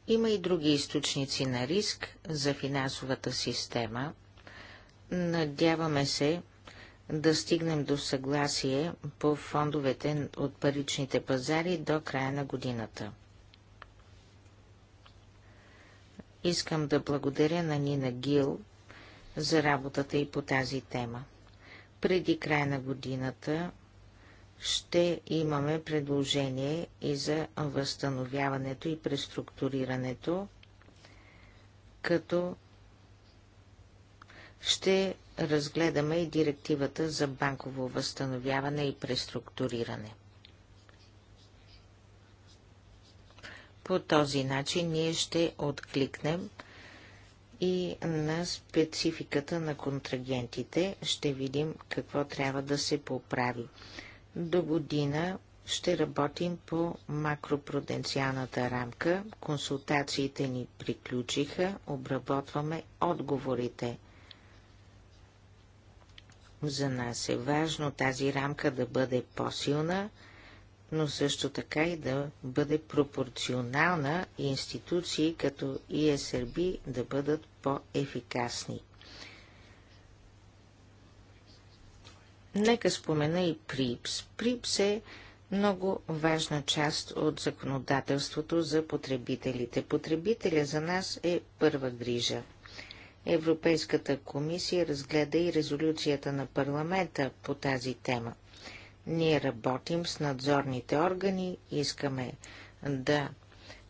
Има и други източници на риск за финансовата система. Надяваме се да стигнем до съгласие по фондовете от паричните пазари до края на годината. Искам да благодаря на Нина Гил за работата и по тази тема. Преди края на годината ще имаме предложение и за възстановяването и преструктурирането, като ще разгледаме и директивата за банково възстановяване и преструктуриране. По този начин ние ще откликнем и на спецификата на контрагентите. Ще видим какво трябва да се поправи. До година ще работим по макропруденциалната рамка. Консултациите ни приключиха, обработваме отговорите. За нас е важно тази рамка да бъде по-силна, но също така и да бъде пропорционална и институции като ИСРБ да бъдат по-ефикасни. Нека спомена и ПРИПС. ПРИПС е много важна част от законодателството за потребителите. Потребителя за нас е първа грижа. Европейската комисия разгледа и резолюцията на парламента по тази тема. Ние работим с надзорните органи, искаме да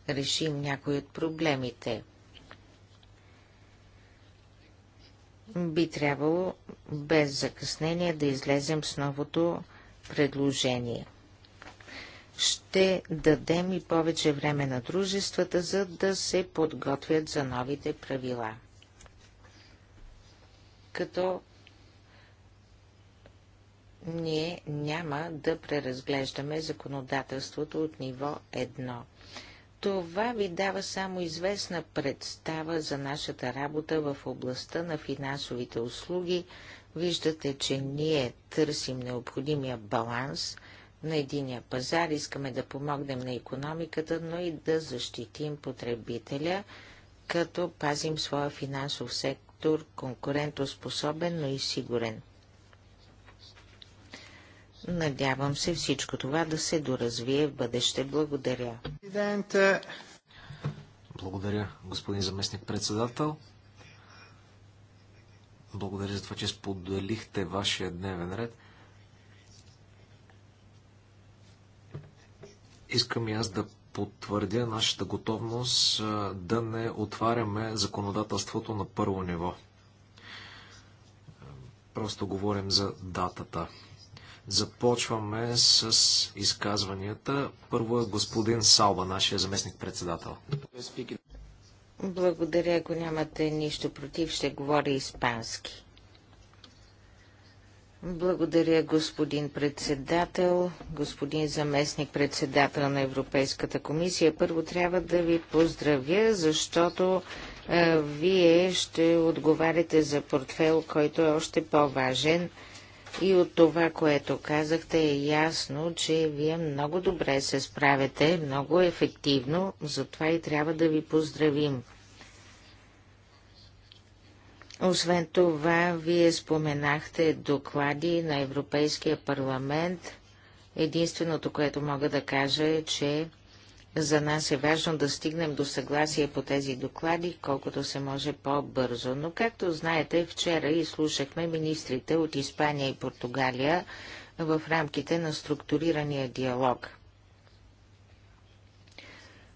решим някои от проблемите. би трябвало без закъснение да излезем с новото предложение. Ще дадем и повече време на дружествата, за да се подготвят за новите правила. Като ние няма да преразглеждаме законодателството от ниво 1. Това ви дава само известна представа за нашата работа в областта на финансовите услуги. Виждате, че ние търсим необходимия баланс на единия пазар, искаме да помогнем на економиката, но и да защитим потребителя, като пазим своя финансов сектор конкурентоспособен, но и сигурен. Надявам се всичко това да се доразвие в бъдеще. Благодаря. Благодаря, господин заместник председател. Благодаря за това, че споделихте вашия дневен ред. Искам и аз да потвърдя нашата готовност да не отваряме законодателството на първо ниво. Просто говорим за датата. Започваме с изказванията. Първо е господин Салба, нашия заместник-председател. Благодаря, ако нямате нищо против, ще говоря испански. Благодаря, господин председател, господин заместник председател на Европейската комисия. Първо трябва да ви поздравя, защото е, вие ще отговаряте за портфел, който е още по-важен – и от това, което казахте, е ясно, че вие много добре се справяте, много ефективно, затова и трябва да ви поздравим. Освен това, вие споменахте доклади на Европейския парламент. Единственото, което мога да кажа е, че за нас е важно да стигнем до съгласие по тези доклади, колкото се може по-бързо. Но, както знаете, вчера изслушахме министрите от Испания и Португалия в рамките на структурирания диалог.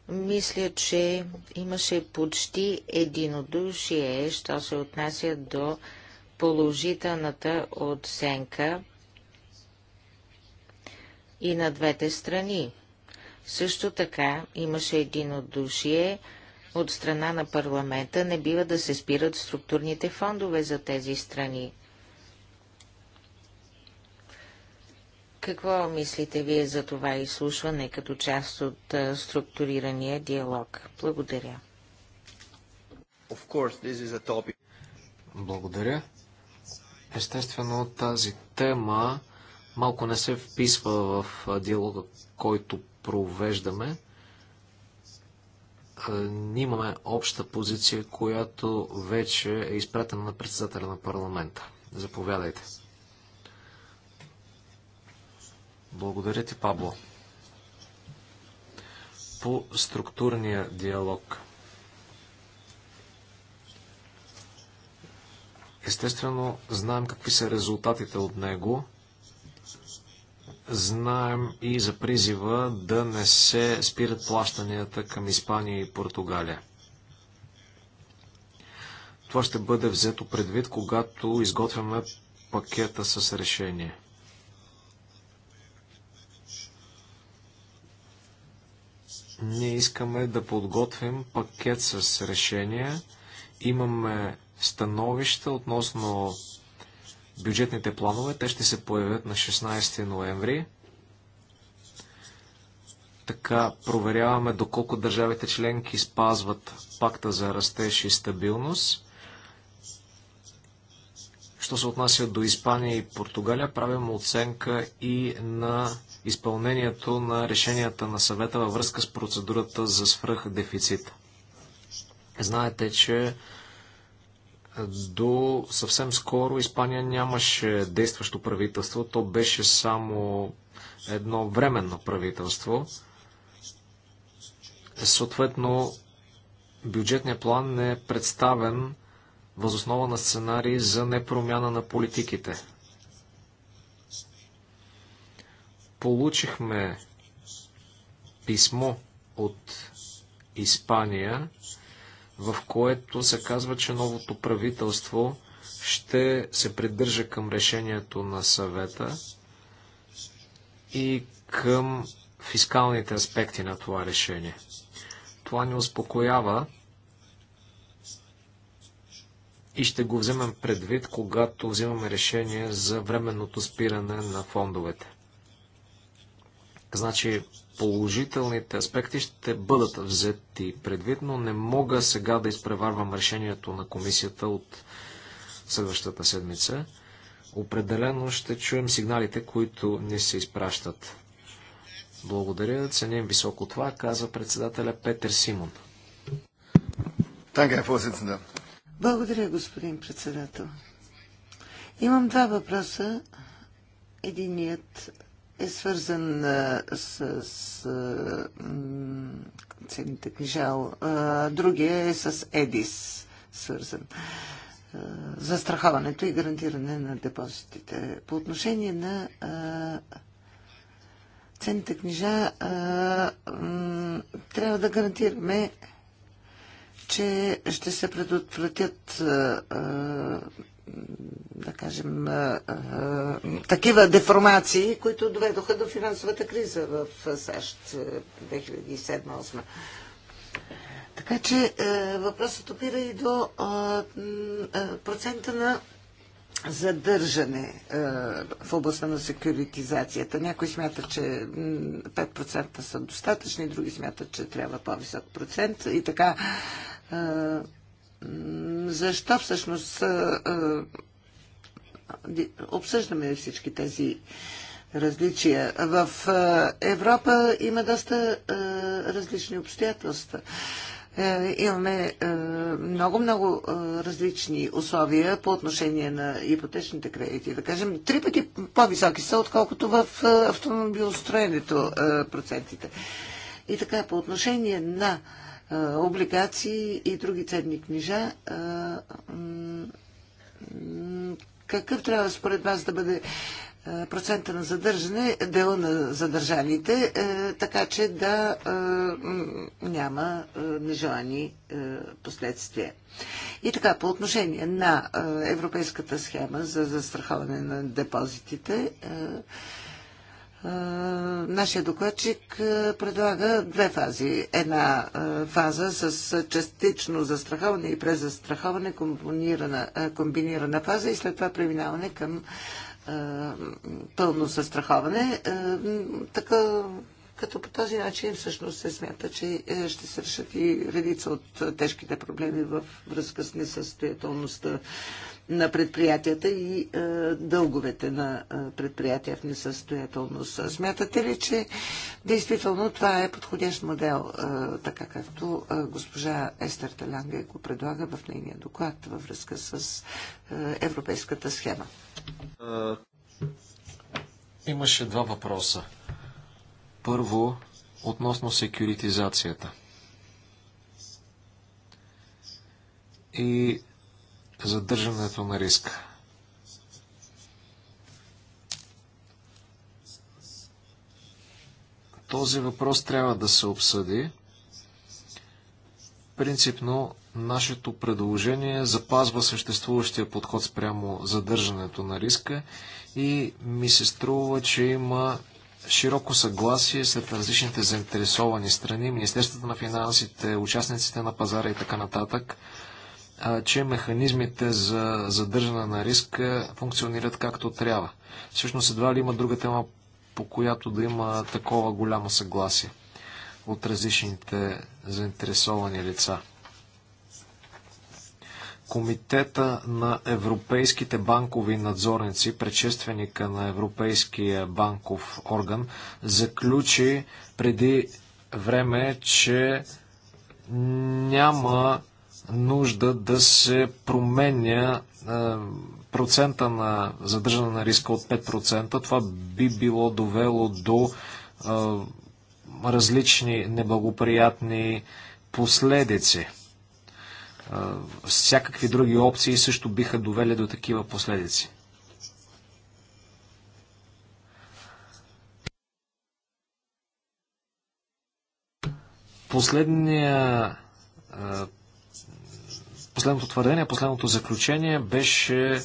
Мисля, че имаше почти единодушие, що се отнася до положителната оценка и на двете страни. Също така имаше един от душие от страна на парламента, не бива да се спират структурните фондове за тези страни. Какво мислите вие за това изслушване като част от структурирания диалог? Благодаря. Course, Благодаря. Естествено, тази тема малко не се вписва в диалога, който провеждаме. Ние имаме обща позиция, която вече е изпратена на председателя на парламента. Заповядайте. Благодаря ти, Пабло. По структурния диалог. Естествено, знаем какви са резултатите от него. Знаем и за призива да не се спират плащанията към Испания и Португалия. Това ще бъде взето предвид, когато изготвяме пакета с решение. Ние искаме да подготвим пакет с решение. Имаме становища относно бюджетните планове. Те ще се появят на 16 ноември. Така проверяваме доколко държавите членки спазват пакта за растеж и стабилност. Що се отнася до Испания и Португалия, правим оценка и на изпълнението на решенията на съвета във връзка с процедурата за свръх дефицит. Знаете, че до съвсем скоро Испания нямаше действащо правителство, то беше само едно временно правителство. Съответно, бюджетният план не е представен възоснова на сценарии за непромяна на политиките. Получихме писмо от Испания в което се казва, че новото правителство ще се придържа към решението на съвета и към фискалните аспекти на това решение. Това ни успокоява и ще го вземем предвид, когато взимаме решение за временното спиране на фондовете. Значи положителните аспекти ще бъдат взети предвид, но не мога сега да изпреварвам решението на комисията от следващата седмица. Определено ще чуем сигналите, които ни се изпращат. Благодаря, ценим високо това, каза председателя Петър Симон. Благодаря, господин председател. Имам два въпроса. Единият е свързан с, с ценните книжа. Другия е с ЕДИС свързан. Застраховането и гарантиране на депозитите. По отношение на ценните книжа трябва да гарантираме, че ще се предотвратят да кажем, такива деформации, които доведоха до финансовата криза в САЩ 2007-2008. Така че въпросът опира и до процента на задържане в областта на секюритизацията. Някои смятат, че 5% са достатъчни, други смятат, че трябва по-висок процент. И така защо всъщност обсъждаме всички тези различия. В Европа има доста различни обстоятелства. Е, имаме много-много различни условия по отношение на ипотечните кредити. Да кажем, три пъти по-високи са, отколкото в автомобилостроенето процентите. И така, по отношение на облигации и други ценни книжа. Какъв трябва според вас да бъде процента на задържане, дела на задържаните, така че да няма нежелани последствия. И така, по отношение на европейската схема за застраховане на депозитите, Нашия докладчик предлага две фази. Една фаза с частично застраховане и презастраховане, комбинирана, фаза и след това преминаване към пълно застраховане. Така, като по този начин всъщност се смята, че ще се решат и редица от тежките проблеми в връзка с несъстоятелността на предприятията и е, дълговете на е, предприятия в несъстоятелност. Смятате ли, че действително това е подходящ модел, е, така както госпожа Естер Талянга го предлага в нейния доклад във връзка с европейската схема? Имаше два въпроса. Първо, относно секюритизацията. И задържането на риска. Този въпрос трябва да се обсъди. Принципно, нашето предложение запазва съществуващия подход спрямо задържането на риска и ми се струва, че има широко съгласие след различните заинтересовани страни, Министерството на финансите, участниците на пазара и така нататък – че механизмите за задържане на риск функционират както трябва. Всъщност едва ли има друга тема, по която да има такова голямо съгласие от различните заинтересовани лица. Комитета на европейските банкови надзорници, предшественика на Европейския банков орган, заключи преди време, че няма нужда да се променя е, процента на задържане на риска от 5%. Това би било довело до е, различни неблагоприятни последици. Е, всякакви други опции също биха довели до такива последици. Последния Последното твърдение, последното заключение беше е,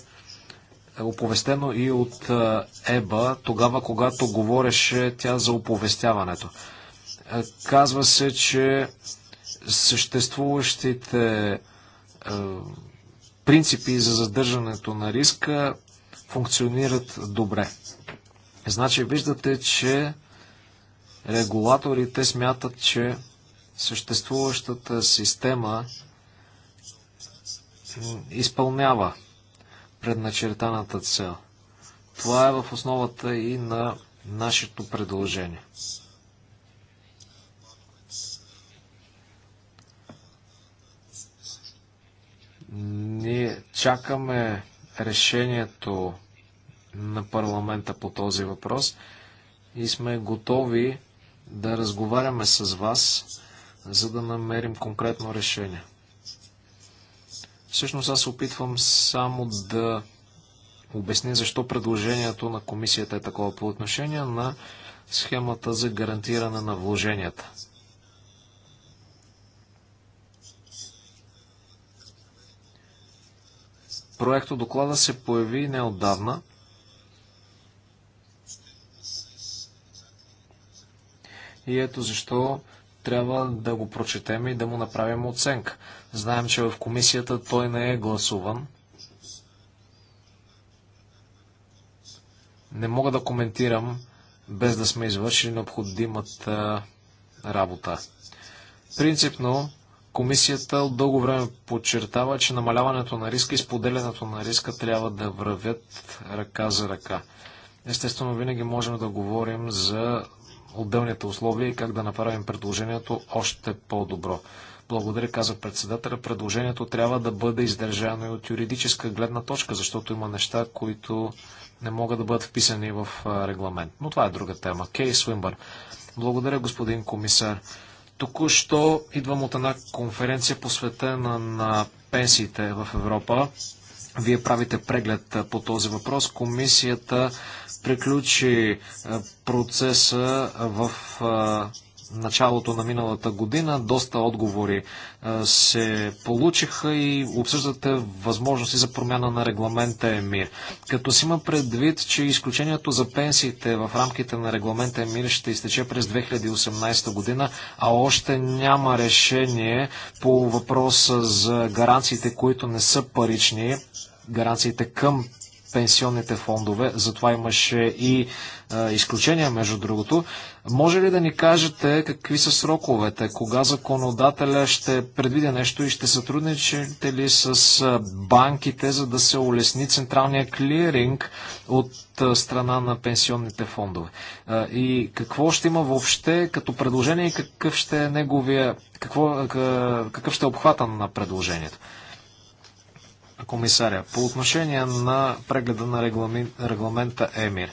оповестено и от е, Еба, тогава когато говореше тя за оповестяването. Е, казва се, че съществуващите принципи за задържането на риска функционират добре. Значи виждате, че регулаторите смятат, че съществуващата система изпълнява предначертаната цел. Това е в основата и на нашето предложение. Ние чакаме решението на парламента по този въпрос и сме готови да разговаряме с вас, за да намерим конкретно решение. Всъщност аз опитвам само да обясня защо предложението на комисията е такова по отношение на схемата за гарантиране на вложенията. Проекто доклада се появи неотдавна. И ето защо трябва да го прочетем и да му направим оценка. Знаем, че в комисията той не е гласуван. Не мога да коментирам без да сме извършили необходимата работа. Принципно, комисията от дълго време подчертава, че намаляването на риска и споделянето на риска трябва да вървят ръка за ръка. Естествено, винаги можем да говорим за отделните условия и как да направим предложението още по-добро. Благодаря, каза председателя. Предложението трябва да бъде издържано и от юридическа гледна точка, защото има неща, които не могат да бъдат вписани в регламент. Но това е друга тема. Кей Свимбър. Благодаря, господин комисар. Току-що идвам от една конференция посветена на пенсиите в Европа. Вие правите преглед по този въпрос. Комисията приключи процеса в началото на миналата година. Доста отговори е, се получиха и обсъждате възможности за промяна на регламента ЕМИР. Като си има предвид, че изключението за пенсиите в рамките на регламента ЕМИР ще изтече през 2018 година, а още няма решение по въпроса за гаранциите, които не са парични, гаранциите към пенсионните фондове, затова имаше и а, изключения, между другото. Може ли да ни кажете какви са сроковете, кога законодателя ще предвиде нещо и ще сътрудничате ли с банките, за да се улесни централния клиринг от страна на пенсионните фондове? И какво ще има въобще като предложение и какъв ще е неговия, какво, какъв ще е обхвата на предложението? комисаря. По отношение на прегледа на регламента ЕМИР.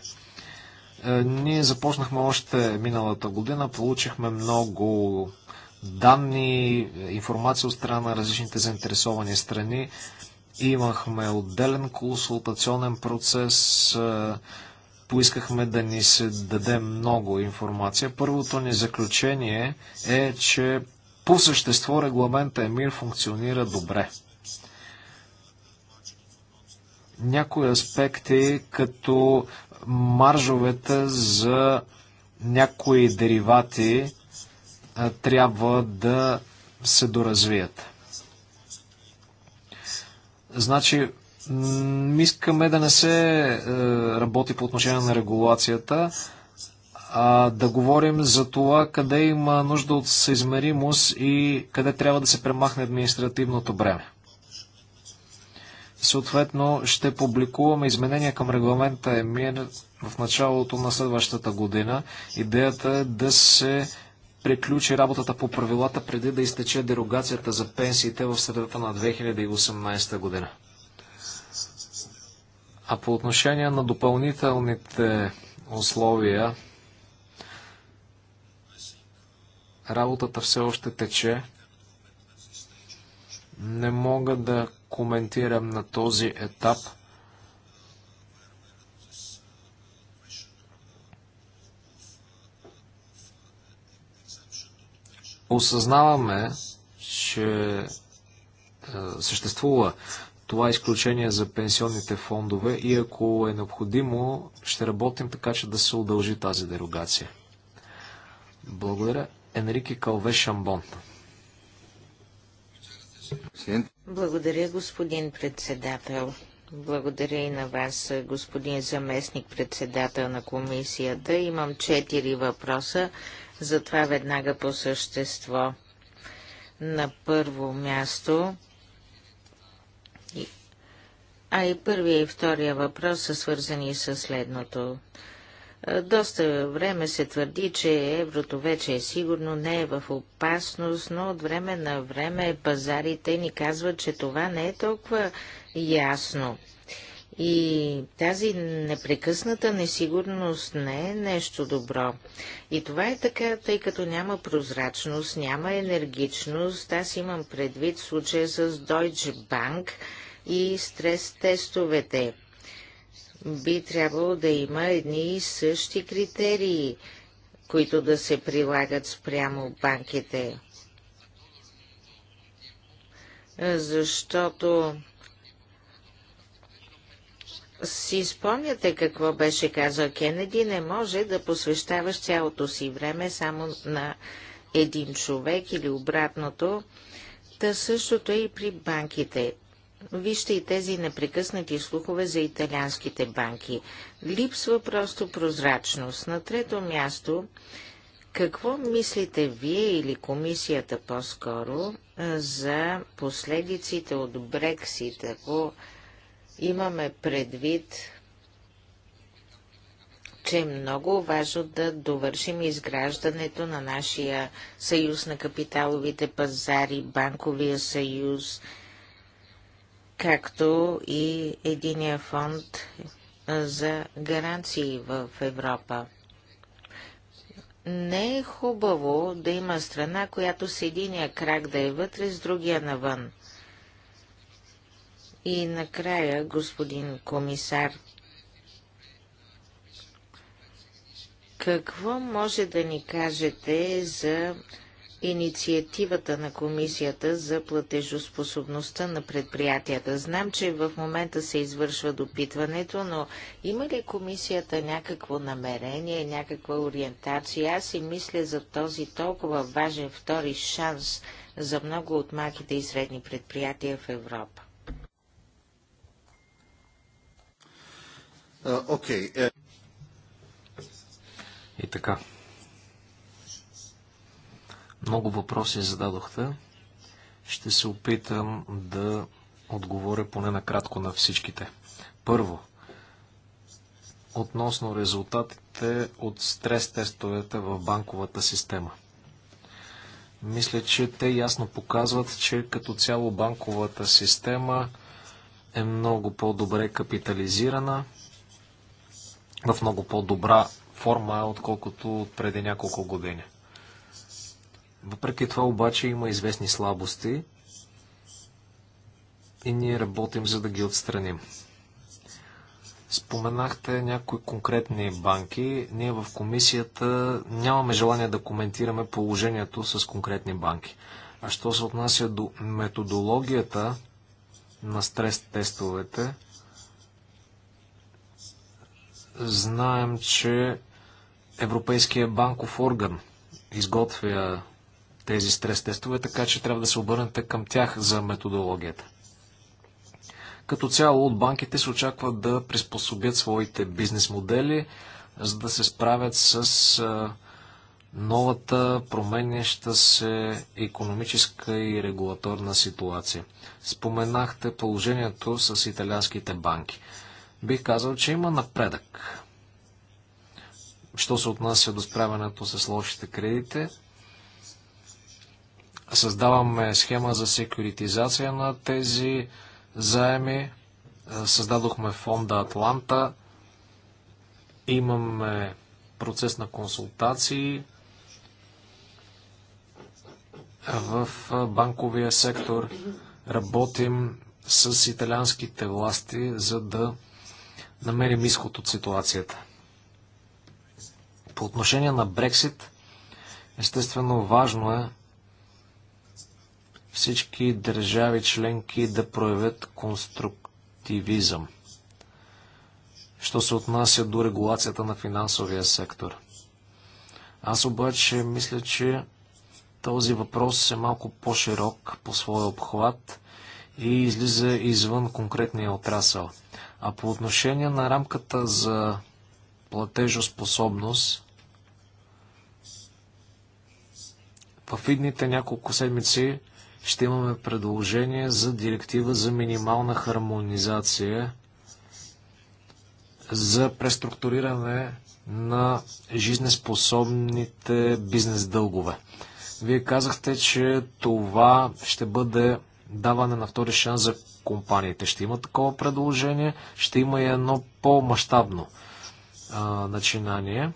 Е, ние започнахме още миналата година, получихме много данни, информация от страна на различните заинтересовани страни. Имахме отделен консултационен процес, е, поискахме да ни се даде много информация. Първото ни заключение е, че по същество регламента ЕМИР функционира добре някои аспекти, като маржовете за някои деривати трябва да се доразвият. Значи, искаме да не се е, работи по отношение на регулацията, а да говорим за това къде има нужда от съизмеримост и къде трябва да се премахне административното бреме. Съответно, ще публикуваме изменения към регламента ЕМИР в началото на следващата година. Идеята е да се приключи работата по правилата преди да изтече дерогацията за пенсиите в средата на 2018 година. А по отношение на допълнителните условия, работата все още тече. Не мога да коментирам на този етап. Осъзнаваме, че е, съществува това изключение за пенсионните фондове и ако е необходимо, ще работим така, че да се удължи тази дерогация. Благодаря. Енрике Калве Шамбон. Благодаря, господин председател. Благодаря и на вас, господин заместник председател на комисията. Имам четири въпроса, затова веднага по същество. На първо място, а и първия и втория въпрос са свързани с следното. Е, доста време се твърди, че еврото вече е сигурно, не е в опасност, но от време на време пазарите ни казват, че това не е толкова ясно. И тази непрекъсната несигурност не е нещо добро. И това е така, тъй като няма прозрачност, няма енергичност. Аз имам предвид случая с Deutsche Bank и стрес-тестовете би трябвало да има едни и същи критерии, които да се прилагат спрямо банките. Защото си спомняте какво беше казал Кенеди, не може да посвещаваш цялото си време само на един човек или обратното. Та същото е и при банките. Вижте и тези непрекъснати слухове за италианските банки. Липсва просто прозрачност. На трето място, какво мислите вие или комисията по-скоро за последиците от Брексит, ако имаме предвид, че е много важно да довършим изграждането на нашия съюз на капиталовите пазари, банковия съюз – както и единия фонд за гаранции в Европа. Не е хубаво да има страна, която с единия крак да е вътре, с другия навън. И накрая, господин комисар, какво може да ни кажете за инициативата на комисията за платежоспособността на предприятията. Знам, че в момента се извършва допитването, но има ли комисията някакво намерение, някаква ориентация? Аз и мисля за този толкова важен втори шанс за много от малките и средни предприятия в Европа. Окей. Uh, okay. uh... И така, много въпроси зададохте. Ще се опитам да отговоря поне накратко на всичките. Първо, относно резултатите от стрес-тестовете в банковата система. Мисля, че те ясно показват, че като цяло банковата система е много по-добре капитализирана, в много по-добра форма, отколкото преди няколко години. Въпреки това обаче има известни слабости и ние работим за да ги отстраним. Споменахте някои конкретни банки. Ние в комисията нямаме желание да коментираме положението с конкретни банки. А що се отнася до методологията на стрес тестовете, знаем, че Европейския банков орган изготвя тези стрес тестове, така че трябва да се обърнете към тях за методологията. Като цяло от банките се очаква да приспособят своите бизнес модели, за да се справят с новата променяща се економическа и регулаторна ситуация. Споменахте положението с италианските банки. Бих казал, че има напредък. Що се отнася до справянето с лошите кредити. Създаваме схема за секюритизация на тези заеми. Е, създадохме фонда Атланта. Имаме процес на консултации в е, банковия сектор. Работим с италианските власти, за да намерим изход от ситуацията. По отношение на Брексит, естествено важно е всички държави членки да проявят конструктивизъм. Що се отнася до регулацията на финансовия сектор. Аз обаче мисля, че този въпрос е малко по-широк по своя обхват и излиза извън конкретния отрасъл. А по отношение на рамката за платежоспособност, в идните няколко седмици ще имаме предложение за директива за минимална хармонизация за преструктуриране на жизнеспособните бизнес дългове. Вие казахте, че това ще бъде даване на втори шанс за компаниите. Ще има такова предложение, ще има и едно по-масштабно начинание.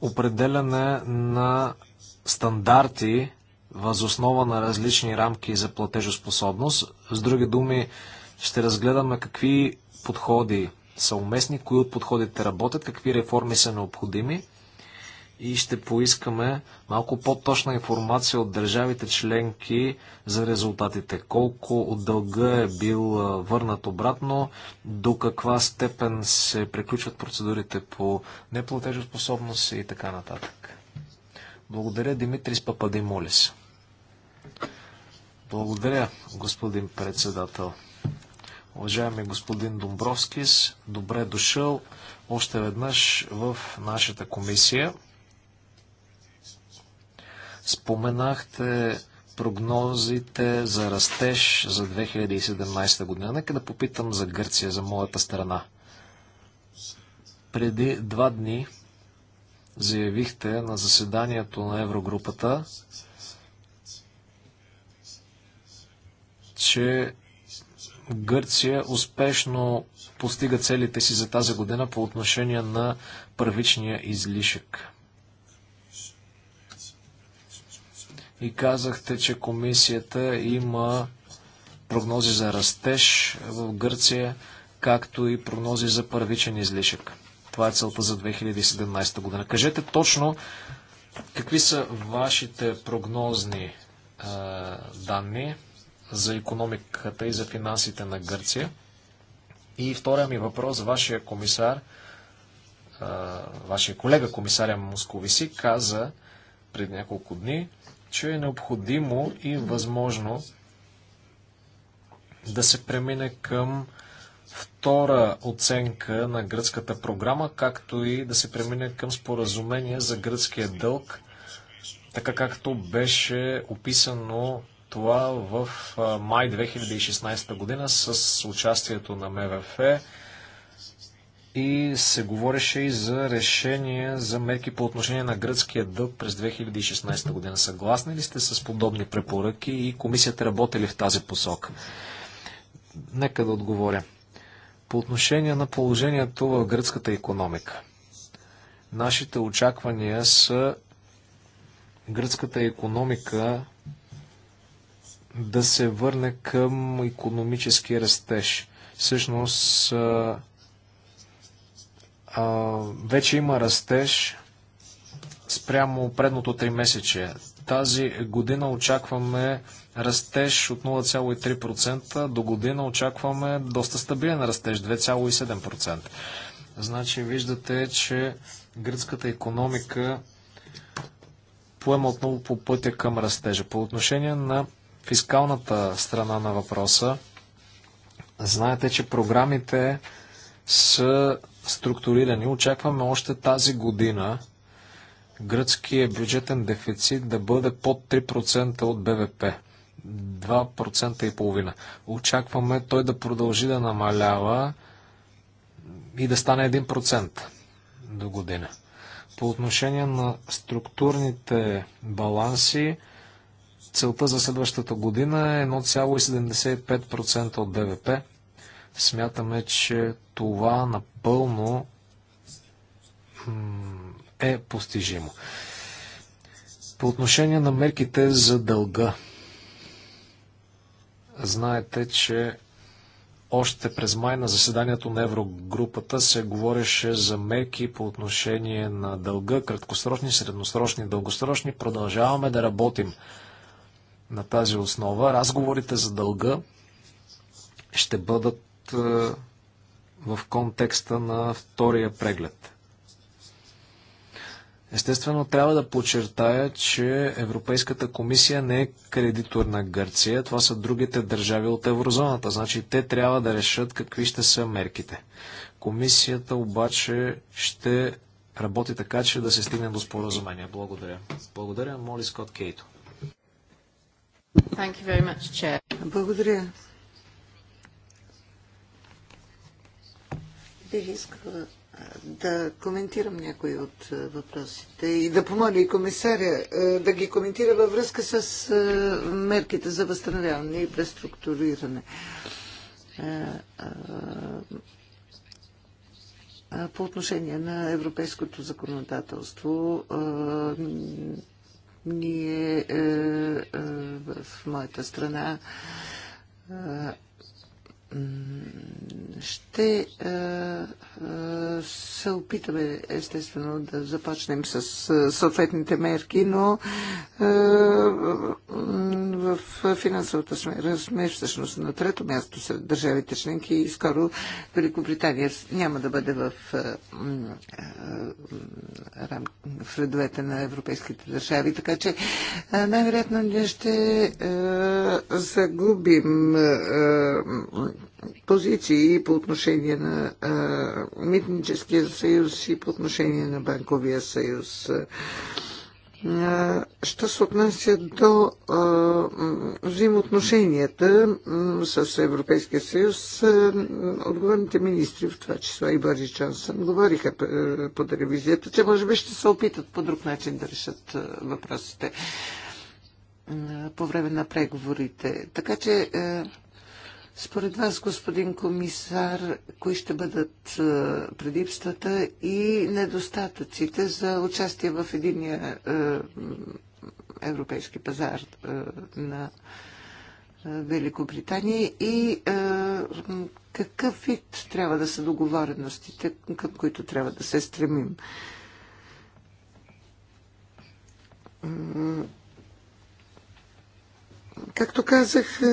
Определяне на стандарти въз основа на различни рамки за платежоспособност. С други думи, ще разгледаме какви подходи са уместни, кои от подходите работят, какви реформи са необходими и ще поискаме малко по-точна информация от държавите членки за резултатите. Колко от дълга е бил върнат обратно, до каква степен се приключват процедурите по неплатежоспособност и така нататък. Благодаря, Димитрис Пападимолис. Благодаря, господин председател. Уважаеми господин Домбровскис, добре дошъл още веднъж в нашата комисия. Споменахте прогнозите за растеж за 2017 година. Нека да попитам за Гърция, за моята страна. Преди два дни заявихте на заседанието на Еврогрупата, че Гърция успешно постига целите си за тази година по отношение на първичния излишък. И казахте, че комисията има прогнози за растеж в Гърция, както и прогнози за първичен излишък. Това е целта за 2017 година. Кажете точно какви са вашите прогнозни е, данни за економиката и за финансите на Гърция. И втория ми въпрос, вашия комисар, е, вашия колега комисаря Московиси каза пред няколко дни, че е необходимо и възможно да се премине към е, втора оценка на гръцката програма, както и да се премине към споразумение за гръцкия дълг, така както беше описано това в май 2016 година с участието на МВФ и се говореше и за решение за мерки по отношение на гръцкия дълг през 2016 година. Съгласни ли сте с подобни препоръки и комисията работи ли в тази посока? Нека да отговоря по отношение на положението в гръцката економика. Нашите очаквания са гръцката економика да се върне към економически растеж. Всъщност, а, а, вече има растеж спрямо предното три месече. Тази година очакваме растеж от 0,3%. До година очакваме доста стабилен растеж 2,7%. Значи виждате, че гръцката економика поема отново по пътя към растежа. По отношение на фискалната страна на въпроса, знаете, че програмите са структурирани. Очакваме още тази година гръцкият бюджетен дефицит да бъде под 3% от БВП. 2% и половина. Очакваме той да продължи да намалява и да стане 1% до година. По отношение на структурните баланси, целта за следващата година е 1,75% от БВП. Смятаме, че това напълно е постижимо. По отношение на мерките за дълга, Знаете, че още през май на заседанието на Еврогрупата се говореше за мерки по отношение на дълга, краткосрочни, средносрочни, дългосрочни. Продължаваме да работим на тази основа. Разговорите за дълга ще бъдат е, в контекста на втория преглед. Естествено, трябва да подчертая, че Европейската комисия не е кредитор на Гърция. Това са другите държави от еврозоната. Значи те трябва да решат какви ще са мерките. Комисията обаче ще работи така, че да се стигне до споразумение. Благодаря. Благодаря. Моли Скот Кейто. Much, Благодаря. Бих искала да коментирам някои от е, въпросите и да помоля и комисаря е, да ги коментира във връзка с е, мерките за възстановяване и преструктуриране. По отношение на европейското законодателство, ние в моята страна ще е, е, се опитаме естествено да започнем с е, съответните мерки, но в финансовата сфера сме всъщност на трето място сред държавите членки и скоро Великобритания няма да бъде в, в редовете на европейските държави, така че най-вероятно ние ще загубим позиции и по отношение на а, Митническия съюз и по отношение на Банковия съюз. Що се отнася до а, взаимоотношенията с Европейския съюз, а, отговорните министри, в това число и Борис Джонсън, говориха по телевизията, че може би ще се опитат по друг начин да решат въпросите по време на преговорите. Така че според вас, господин комисар, кои ще бъдат предимствата и недостатъците за участие в единия европейски пазар на Великобритания и какъв вид трябва да са договореностите, към които трябва да се стремим? Както казах, е, е,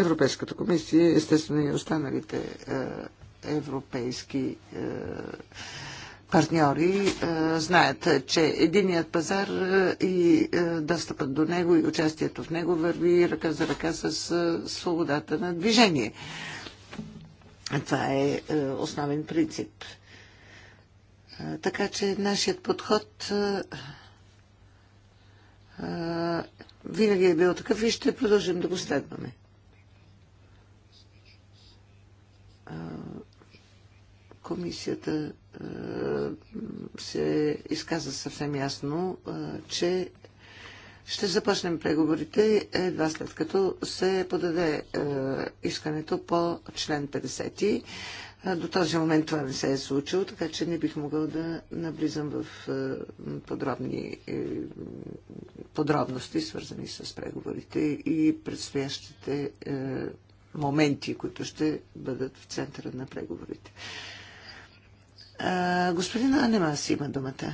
Европейската комисия, естествено и останалите е, европейски партньори знаят, че единият пазар и достъпът до него и участието в него върви ръка за ръка с свободата на движение. Това е основен принцип. Така че нашият подход винаги е бил такъв и ще продължим да го следваме. Комисията се изказа съвсем ясно, че ще започнем преговорите едва след като се подаде искането по член 50 до този момент това не се е случило, така че не бих могъл да наблизам в подробни е, подробности, свързани с преговорите и предстоящите е, моменти, които ще бъдат в центъра на преговорите. Господин Анемас има думата.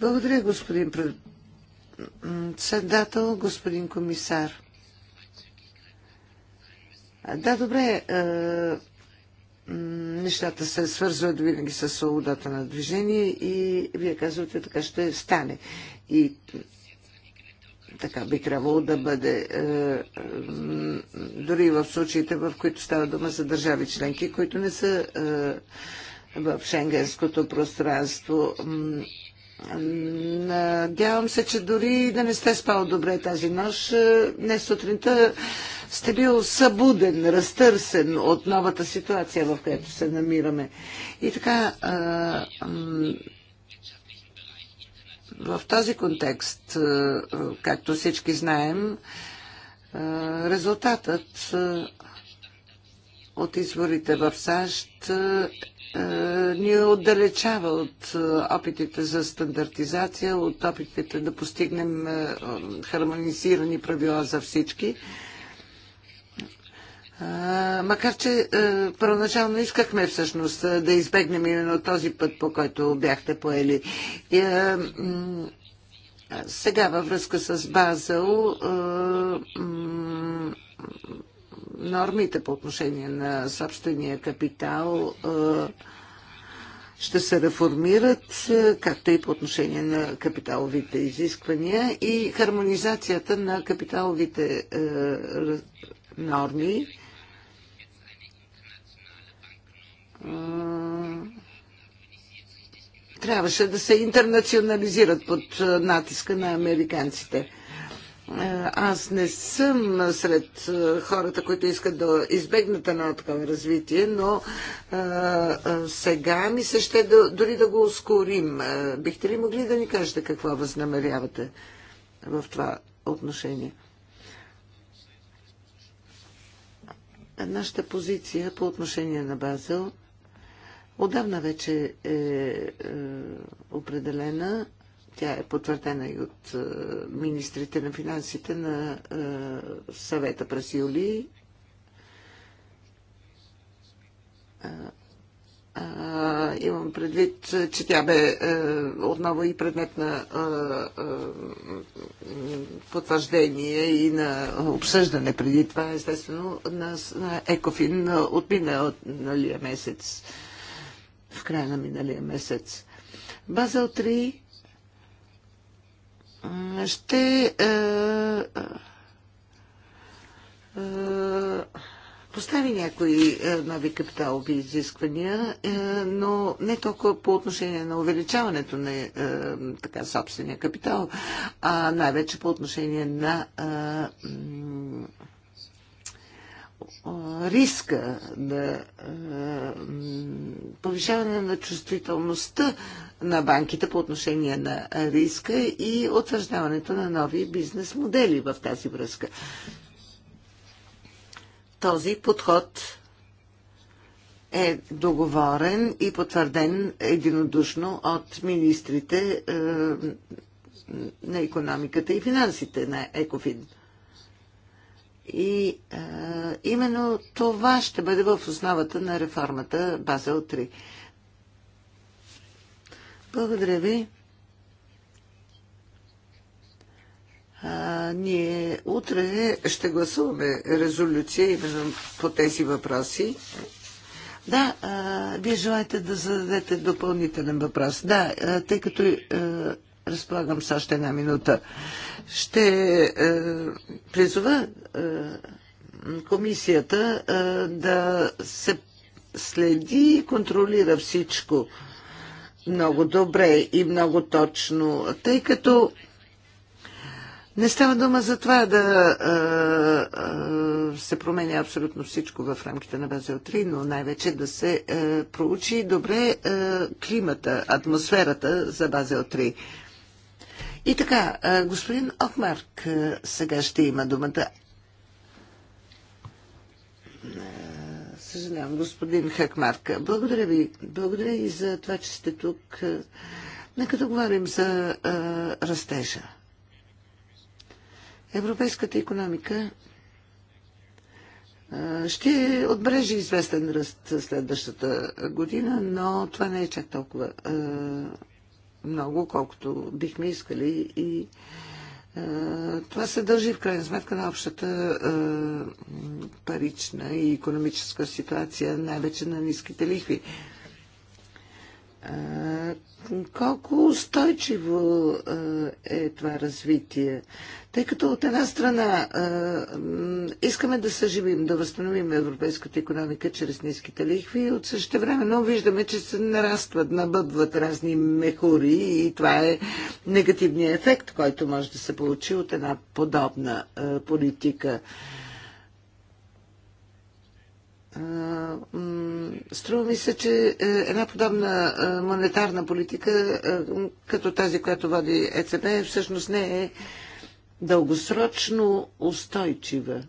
Благодаря, господин председател, господин комисар. Да, добре. Е, нещата се свързват винаги с свободата на движение и вие казвате така ще стане. И така би трябвало да бъде е, е, дори в случаите, в които става дума за държави членки, които не са е, в шенгенското пространство. Надявам се, че дори да не сте спал добре тази нощ, не сутринта сте бил събуден, разтърсен от новата ситуация, в която се намираме. И така, в този контекст, както всички знаем, резултатът от изборите в САЩ ни отдалечава от опитите за стандартизация, от опитите да постигнем хармонизирани правила за всички. Макар, че първоначално искахме всъщност да избегнем именно този път, по който бяхте поели. Сега във връзка с Базел, нормите по отношение на собствения капитал ще се реформират, както и по отношение на капиталовите изисквания и хармонизацията на капиталовите норми трябваше да се интернационализират под натиска на американците. Е, аз не съм сред хората, които искат да избегнат едно такова развитие, но а, сега ми се ще да, дори да го ускорим. Е, бихте ли могли да ни кажете какво възнамерявате в това отношение? Нашата позиция по отношение на Базел отдавна вече е, е определена. Тя е потвърдена и от е, министрите на финансите на е, съвета през юли. А, имам предвид, че тя бе е, отново и предмет на е, е, потвърждение и на обсъждане преди това, естествено, на, на Екофин от миналия месец в края на миналия месец. Базел 3 ще е, е, е, постави някои е, нови капиталови изисквания, е, но не толкова по отношение на увеличаването на е, така, собствения капитал, а най-вече по отношение на риска на повишаване на чувствителността на банките по отношение на риска и утвърждаването на нови бизнес модели в тази връзка. Този подход е договорен и потвърден единодушно от министрите на економиката и финансите на Екофин. И а, именно това ще бъде в основата на реформата Базел 3. Благодаря ви. А, ние утре ще гласуваме резолюция именно по тези въпроси. Да, а, вие желаете да зададете допълнителен въпрос. Да, а, тъй като а, разполагам с още една минута. Ще е, призова е, комисията е, да се следи и контролира всичко много добре и много точно, тъй като не става дума за това да а, е, а, е, се променя абсолютно всичко в рамките на Базел 3, но най-вече да се а, е, проучи добре а, климата, атмосферата за Базел 3. И така, господин Охмарк сега ще има думата. Съжалявам, господин Хакмарк. Благодаря ви. Благодаря и за това, че сте тук. Нека да говорим за а, растежа. Европейската економика а, ще отбрежи известен ръст следващата година, но това не е чак толкова а, много, колкото бихме искали. И а, това се дължи в крайна сметка на общата а, парична и економическа ситуация, най-вече на ниските лихви колко устойчиво е това развитие. Тъй като от една страна искаме да съживим, да възстановим европейската економика чрез ниските лихви, от същото време, но виждаме, че се нарастват, набъбват разни мехури и това е негативният ефект, който може да се получи от една подобна политика. Струва ми се, че е, една подобна е, монетарна политика, е, като тази, която води ЕЦБ, всъщност не е дългосрочно устойчива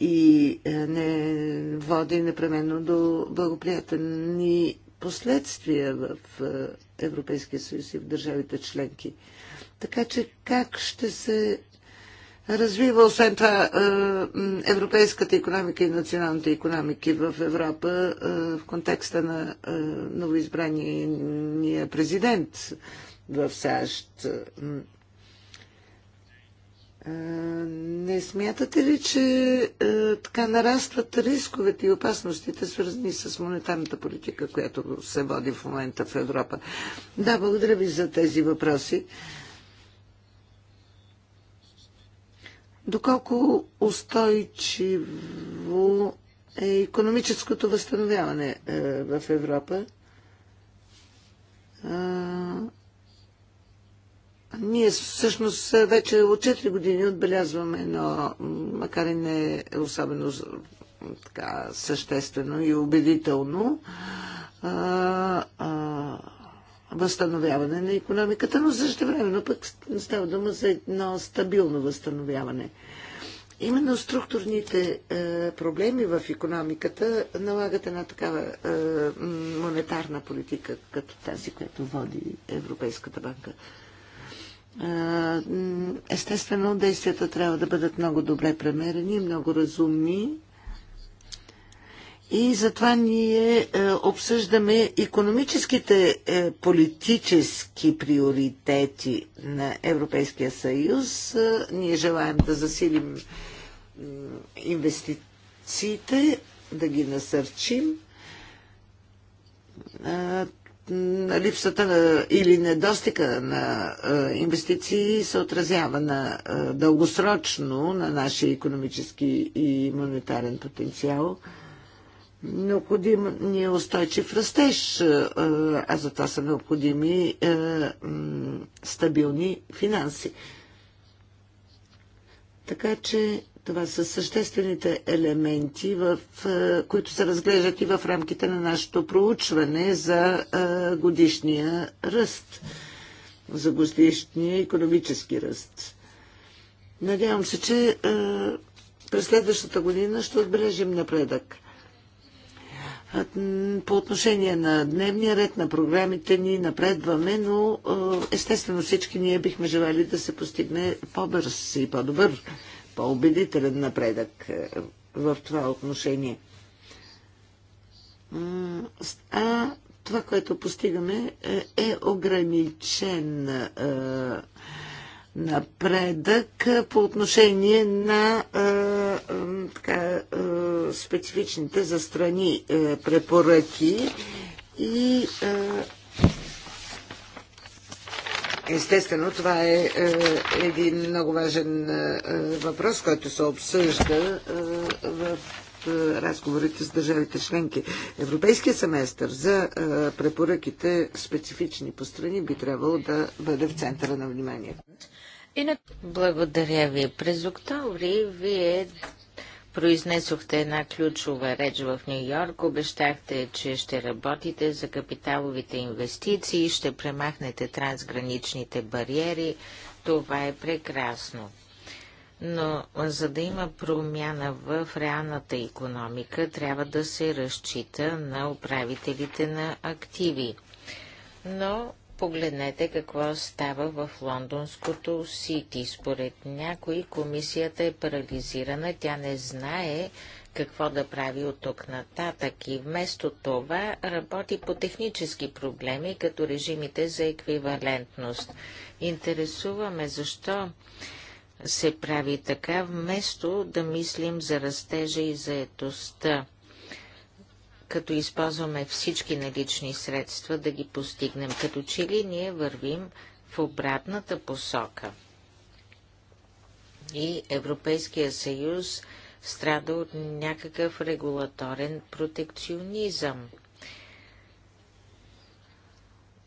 и не води непременно до благоприятни последствия в Европейския съюз и в държавите членки. Така че как ще се развива освен това е, европейската економика и националните економики в Европа е, в контекста на е, новоизбрания президент в САЩ. Не смятате ли, че така нарастват рисковете и опасностите, свързани с монетарната политика, която се води в момента в Европа? Да, благодаря ви за тези въпроси. Доколко устойчиво е економическото възстановяване е, в Европа? Ние всъщност вече от 4 години отбелязваме едно, макар и не особено така съществено и убедително, а, а, възстановяване на економиката, но също времено пък става дума за едно стабилно възстановяване. Именно структурните е, проблеми в економиката налагат една такава е, монетарна политика, като тази, която води Европейската банка. Е, естествено, действията трябва да бъдат много добре премерени, много разумни и затова ние е, обсъждаме економическите е, политически приоритети на Европейския съюз. Е, ние желаем да засилим инвестициите, да ги насърчим. Липсата на, или недостига на инвестиции се отразява на дългосрочно на нашия економически и монетарен потенциал необходим ни е устойчив растеж, е, а за това са необходими е, стабилни финанси. Така че това са съществените елементи, в, е, които се разглеждат и в рамките на нашето проучване за годишния ръст, за годишния економически ръст. Надявам се, че през следващата година ще отбележим напредък. По отношение на дневния ред, на програмите ни напредваме, но естествено всички ние бихме желали да се постигне по-бърз и по-добър, по-убедителен напредък в това отношение. А това, което постигаме, е, е ограничен напредък по отношение на а, а, така, а, специфичните за страни а, препоръки и а, Естествено, това е, един много важен въпрос, който се обсъжда в разговорите с държавите членки. Европейския семестър за препоръките специфични по страни би трябвало да бъде в центъра на вниманието. Благодаря ви. През октомври вие произнесохте една ключова реч в Нью Йорк, обещахте, че ще работите за капиталовите инвестиции, ще премахнете трансграничните бариери. Това е прекрасно. Но за да има промяна в реалната економика, трябва да се разчита на управителите на активи. Но Погледнете какво става в лондонското Сити. Според някои комисията е парализирана, тя не знае какво да прави от тук нататък и вместо това работи по технически проблеми, като режимите за еквивалентност. Интересуваме защо се прави така, вместо да мислим за растежа и заетостта като използваме всички налични средства да ги постигнем, като че ли ние вървим в обратната посока. И Европейския съюз страда от някакъв регулаторен протекционизъм.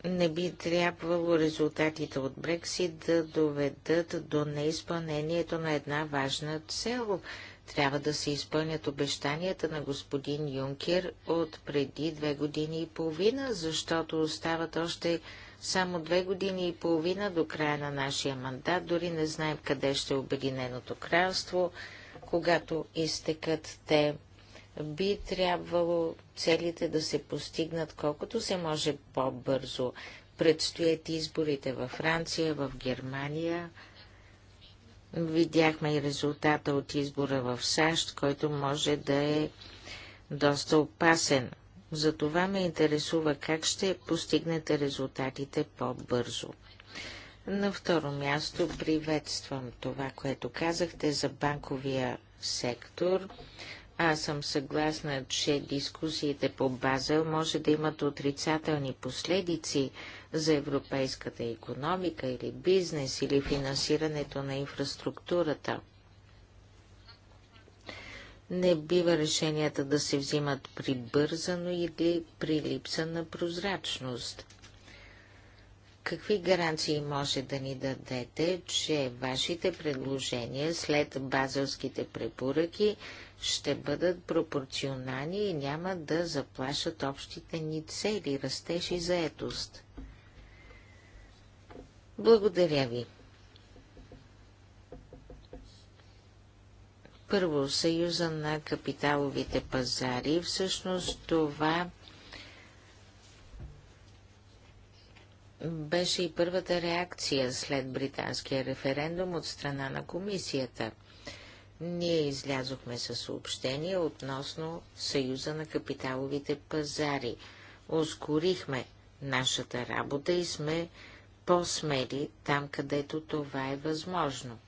Не би трябвало резултатите от Брексит да доведат до неизпълнението на една важна цел трябва да се изпълнят обещанията на господин Юнкер от преди две години и половина, защото остават още само две години и половина до края на нашия мандат. Дори не знаем къде ще е Обединеното кралство, когато изтекат те. Би трябвало целите да се постигнат колкото се може по-бързо. Предстоят изборите във Франция, в Германия, Видяхме и резултата от избора в САЩ, който може да е доста опасен. Затова ме интересува как ще постигнете резултатите по-бързо. На второ място приветствам това, което казахте за банковия сектор. Аз съм съгласна, че дискусиите по Базел може да имат отрицателни последици за европейската економика или бизнес или финансирането на инфраструктурата. Не бива решенията да се взимат прибързано или при липса на прозрачност. Какви гаранции може да ни дадете, че вашите предложения след базовските препоръки ще бъдат пропорционални и няма да заплашат общите ни цели, растеж и заетост? Благодаря ви. Първо, Съюза на капиталовите пазари. Всъщност това беше и първата реакция след британския референдум от страна на комисията. Ние излязохме със съобщение относно Съюза на капиталовите пазари. Ускорихме нашата работа и сме по-смели там, където това е възможно.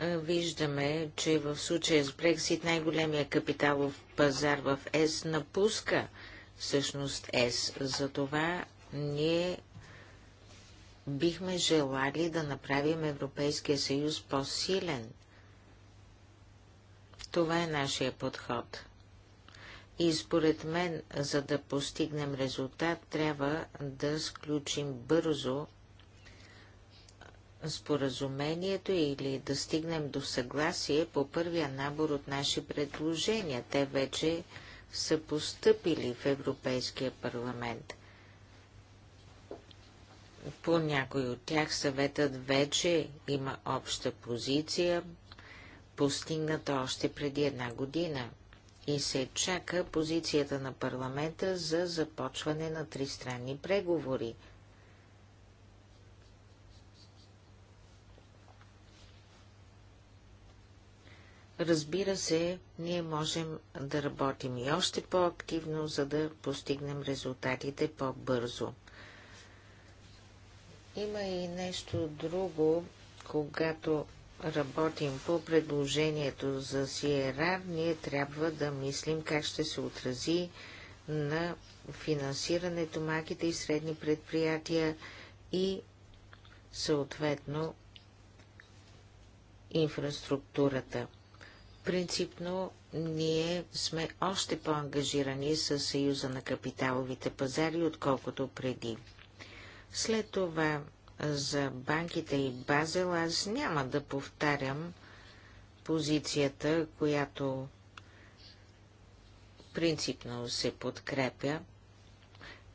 Виждаме, че в случая с Брексит най-големия капиталов пазар в ЕС напуска всъщност ЕС. Затова ние бихме желали да направим Европейския съюз по-силен. Това е нашия подход. И според мен, за да постигнем резултат, трябва да сключим бързо споразумението или да стигнем до съгласие по първия набор от наши предложения. Те вече са постъпили в Европейския парламент. По някои от тях съветът вече има обща позиция, постигната още преди една година и се чака позицията на парламента за започване на тристранни преговори. Разбира се, ние можем да работим и още по-активно, за да постигнем резултатите по-бързо. Има и нещо друго, когато работим по предложението за CRR, ние трябва да мислим как ще се отрази на финансирането малките и средни предприятия и съответно инфраструктурата. Принципно ние сме още по-ангажирани с Съюза на капиталовите пазари, отколкото преди. След това за банките и Базел, аз няма да повтарям позицията, която принципно се подкрепя.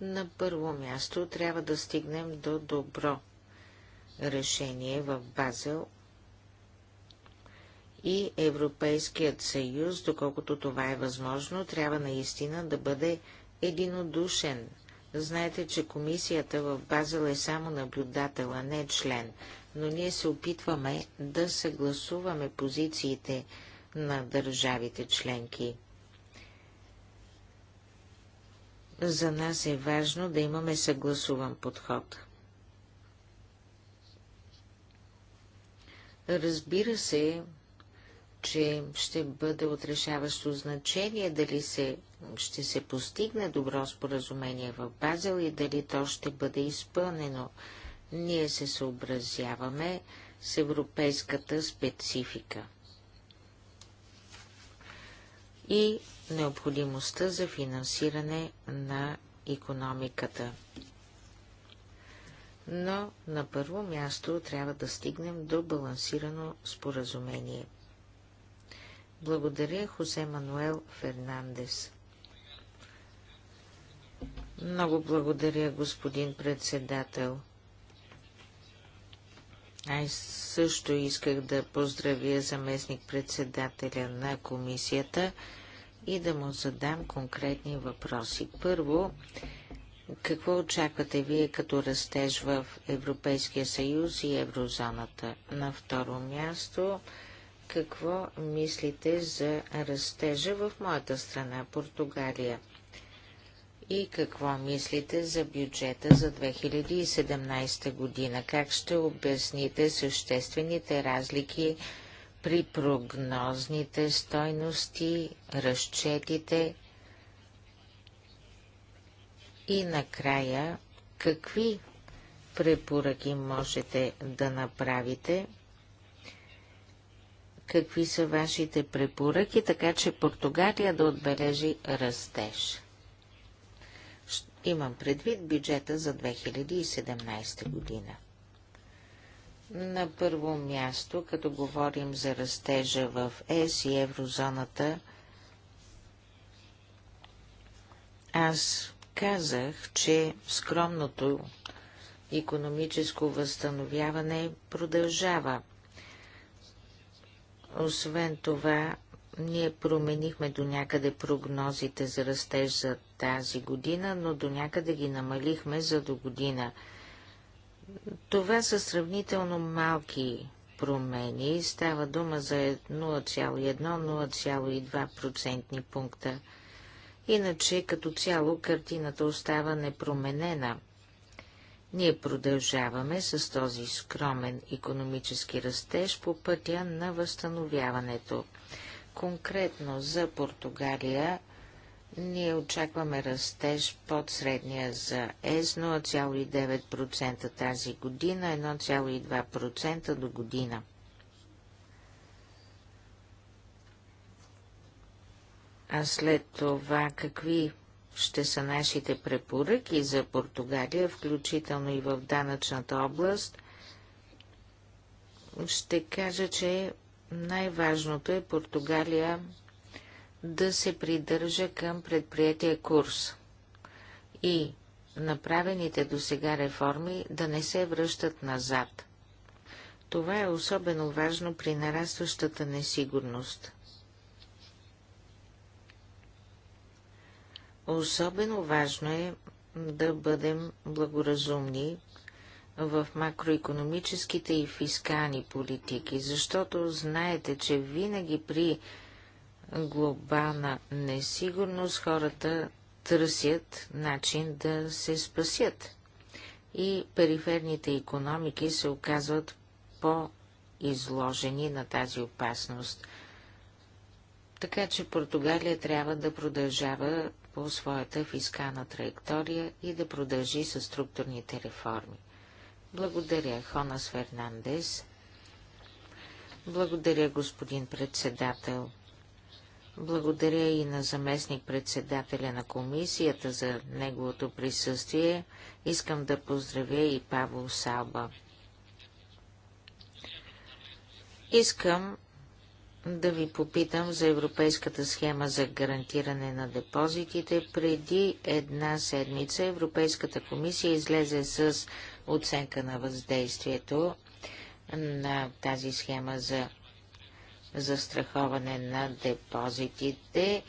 На първо място трябва да стигнем до добро решение в Базел и Европейският съюз, доколкото това е възможно, трябва наистина да бъде единодушен Знаете, че комисията в Базел е само наблюдател, а не член, но ние се опитваме да съгласуваме позициите на държавите членки. За нас е важно да имаме съгласуван подход. Разбира се, че ще бъде отрешаващо значение дали се ще се постигне добро споразумение в Базел и дали то ще бъде изпълнено. Ние се съобразяваме с европейската специфика и необходимостта за финансиране на економиката. Но на първо място трябва да стигнем до балансирано споразумение. Благодаря Хосе Мануел Фернандес. Много благодаря, господин председател. Аз също исках да поздравя заместник председателя на комисията и да му задам конкретни въпроси. Първо, какво очаквате вие като растеж в Европейския съюз и еврозоната? На второ място, какво мислите за растежа в моята страна, Португалия? И какво мислите за бюджета за 2017 година? Как ще обясните съществените разлики при прогнозните стойности, разчетите и накрая какви препоръки можете да направите? Какви са вашите препоръки, така че Португалия да отбележи растеж? Имам предвид бюджета за 2017 година. На първо място, като говорим за растежа в ЕС и еврозоната, аз казах, че скромното економическо възстановяване продължава. Освен това, ние променихме до някъде прогнозите за растеж за тази година, но до някъде ги намалихме за до година. Това са сравнително малки промени. Става дума за 0,1-0,2 пункта. Иначе като цяло картината остава непроменена. Ние продължаваме с този скромен економически растеж по пътя на възстановяването. Конкретно за Португалия ние очакваме растеж под средния за ЕС 0,9% тази година, 1,2% до година. А след това какви ще са нашите препоръки за Португалия, включително и в данъчната област, ще кажа, че най-важното е Португалия да се придържа към предприятия курс и направените до сега реформи да не се връщат назад. Това е особено важно при нарастващата несигурност. Особено важно е да бъдем благоразумни в макроекономическите и фискални политики, защото знаете, че винаги при глобална несигурност хората търсят начин да се спасят. И периферните економики се оказват по-изложени на тази опасност. Така че Португалия трябва да продължава по своята фискална траектория и да продължи със структурните реформи. Благодаря, Хонас Фернандес. Благодаря, господин председател. Благодаря и на заместник-председателя на комисията за неговото присъствие. Искам да поздравя и Павел Салба. Искам да ви попитам за Европейската схема за гарантиране на депозитите. Преди една седмица Европейската комисия излезе с оценка на въздействието на тази схема за застраховане на депозитите.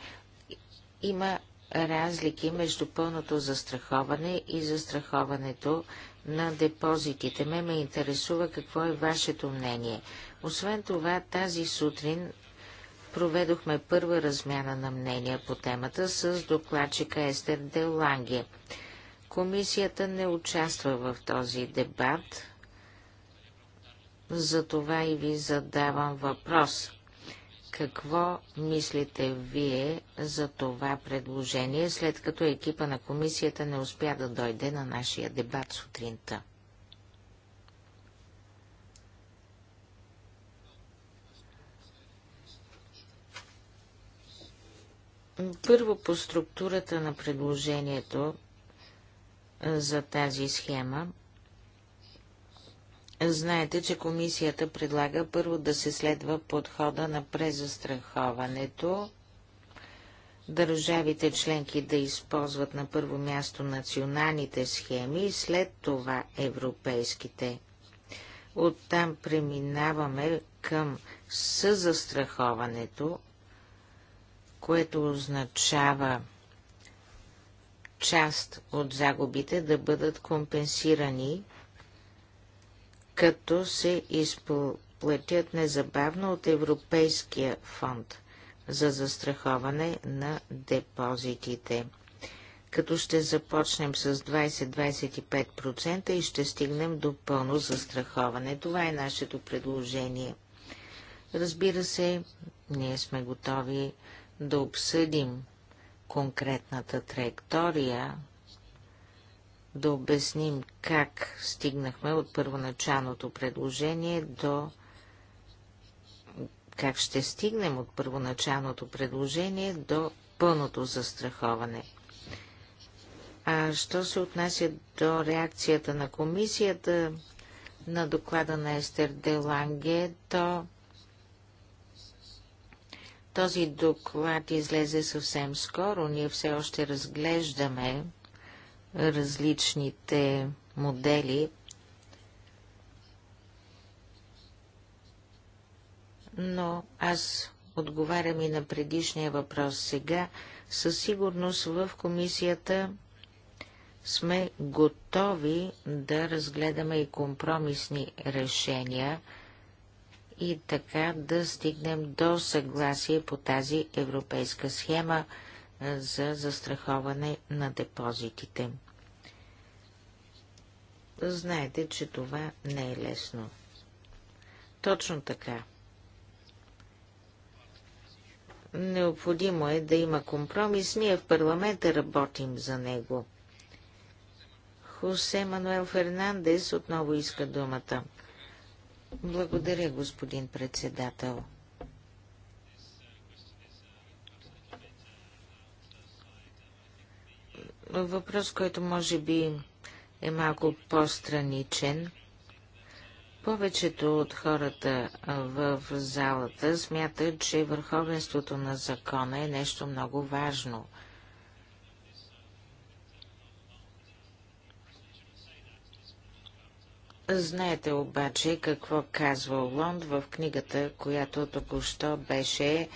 Има разлики между пълното застраховане и застраховането на депозитите. Ме ме интересува какво е вашето мнение. Освен това, тази сутрин проведохме първа размяна на мнения по темата с докладчика Естер Деланге. Ланге. Комисията не участва в този дебат, затова и ви задавам въпрос. Какво мислите вие за това предложение, след като екипа на комисията не успя да дойде на нашия дебат сутринта? Първо по структурата на предложението за тази схема. Знаете, че комисията предлага първо да се следва подхода на презастраховането, държавите членки да използват на първо място националните схеми и след това европейските. Оттам преминаваме към съзастраховането, което означава част от загубите да бъдат компенсирани, като се изплатят незабавно от Европейския фонд за застраховане на депозитите като ще започнем с 20-25% и ще стигнем до пълно застраховане. Това е нашето предложение. Разбира се, ние сме готови да обсъдим конкретната траектория, да обясним как стигнахме от първоначалното предложение до как ще стигнем от първоначалното предложение до пълното застраховане. А що се отнася до реакцията на комисията на доклада на Естер Деланге, то този доклад излезе съвсем скоро. Ние все още разглеждаме различните модели. Но аз отговарям и на предишния въпрос сега. Със сигурност в комисията сме готови да разгледаме и компромисни решения – и така да стигнем до съгласие по тази европейска схема за застраховане на депозитите. Знаете, че това не е лесно. Точно така. Необходимо е да има компромис. Ние в парламента работим за него. Хосе Мануел Фернандес отново иска думата. Благодаря, господин председател. Въпрос, който може би е малко по-страничен. Повечето от хората в залата смятат, че върховенството на закона е нещо много важно. Знаете обаче какво казва Лонд в книгата, която току-що беше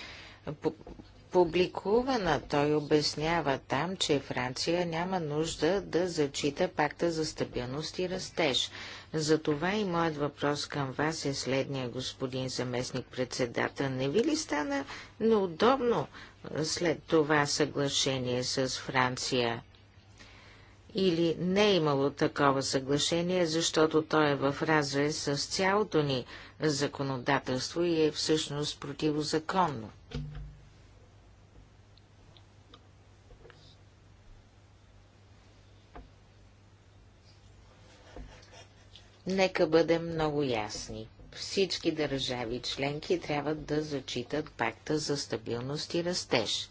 публикувана. Той обяснява там, че Франция няма нужда да зачита пакта за стабилност и растеж. Затова и моят въпрос към вас е следния, господин заместник председател. Не ви ли стана неудобно след това съглашение с Франция? или не е имало такова съглашение, защото то е в разрез с цялото ни законодателство и е всъщност противозаконно. Нека бъдем много ясни. Всички държави членки трябва да зачитат пакта за стабилност и растеж.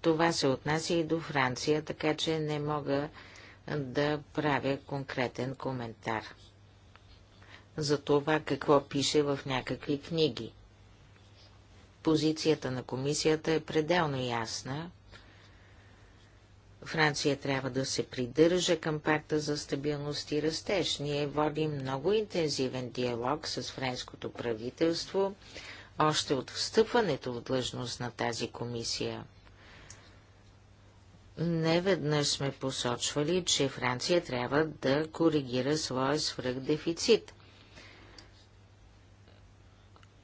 Това се отнася и до Франция, така че не мога да правя конкретен коментар за това какво пише в някакви книги. Позицията на комисията е пределно ясна. Франция трябва да се придържа към пакта за стабилност и растеж. Ние водим много интензивен диалог с френското правителство още от встъпването в длъжност на тази комисия. Неведнъж сме посочвали, че Франция трябва да коригира своя свръхдефицит.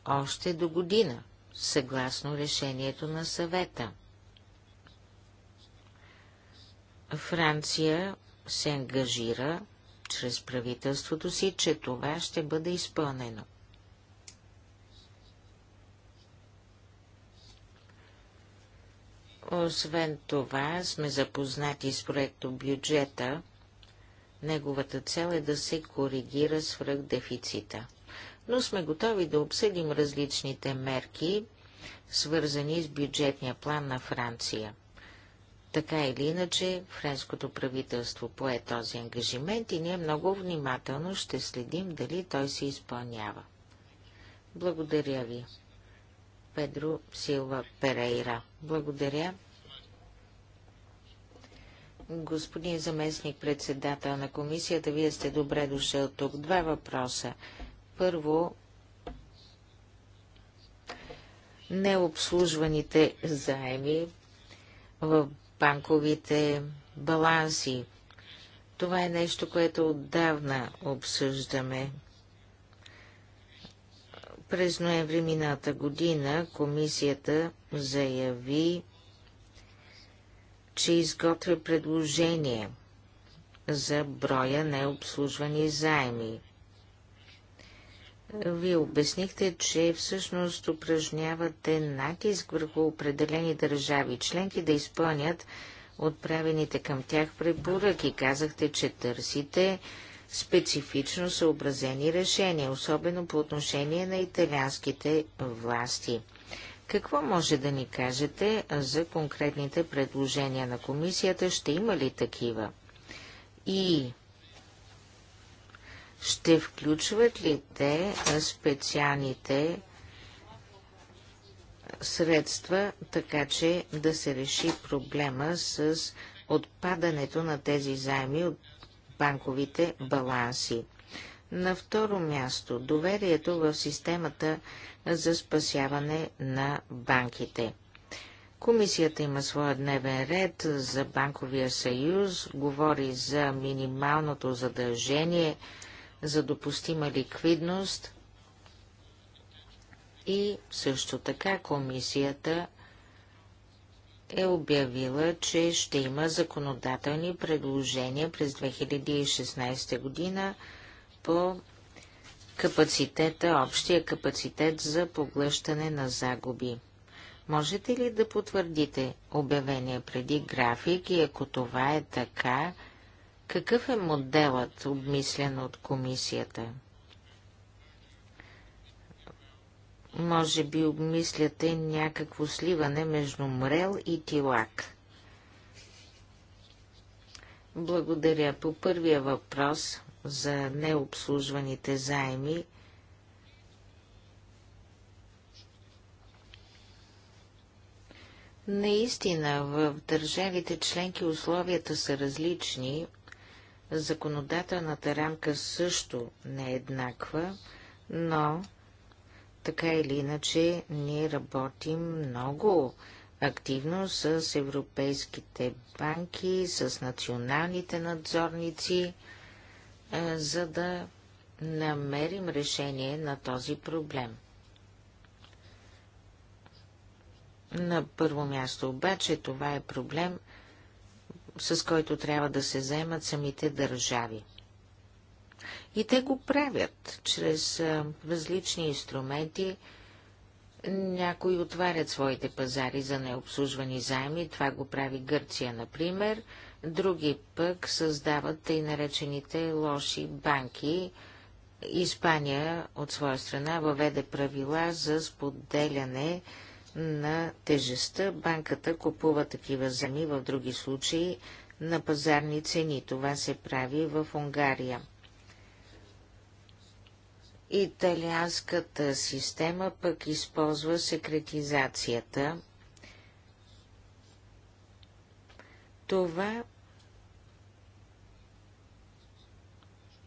Още до година, съгласно решението на съвета. Франция се ангажира чрез правителството си, че това ще бъде изпълнено – Освен това, сме запознати с проекто бюджета. Неговата цел е да се коригира свръхдефицита. Но сме готови да обсъдим различните мерки, свързани с бюджетния план на Франция. Така или иначе, френското правителство пое този ангажимент и ние много внимателно ще следим дали той се изпълнява. Благодаря ви. Педро Силва Перейра благодаря. Господин заместник председател на комисията, вие сте добре дошъл тук. Два въпроса. Първо, необслужваните заеми в банковите баланси. Това е нещо, което отдавна обсъждаме. През ноември мината година комисията заяви, че изготвя предложение за броя на обслужвани заеми. Вие обяснихте, че всъщност упражнявате натиск върху определени държави членки да изпълнят отправените към тях препоръки. Казахте, че търсите специфично съобразени решения, особено по отношение на италианските власти. Какво може да ни кажете за конкретните предложения на комисията? Ще има ли такива? И ще включват ли те специалните средства, така че да се реши проблема с отпадането на тези заеми от банковите баланси. На второ място, доверието в системата за спасяване на банките. Комисията има своя дневен ред за банковия съюз, говори за минималното задължение за допустима ликвидност и също така комисията е обявила, че ще има законодателни предложения през 2016 година по капацитета, общия капацитет за поглъщане на загуби. Можете ли да потвърдите обявения преди график и ако това е така, какъв е моделът, обмислен от комисията? Може би обмисляте някакво сливане между мрел и тилак. Благодаря. По първия въпрос за необслужваните заеми, Наистина, в държавите членки условията са различни, законодателната рамка също не е еднаква, но така или иначе, ние работим много активно с европейските банки, с националните надзорници, е, за да намерим решение на този проблем. На първо място обаче това е проблем, с който трябва да се заемат самите държави. И те го правят чрез различни инструменти. Някои отварят своите пазари за необслужвани заеми, това го прави Гърция, например, други пък създават тъй наречените лоши банки. Испания от своя страна въведе правила за споделяне на тежестта. Банката купува такива земи в други случаи на пазарни цени. Това се прави в Унгария. Италианската система пък използва секретизацията. Това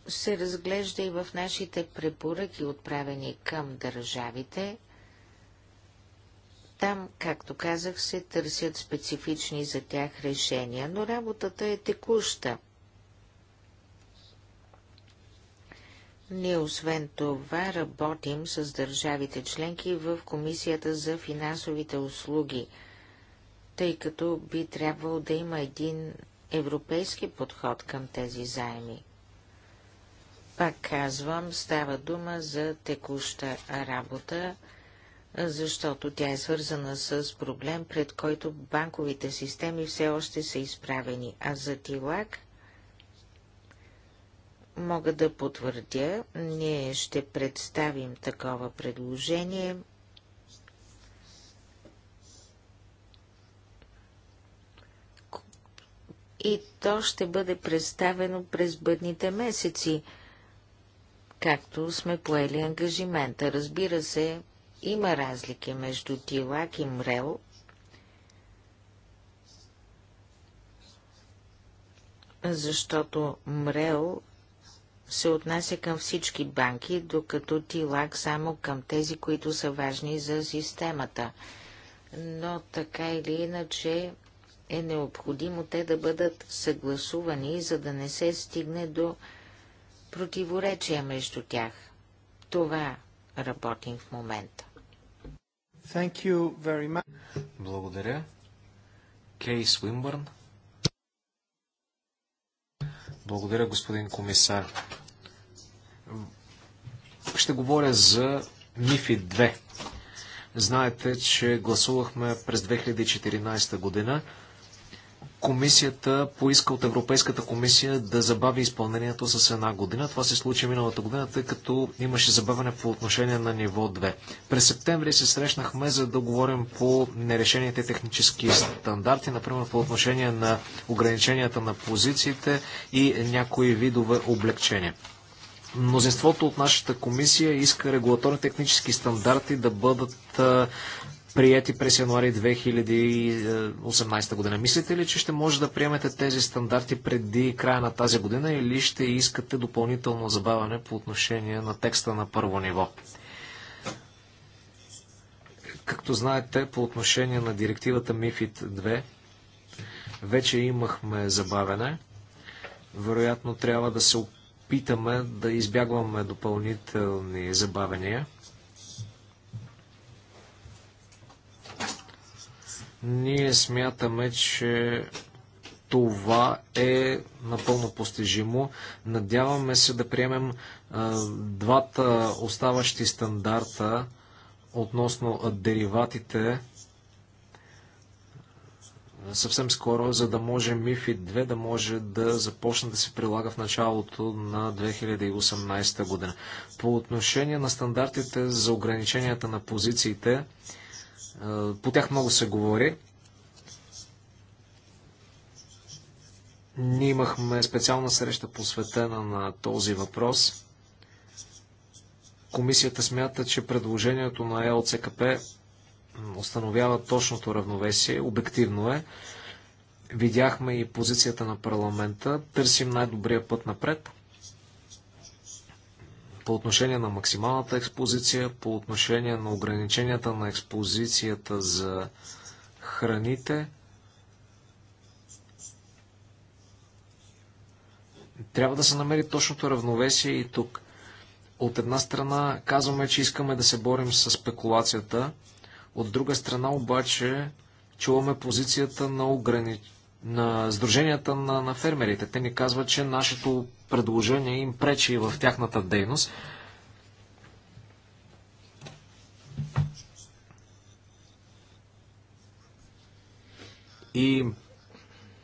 се разглежда и в нашите препоръки, отправени към държавите. Там, както казах, се търсят специфични за тях решения, но работата е текуща. Ние освен това работим с държавите членки в Комисията за финансовите услуги, тъй като би трябвало да има един европейски подход към тези заеми. Пак казвам, става дума за текуща работа, защото тя е свързана с проблем, пред който банковите системи все още са изправени, а за ТИЛАК мога да потвърдя, ние ще представим такова предложение. И то ще бъде представено през бъдните месеци, както сме поели ангажимента. Разбира се, има разлики между Тилак и Мрел, защото Мрел се отнася към всички банки, докато ти лак само към тези, които са важни за системата. Но така или иначе е необходимо те да бъдат съгласувани, за да не се стигне до противоречия между тях. Това работим в момента. Благодаря. Кей Свинбърн. Благодаря, господин комисар. Ще говоря за МИФИ 2. Знаете, че гласувахме през 2014 година. Комисията поиска от Европейската комисия да забави изпълнението с една година. Това се случи миналата година, тъй като имаше забавяне по отношение на ниво 2. През септември се срещнахме за да говорим по нерешените технически стандарти, например по отношение на ограниченията на позициите и някои видове облегчения. Мнозинството от нашата комисия иска регулаторни технически стандарти да бъдат прияти през януари 2018 година. Мислите ли, че ще може да приемете тези стандарти преди края на тази година или ще искате допълнително забавяне по отношение на текста на първо ниво? Както знаете, по отношение на директивата MIFID 2, вече имахме забавяне. Вероятно трябва да се опитаме да избягваме допълнителни забавения. Ние смятаме, че това е напълно постижимо. Надяваме се да приемем а, двата оставащи стандарта относно дериватите съвсем скоро, за да може MIFID 2 да може да започне да се прилага в началото на 2018 година. По отношение на стандартите за ограниченията на позициите, по тях много се говори. Ние имахме специална среща посветена на този въпрос. Комисията смята, че предложението на ЕОЦКП установява точното равновесие, обективно е. Видяхме и позицията на парламента. Търсим най-добрия път напред по отношение на максималната експозиция, по отношение на ограниченията на експозицията за храните. Трябва да се намери точното равновесие и тук. От една страна казваме, че искаме да се борим с спекулацията, от друга страна обаче чуваме позицията на ограничението на сдруженията на, на фермерите. Те ни казват, че нашето предложение им пречи в тяхната дейност. И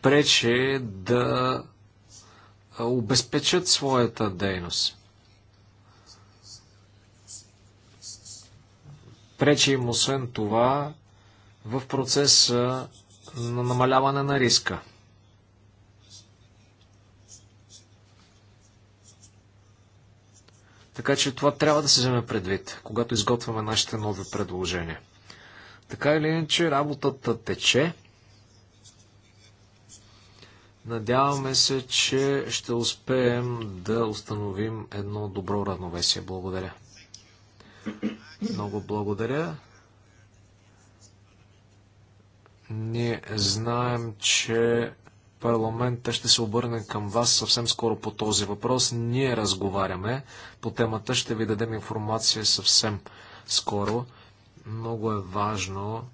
пречи да обезпечат своята дейност. Пречи им освен това в процеса на намаляване на риска. Така че това трябва да се вземе предвид, когато изготвяме нашите нови предложения. Така или иначе, работата тече. Надяваме се, че ще успеем да установим едно добро равновесие. Благодаря. Много благодаря. Ние знаем, че парламента ще се обърне към вас съвсем скоро по този въпрос. Ние разговаряме по темата, ще ви дадем информация съвсем скоро. Много е важно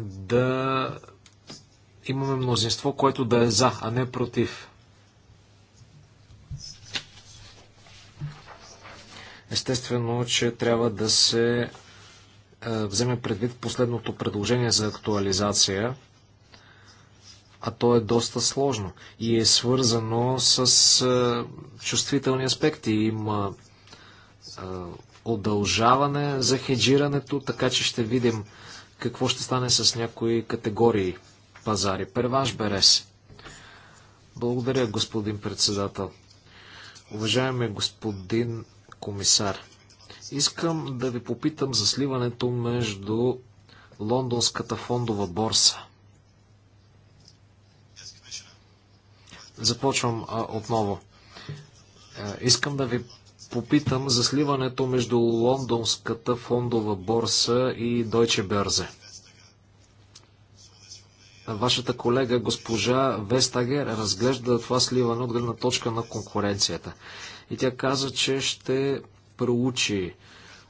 да имаме мнозинство, което да е за, а не против. Естествено, че трябва да се е, вземе предвид последното предложение за актуализация, а то е доста сложно и е свързано с е, чувствителни аспекти. Има е, удължаване за хеджирането, така че ще видим какво ще стане с някои категории пазари. Перваш Берес. Благодаря, господин председател. Уважаеми господин комисар. Искам да ви попитам за сливането между Лондонската фондова борса. Започвам а, отново. А, е, искам да ви попитам за сливането между Лондонската фондова борса и Deutsche Börse. Вашата колега госпожа Вестагер разглежда това сливане от гледна точка на конкуренцията и тя каза, че ще проучи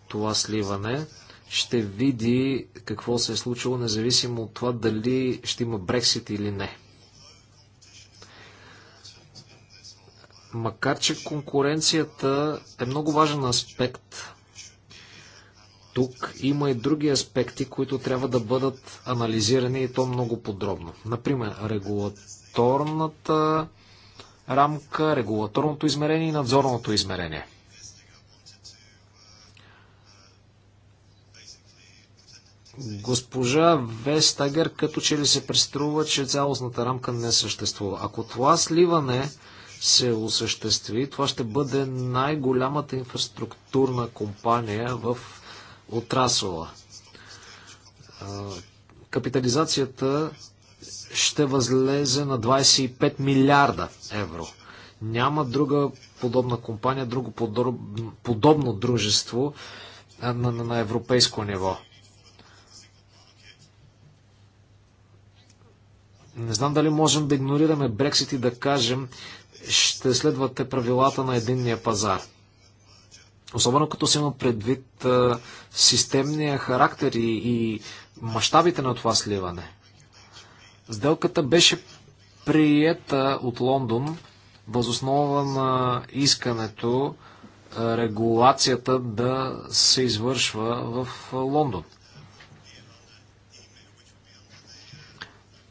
това сливане, ще види какво се е случило, независимо от това дали ще има Брексит или не. Макар, че конкуренцията е много важен аспект, тук има и други аспекти, които трябва да бъдат анализирани и то много подробно. Например, регулаторната рамка, регулаторното измерение и надзорното измерение. Госпожа Вестагер като че ли се преструва, че цялостната рамка не съществува. Ако това сливане се осъществи, това ще бъде най-голямата инфраструктурна компания в отрасъла. Капитализацията ще възлезе на 25 милиарда евро. Няма друга подобна компания, друго подобно дружество на, на, на европейско ниво. Не знам дали можем да игнорираме Брексит и да кажем, ще следвате правилата на единния пазар. Особено като се има предвид а, системния характер и, и мащабите на това сливане. Сделката беше приета от Лондон възоснова на искането регулацията да се извършва в Лондон.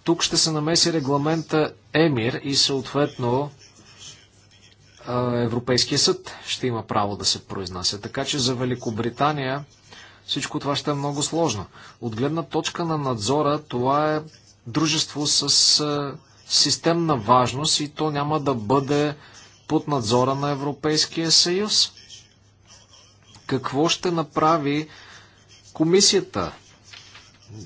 Тук ще се намеси регламента ЕМИР и съответно Европейския съд ще има право да се произнася. Така че за Великобритания всичко това ще е много сложно. От гледна точка на надзора това е дружество с системна важност и то няма да бъде под надзора на Европейския съюз. Какво ще направи комисията?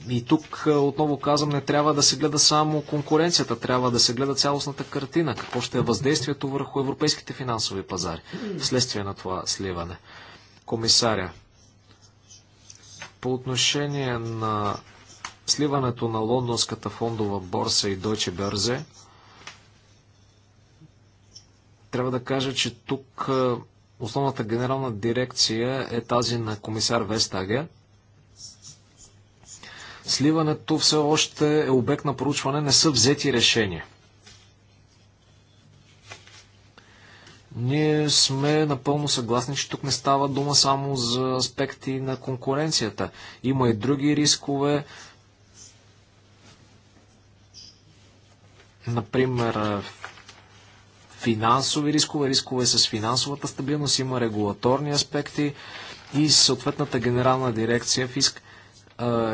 И тук отново казвам, не трябва да се гледа само конкуренцията, трябва да се гледа цялостната картина. Какво ще е въздействието върху европейските финансови пазари вследствие на това сливане? Комисаря, по отношение на сливането на лондонската фондова борса и Deutsche Börse, трябва да кажа, че тук е, основната генерална дирекция е тази на комисар Вестаге. Сливането все още е обект на проучване, не са взети решения. Ние сме напълно съгласни, че тук не става дума само за аспекти на конкуренцията. Има и други рискове, Например, финансови рискове, рискове с финансовата стабилност, има регулаторни аспекти и съответната генерална дирекция ФИСК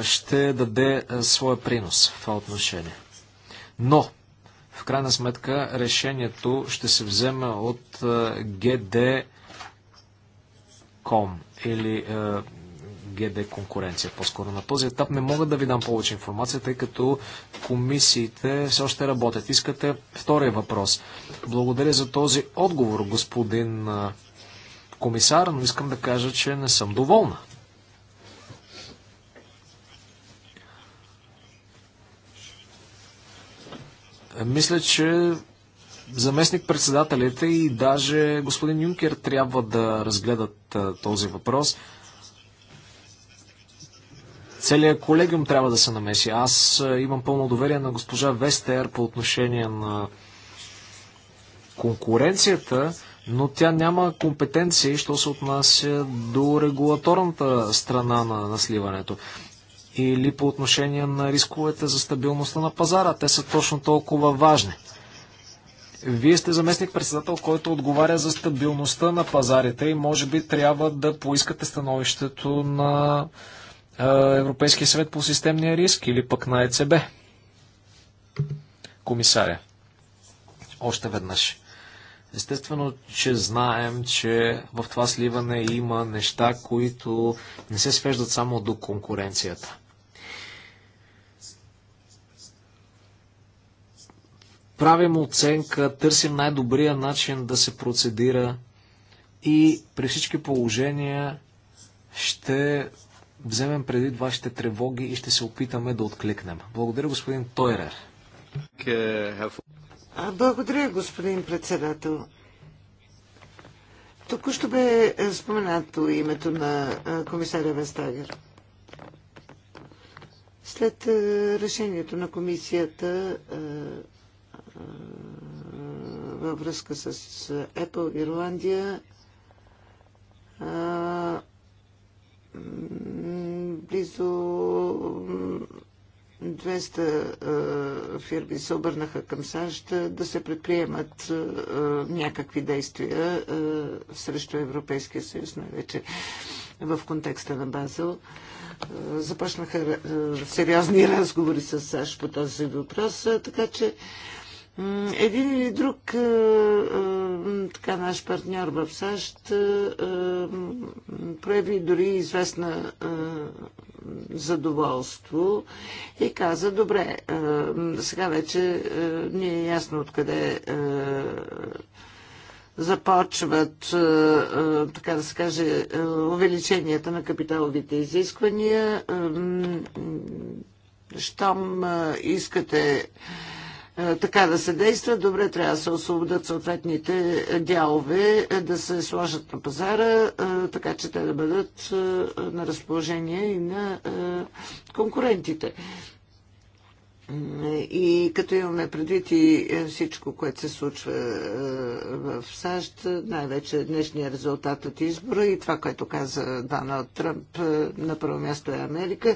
ще даде своя принос в това отношение. Но, в крайна сметка, решението ще се вземе от GDCOM или ГД конкуренция по-скоро. На този етап не мога да ви дам повече информация, тъй като комисиите все още работят. Искате втория въпрос. Благодаря за този отговор, господин комисар, но искам да кажа, че не съм доволна. Мисля, че заместник-председателите и даже господин Юнкер трябва да разгледат този въпрос целият колегиум трябва да се намеси. Аз е, имам пълно доверие на госпожа Вестер по отношение на конкуренцията, но тя няма компетенции, що се отнася до регулаторната страна на, насливането сливането. Или по отношение на рисковете за стабилността на пазара. Те са точно толкова важни. Вие сте заместник председател, който отговаря за стабилността на пазарите и може би трябва да поискате становището на Европейския съвет по системния риск или пък на ЕЦБ? Комисаря, още веднъж. Естествено, че знаем, че в това сливане има неща, които не се свеждат само до конкуренцията. Правим оценка, търсим най-добрия начин да се процедира и при всички положения ще вземем преди вашите тревоги и ще се опитаме да откликнем. Благодаря, господин Тойрер. Благодаря, господин председател. Току-що бе е, споменато името на е, комисаря Вестагер. След е, решението на комисията във връзка с Apple Ирландия, близо 200 фирми се обърнаха към САЩ да се предприемат някакви действия срещу Европейския съюз, най-вече в контекста на Базел. Започнаха сериозни разговори с САЩ по този въпрос, така че един или друг е, е, така наш партньор в САЩ е, прояви дори известна задоволство и каза, добре, сега вече ни е ясно откъде започват, така да се каже, увеличенията на капиталовите изисквания. Щом искате е, така да се действа, добре трябва да се освободят съответните дялове, е, да се сложат на пазара, е, така че те да бъдат на разположение и на конкурентите. И като имаме предвид и всичко, което се случва в САЩ, най-вече днешния резултат от избора и това, което каза Даналд Тръмп, на първо място е Америка,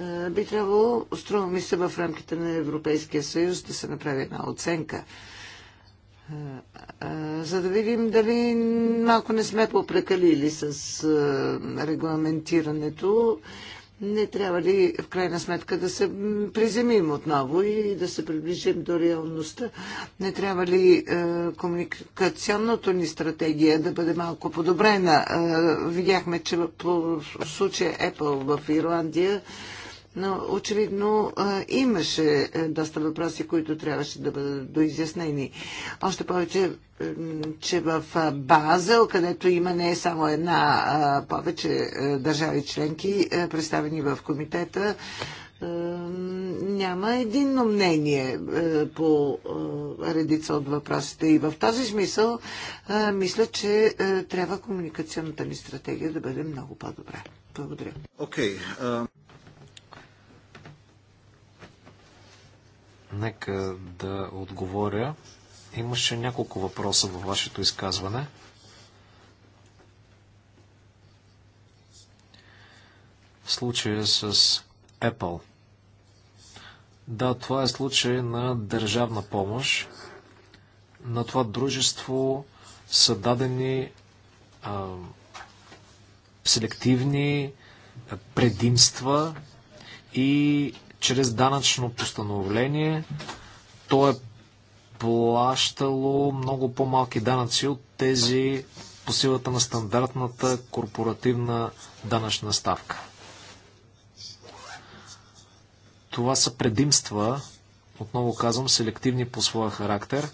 е, би трябвало, струва ми се, в рамките на Европейския съюз да се направи една оценка. Е, е, за да видим дали малко не сме попрекалили с регламентирането, не трябва ли в крайна сметка да се приземим отново и да се приближим до реалността? Не трябва ли е, комуникационната ни стратегия да бъде малко подобрена? Е, видяхме, че в, случая Apple в Ирландия но очевидно имаше е, доста въпроси, които трябваше да бъдат доизяснени. Още повече, че в Базел, където има не само една, а повече е, държави членки, е, представени в комитета, няма единно мнение по редица от въпросите. И в този смисъл мисля, че трябва комуникационната ни стратегия да бъде много по-добра. Благодаря. Okay, uh... Нека да отговоря. Имаше няколко въпроса във вашето изказване. В случая с Apple. Да, това е случай на държавна помощ. На това дружество са дадени а, селективни предимства и чрез данъчно постановление то е плащало много по-малки данъци от тези по силата на стандартната корпоративна данъчна ставка. Това са предимства, отново казвам, селективни по своя характер,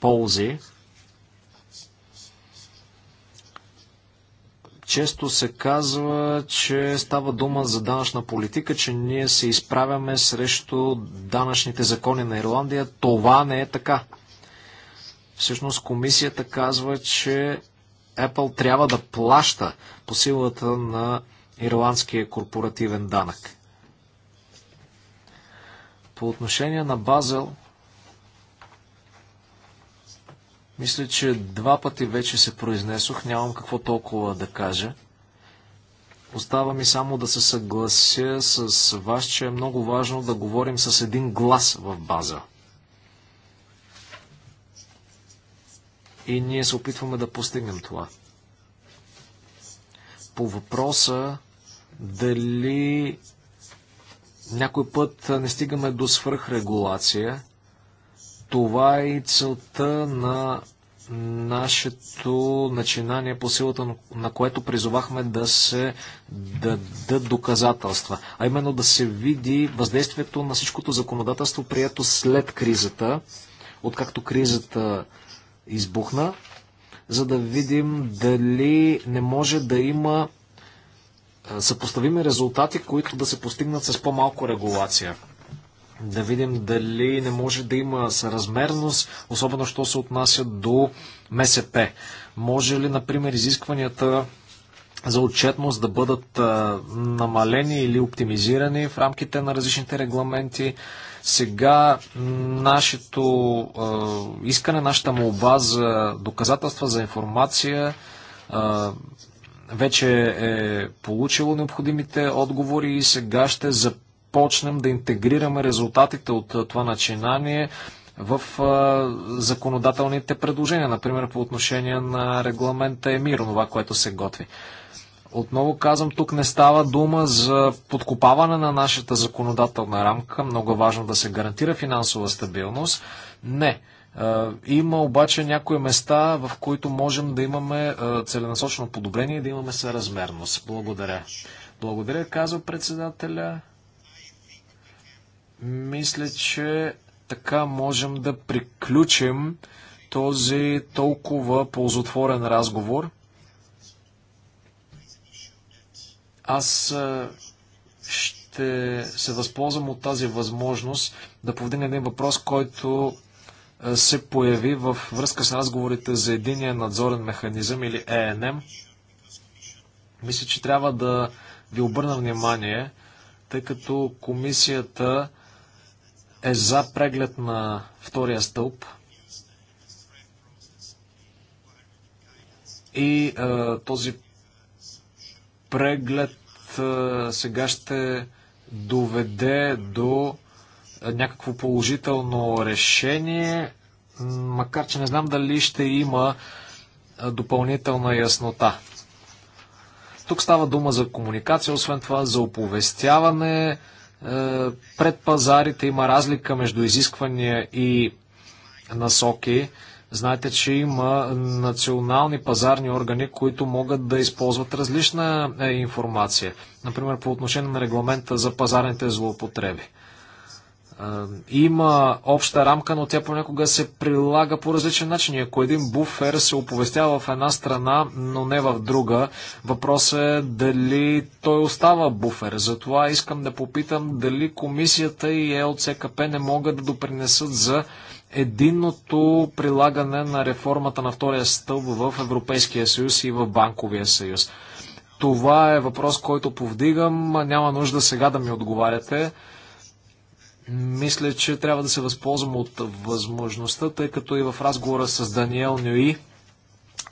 ползи, Често се казва, че става дума за данъчна политика, че ние се изправяме срещу данъчните закони на Ирландия. Това не е така. Всъщност комисията казва, че Apple трябва да плаща по силата на ирландския корпоративен данък. По отношение на Базел, Мисля, че два пъти вече се произнесох, нямам какво толкова да кажа. Остава ми само да се съглася с вас, че е много важно да говорим с един глас в база. И ние се опитваме да постигнем това. По въпроса дали някой път не стигаме до свръхрегулация, това е и целта на нашето начинание, по силата на което призовахме да се дадат доказателства, а именно да се види въздействието на всичкото законодателство, прието след кризата, откакто кризата избухна, за да видим дали не може да има съпоставими резултати, които да се постигнат с по-малко регулация да видим дали не може да има съразмерност, особено що се отнася до МСП. Може ли, например, изискванията за отчетност да бъдат намалени или оптимизирани в рамките на различните регламенти? Сега нашето искане, нашата молба за доказателства, за информация вече е получило необходимите отговори и сега ще запитаме започнем да интегрираме резултатите от това начинание в законодателните предложения, например по отношение на регламента ЕМИР, това, което се готви. Отново казвам, тук не става дума за подкопаване на нашата законодателна рамка. Много е важно да се гарантира финансова стабилност. Не. Има обаче някои места, в които можем да имаме целенасочено подобрение и да имаме съразмерност. Благодаря. Благодаря, казва председателя. Мисля, че така можем да приключим този толкова ползотворен разговор. Аз ще се възползвам от тази възможност да повдигна един въпрос, който се появи в връзка с разговорите за единия надзорен механизъм или ЕНМ. Мисля, че трябва да ви обърна внимание, тъй като комисията е за преглед на втория стълб и а, е, този преглед а, е, сега ще доведе до някакво положително решение, макар че не знам дали ще има е, допълнителна яснота. Тук става дума за комуникация, освен това за оповестяване, е, пред пазарите, има разлика между изисквания и насоки. Знаете, че има национални пазарни органи, които могат да използват различна е, информация. Например, по отношение на регламента за пазарните злоупотреби има обща рамка, но тя понякога се прилага по различен начин. Ако един буфер се оповестява в една страна, но не в друга, въпросът е дали той остава буфер. Затова искам да попитам дали комисията и ЕЛЦКП не могат да допринесат за единното прилагане на реформата на втория стълб в Европейския съюз и в Банковия съюз. Това е въпрос, който повдигам. Няма нужда сега да ми отговаряте. Мисля, че трябва да се възползвам от възможността, тъй като и в разговора с Даниел Нюи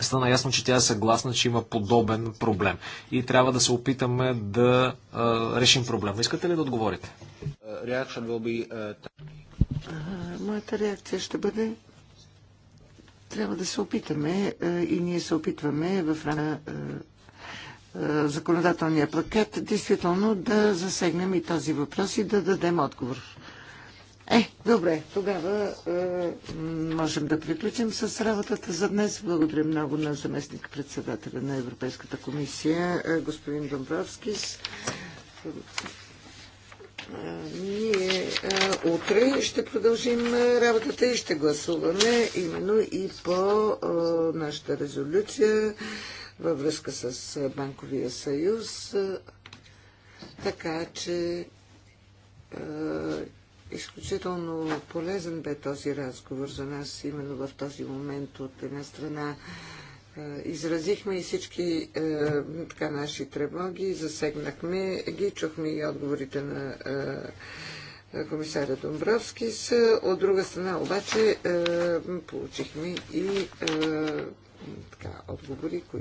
стана ясно, че тя е съгласна, че има подобен проблем. И трябва да се опитаме да а, решим проблема. Искате ли да отговорите? Моята реакция ще бъде трябва да се опитаме и ние се опитваме в рана е, законодателния пакет, действително да засегнем и този въпрос и да дадем отговор. Е, добре, тогава е, можем да приключим с работата за днес. Благодаря много на заместник председателя на Европейската комисия, е, господин Домбровскис. Ние е, утре ще продължим е, работата и ще гласуваме именно и по е, нашата резолюция във връзка с Банковия съюз. Така че изключително полезен бе този разговор за нас именно в този момент. От една страна изразихме и всички така, наши тревоги, засегнахме ги, чухме и отговорите на комисаря Домбровски. От друга страна обаче получихме и така, отговори, които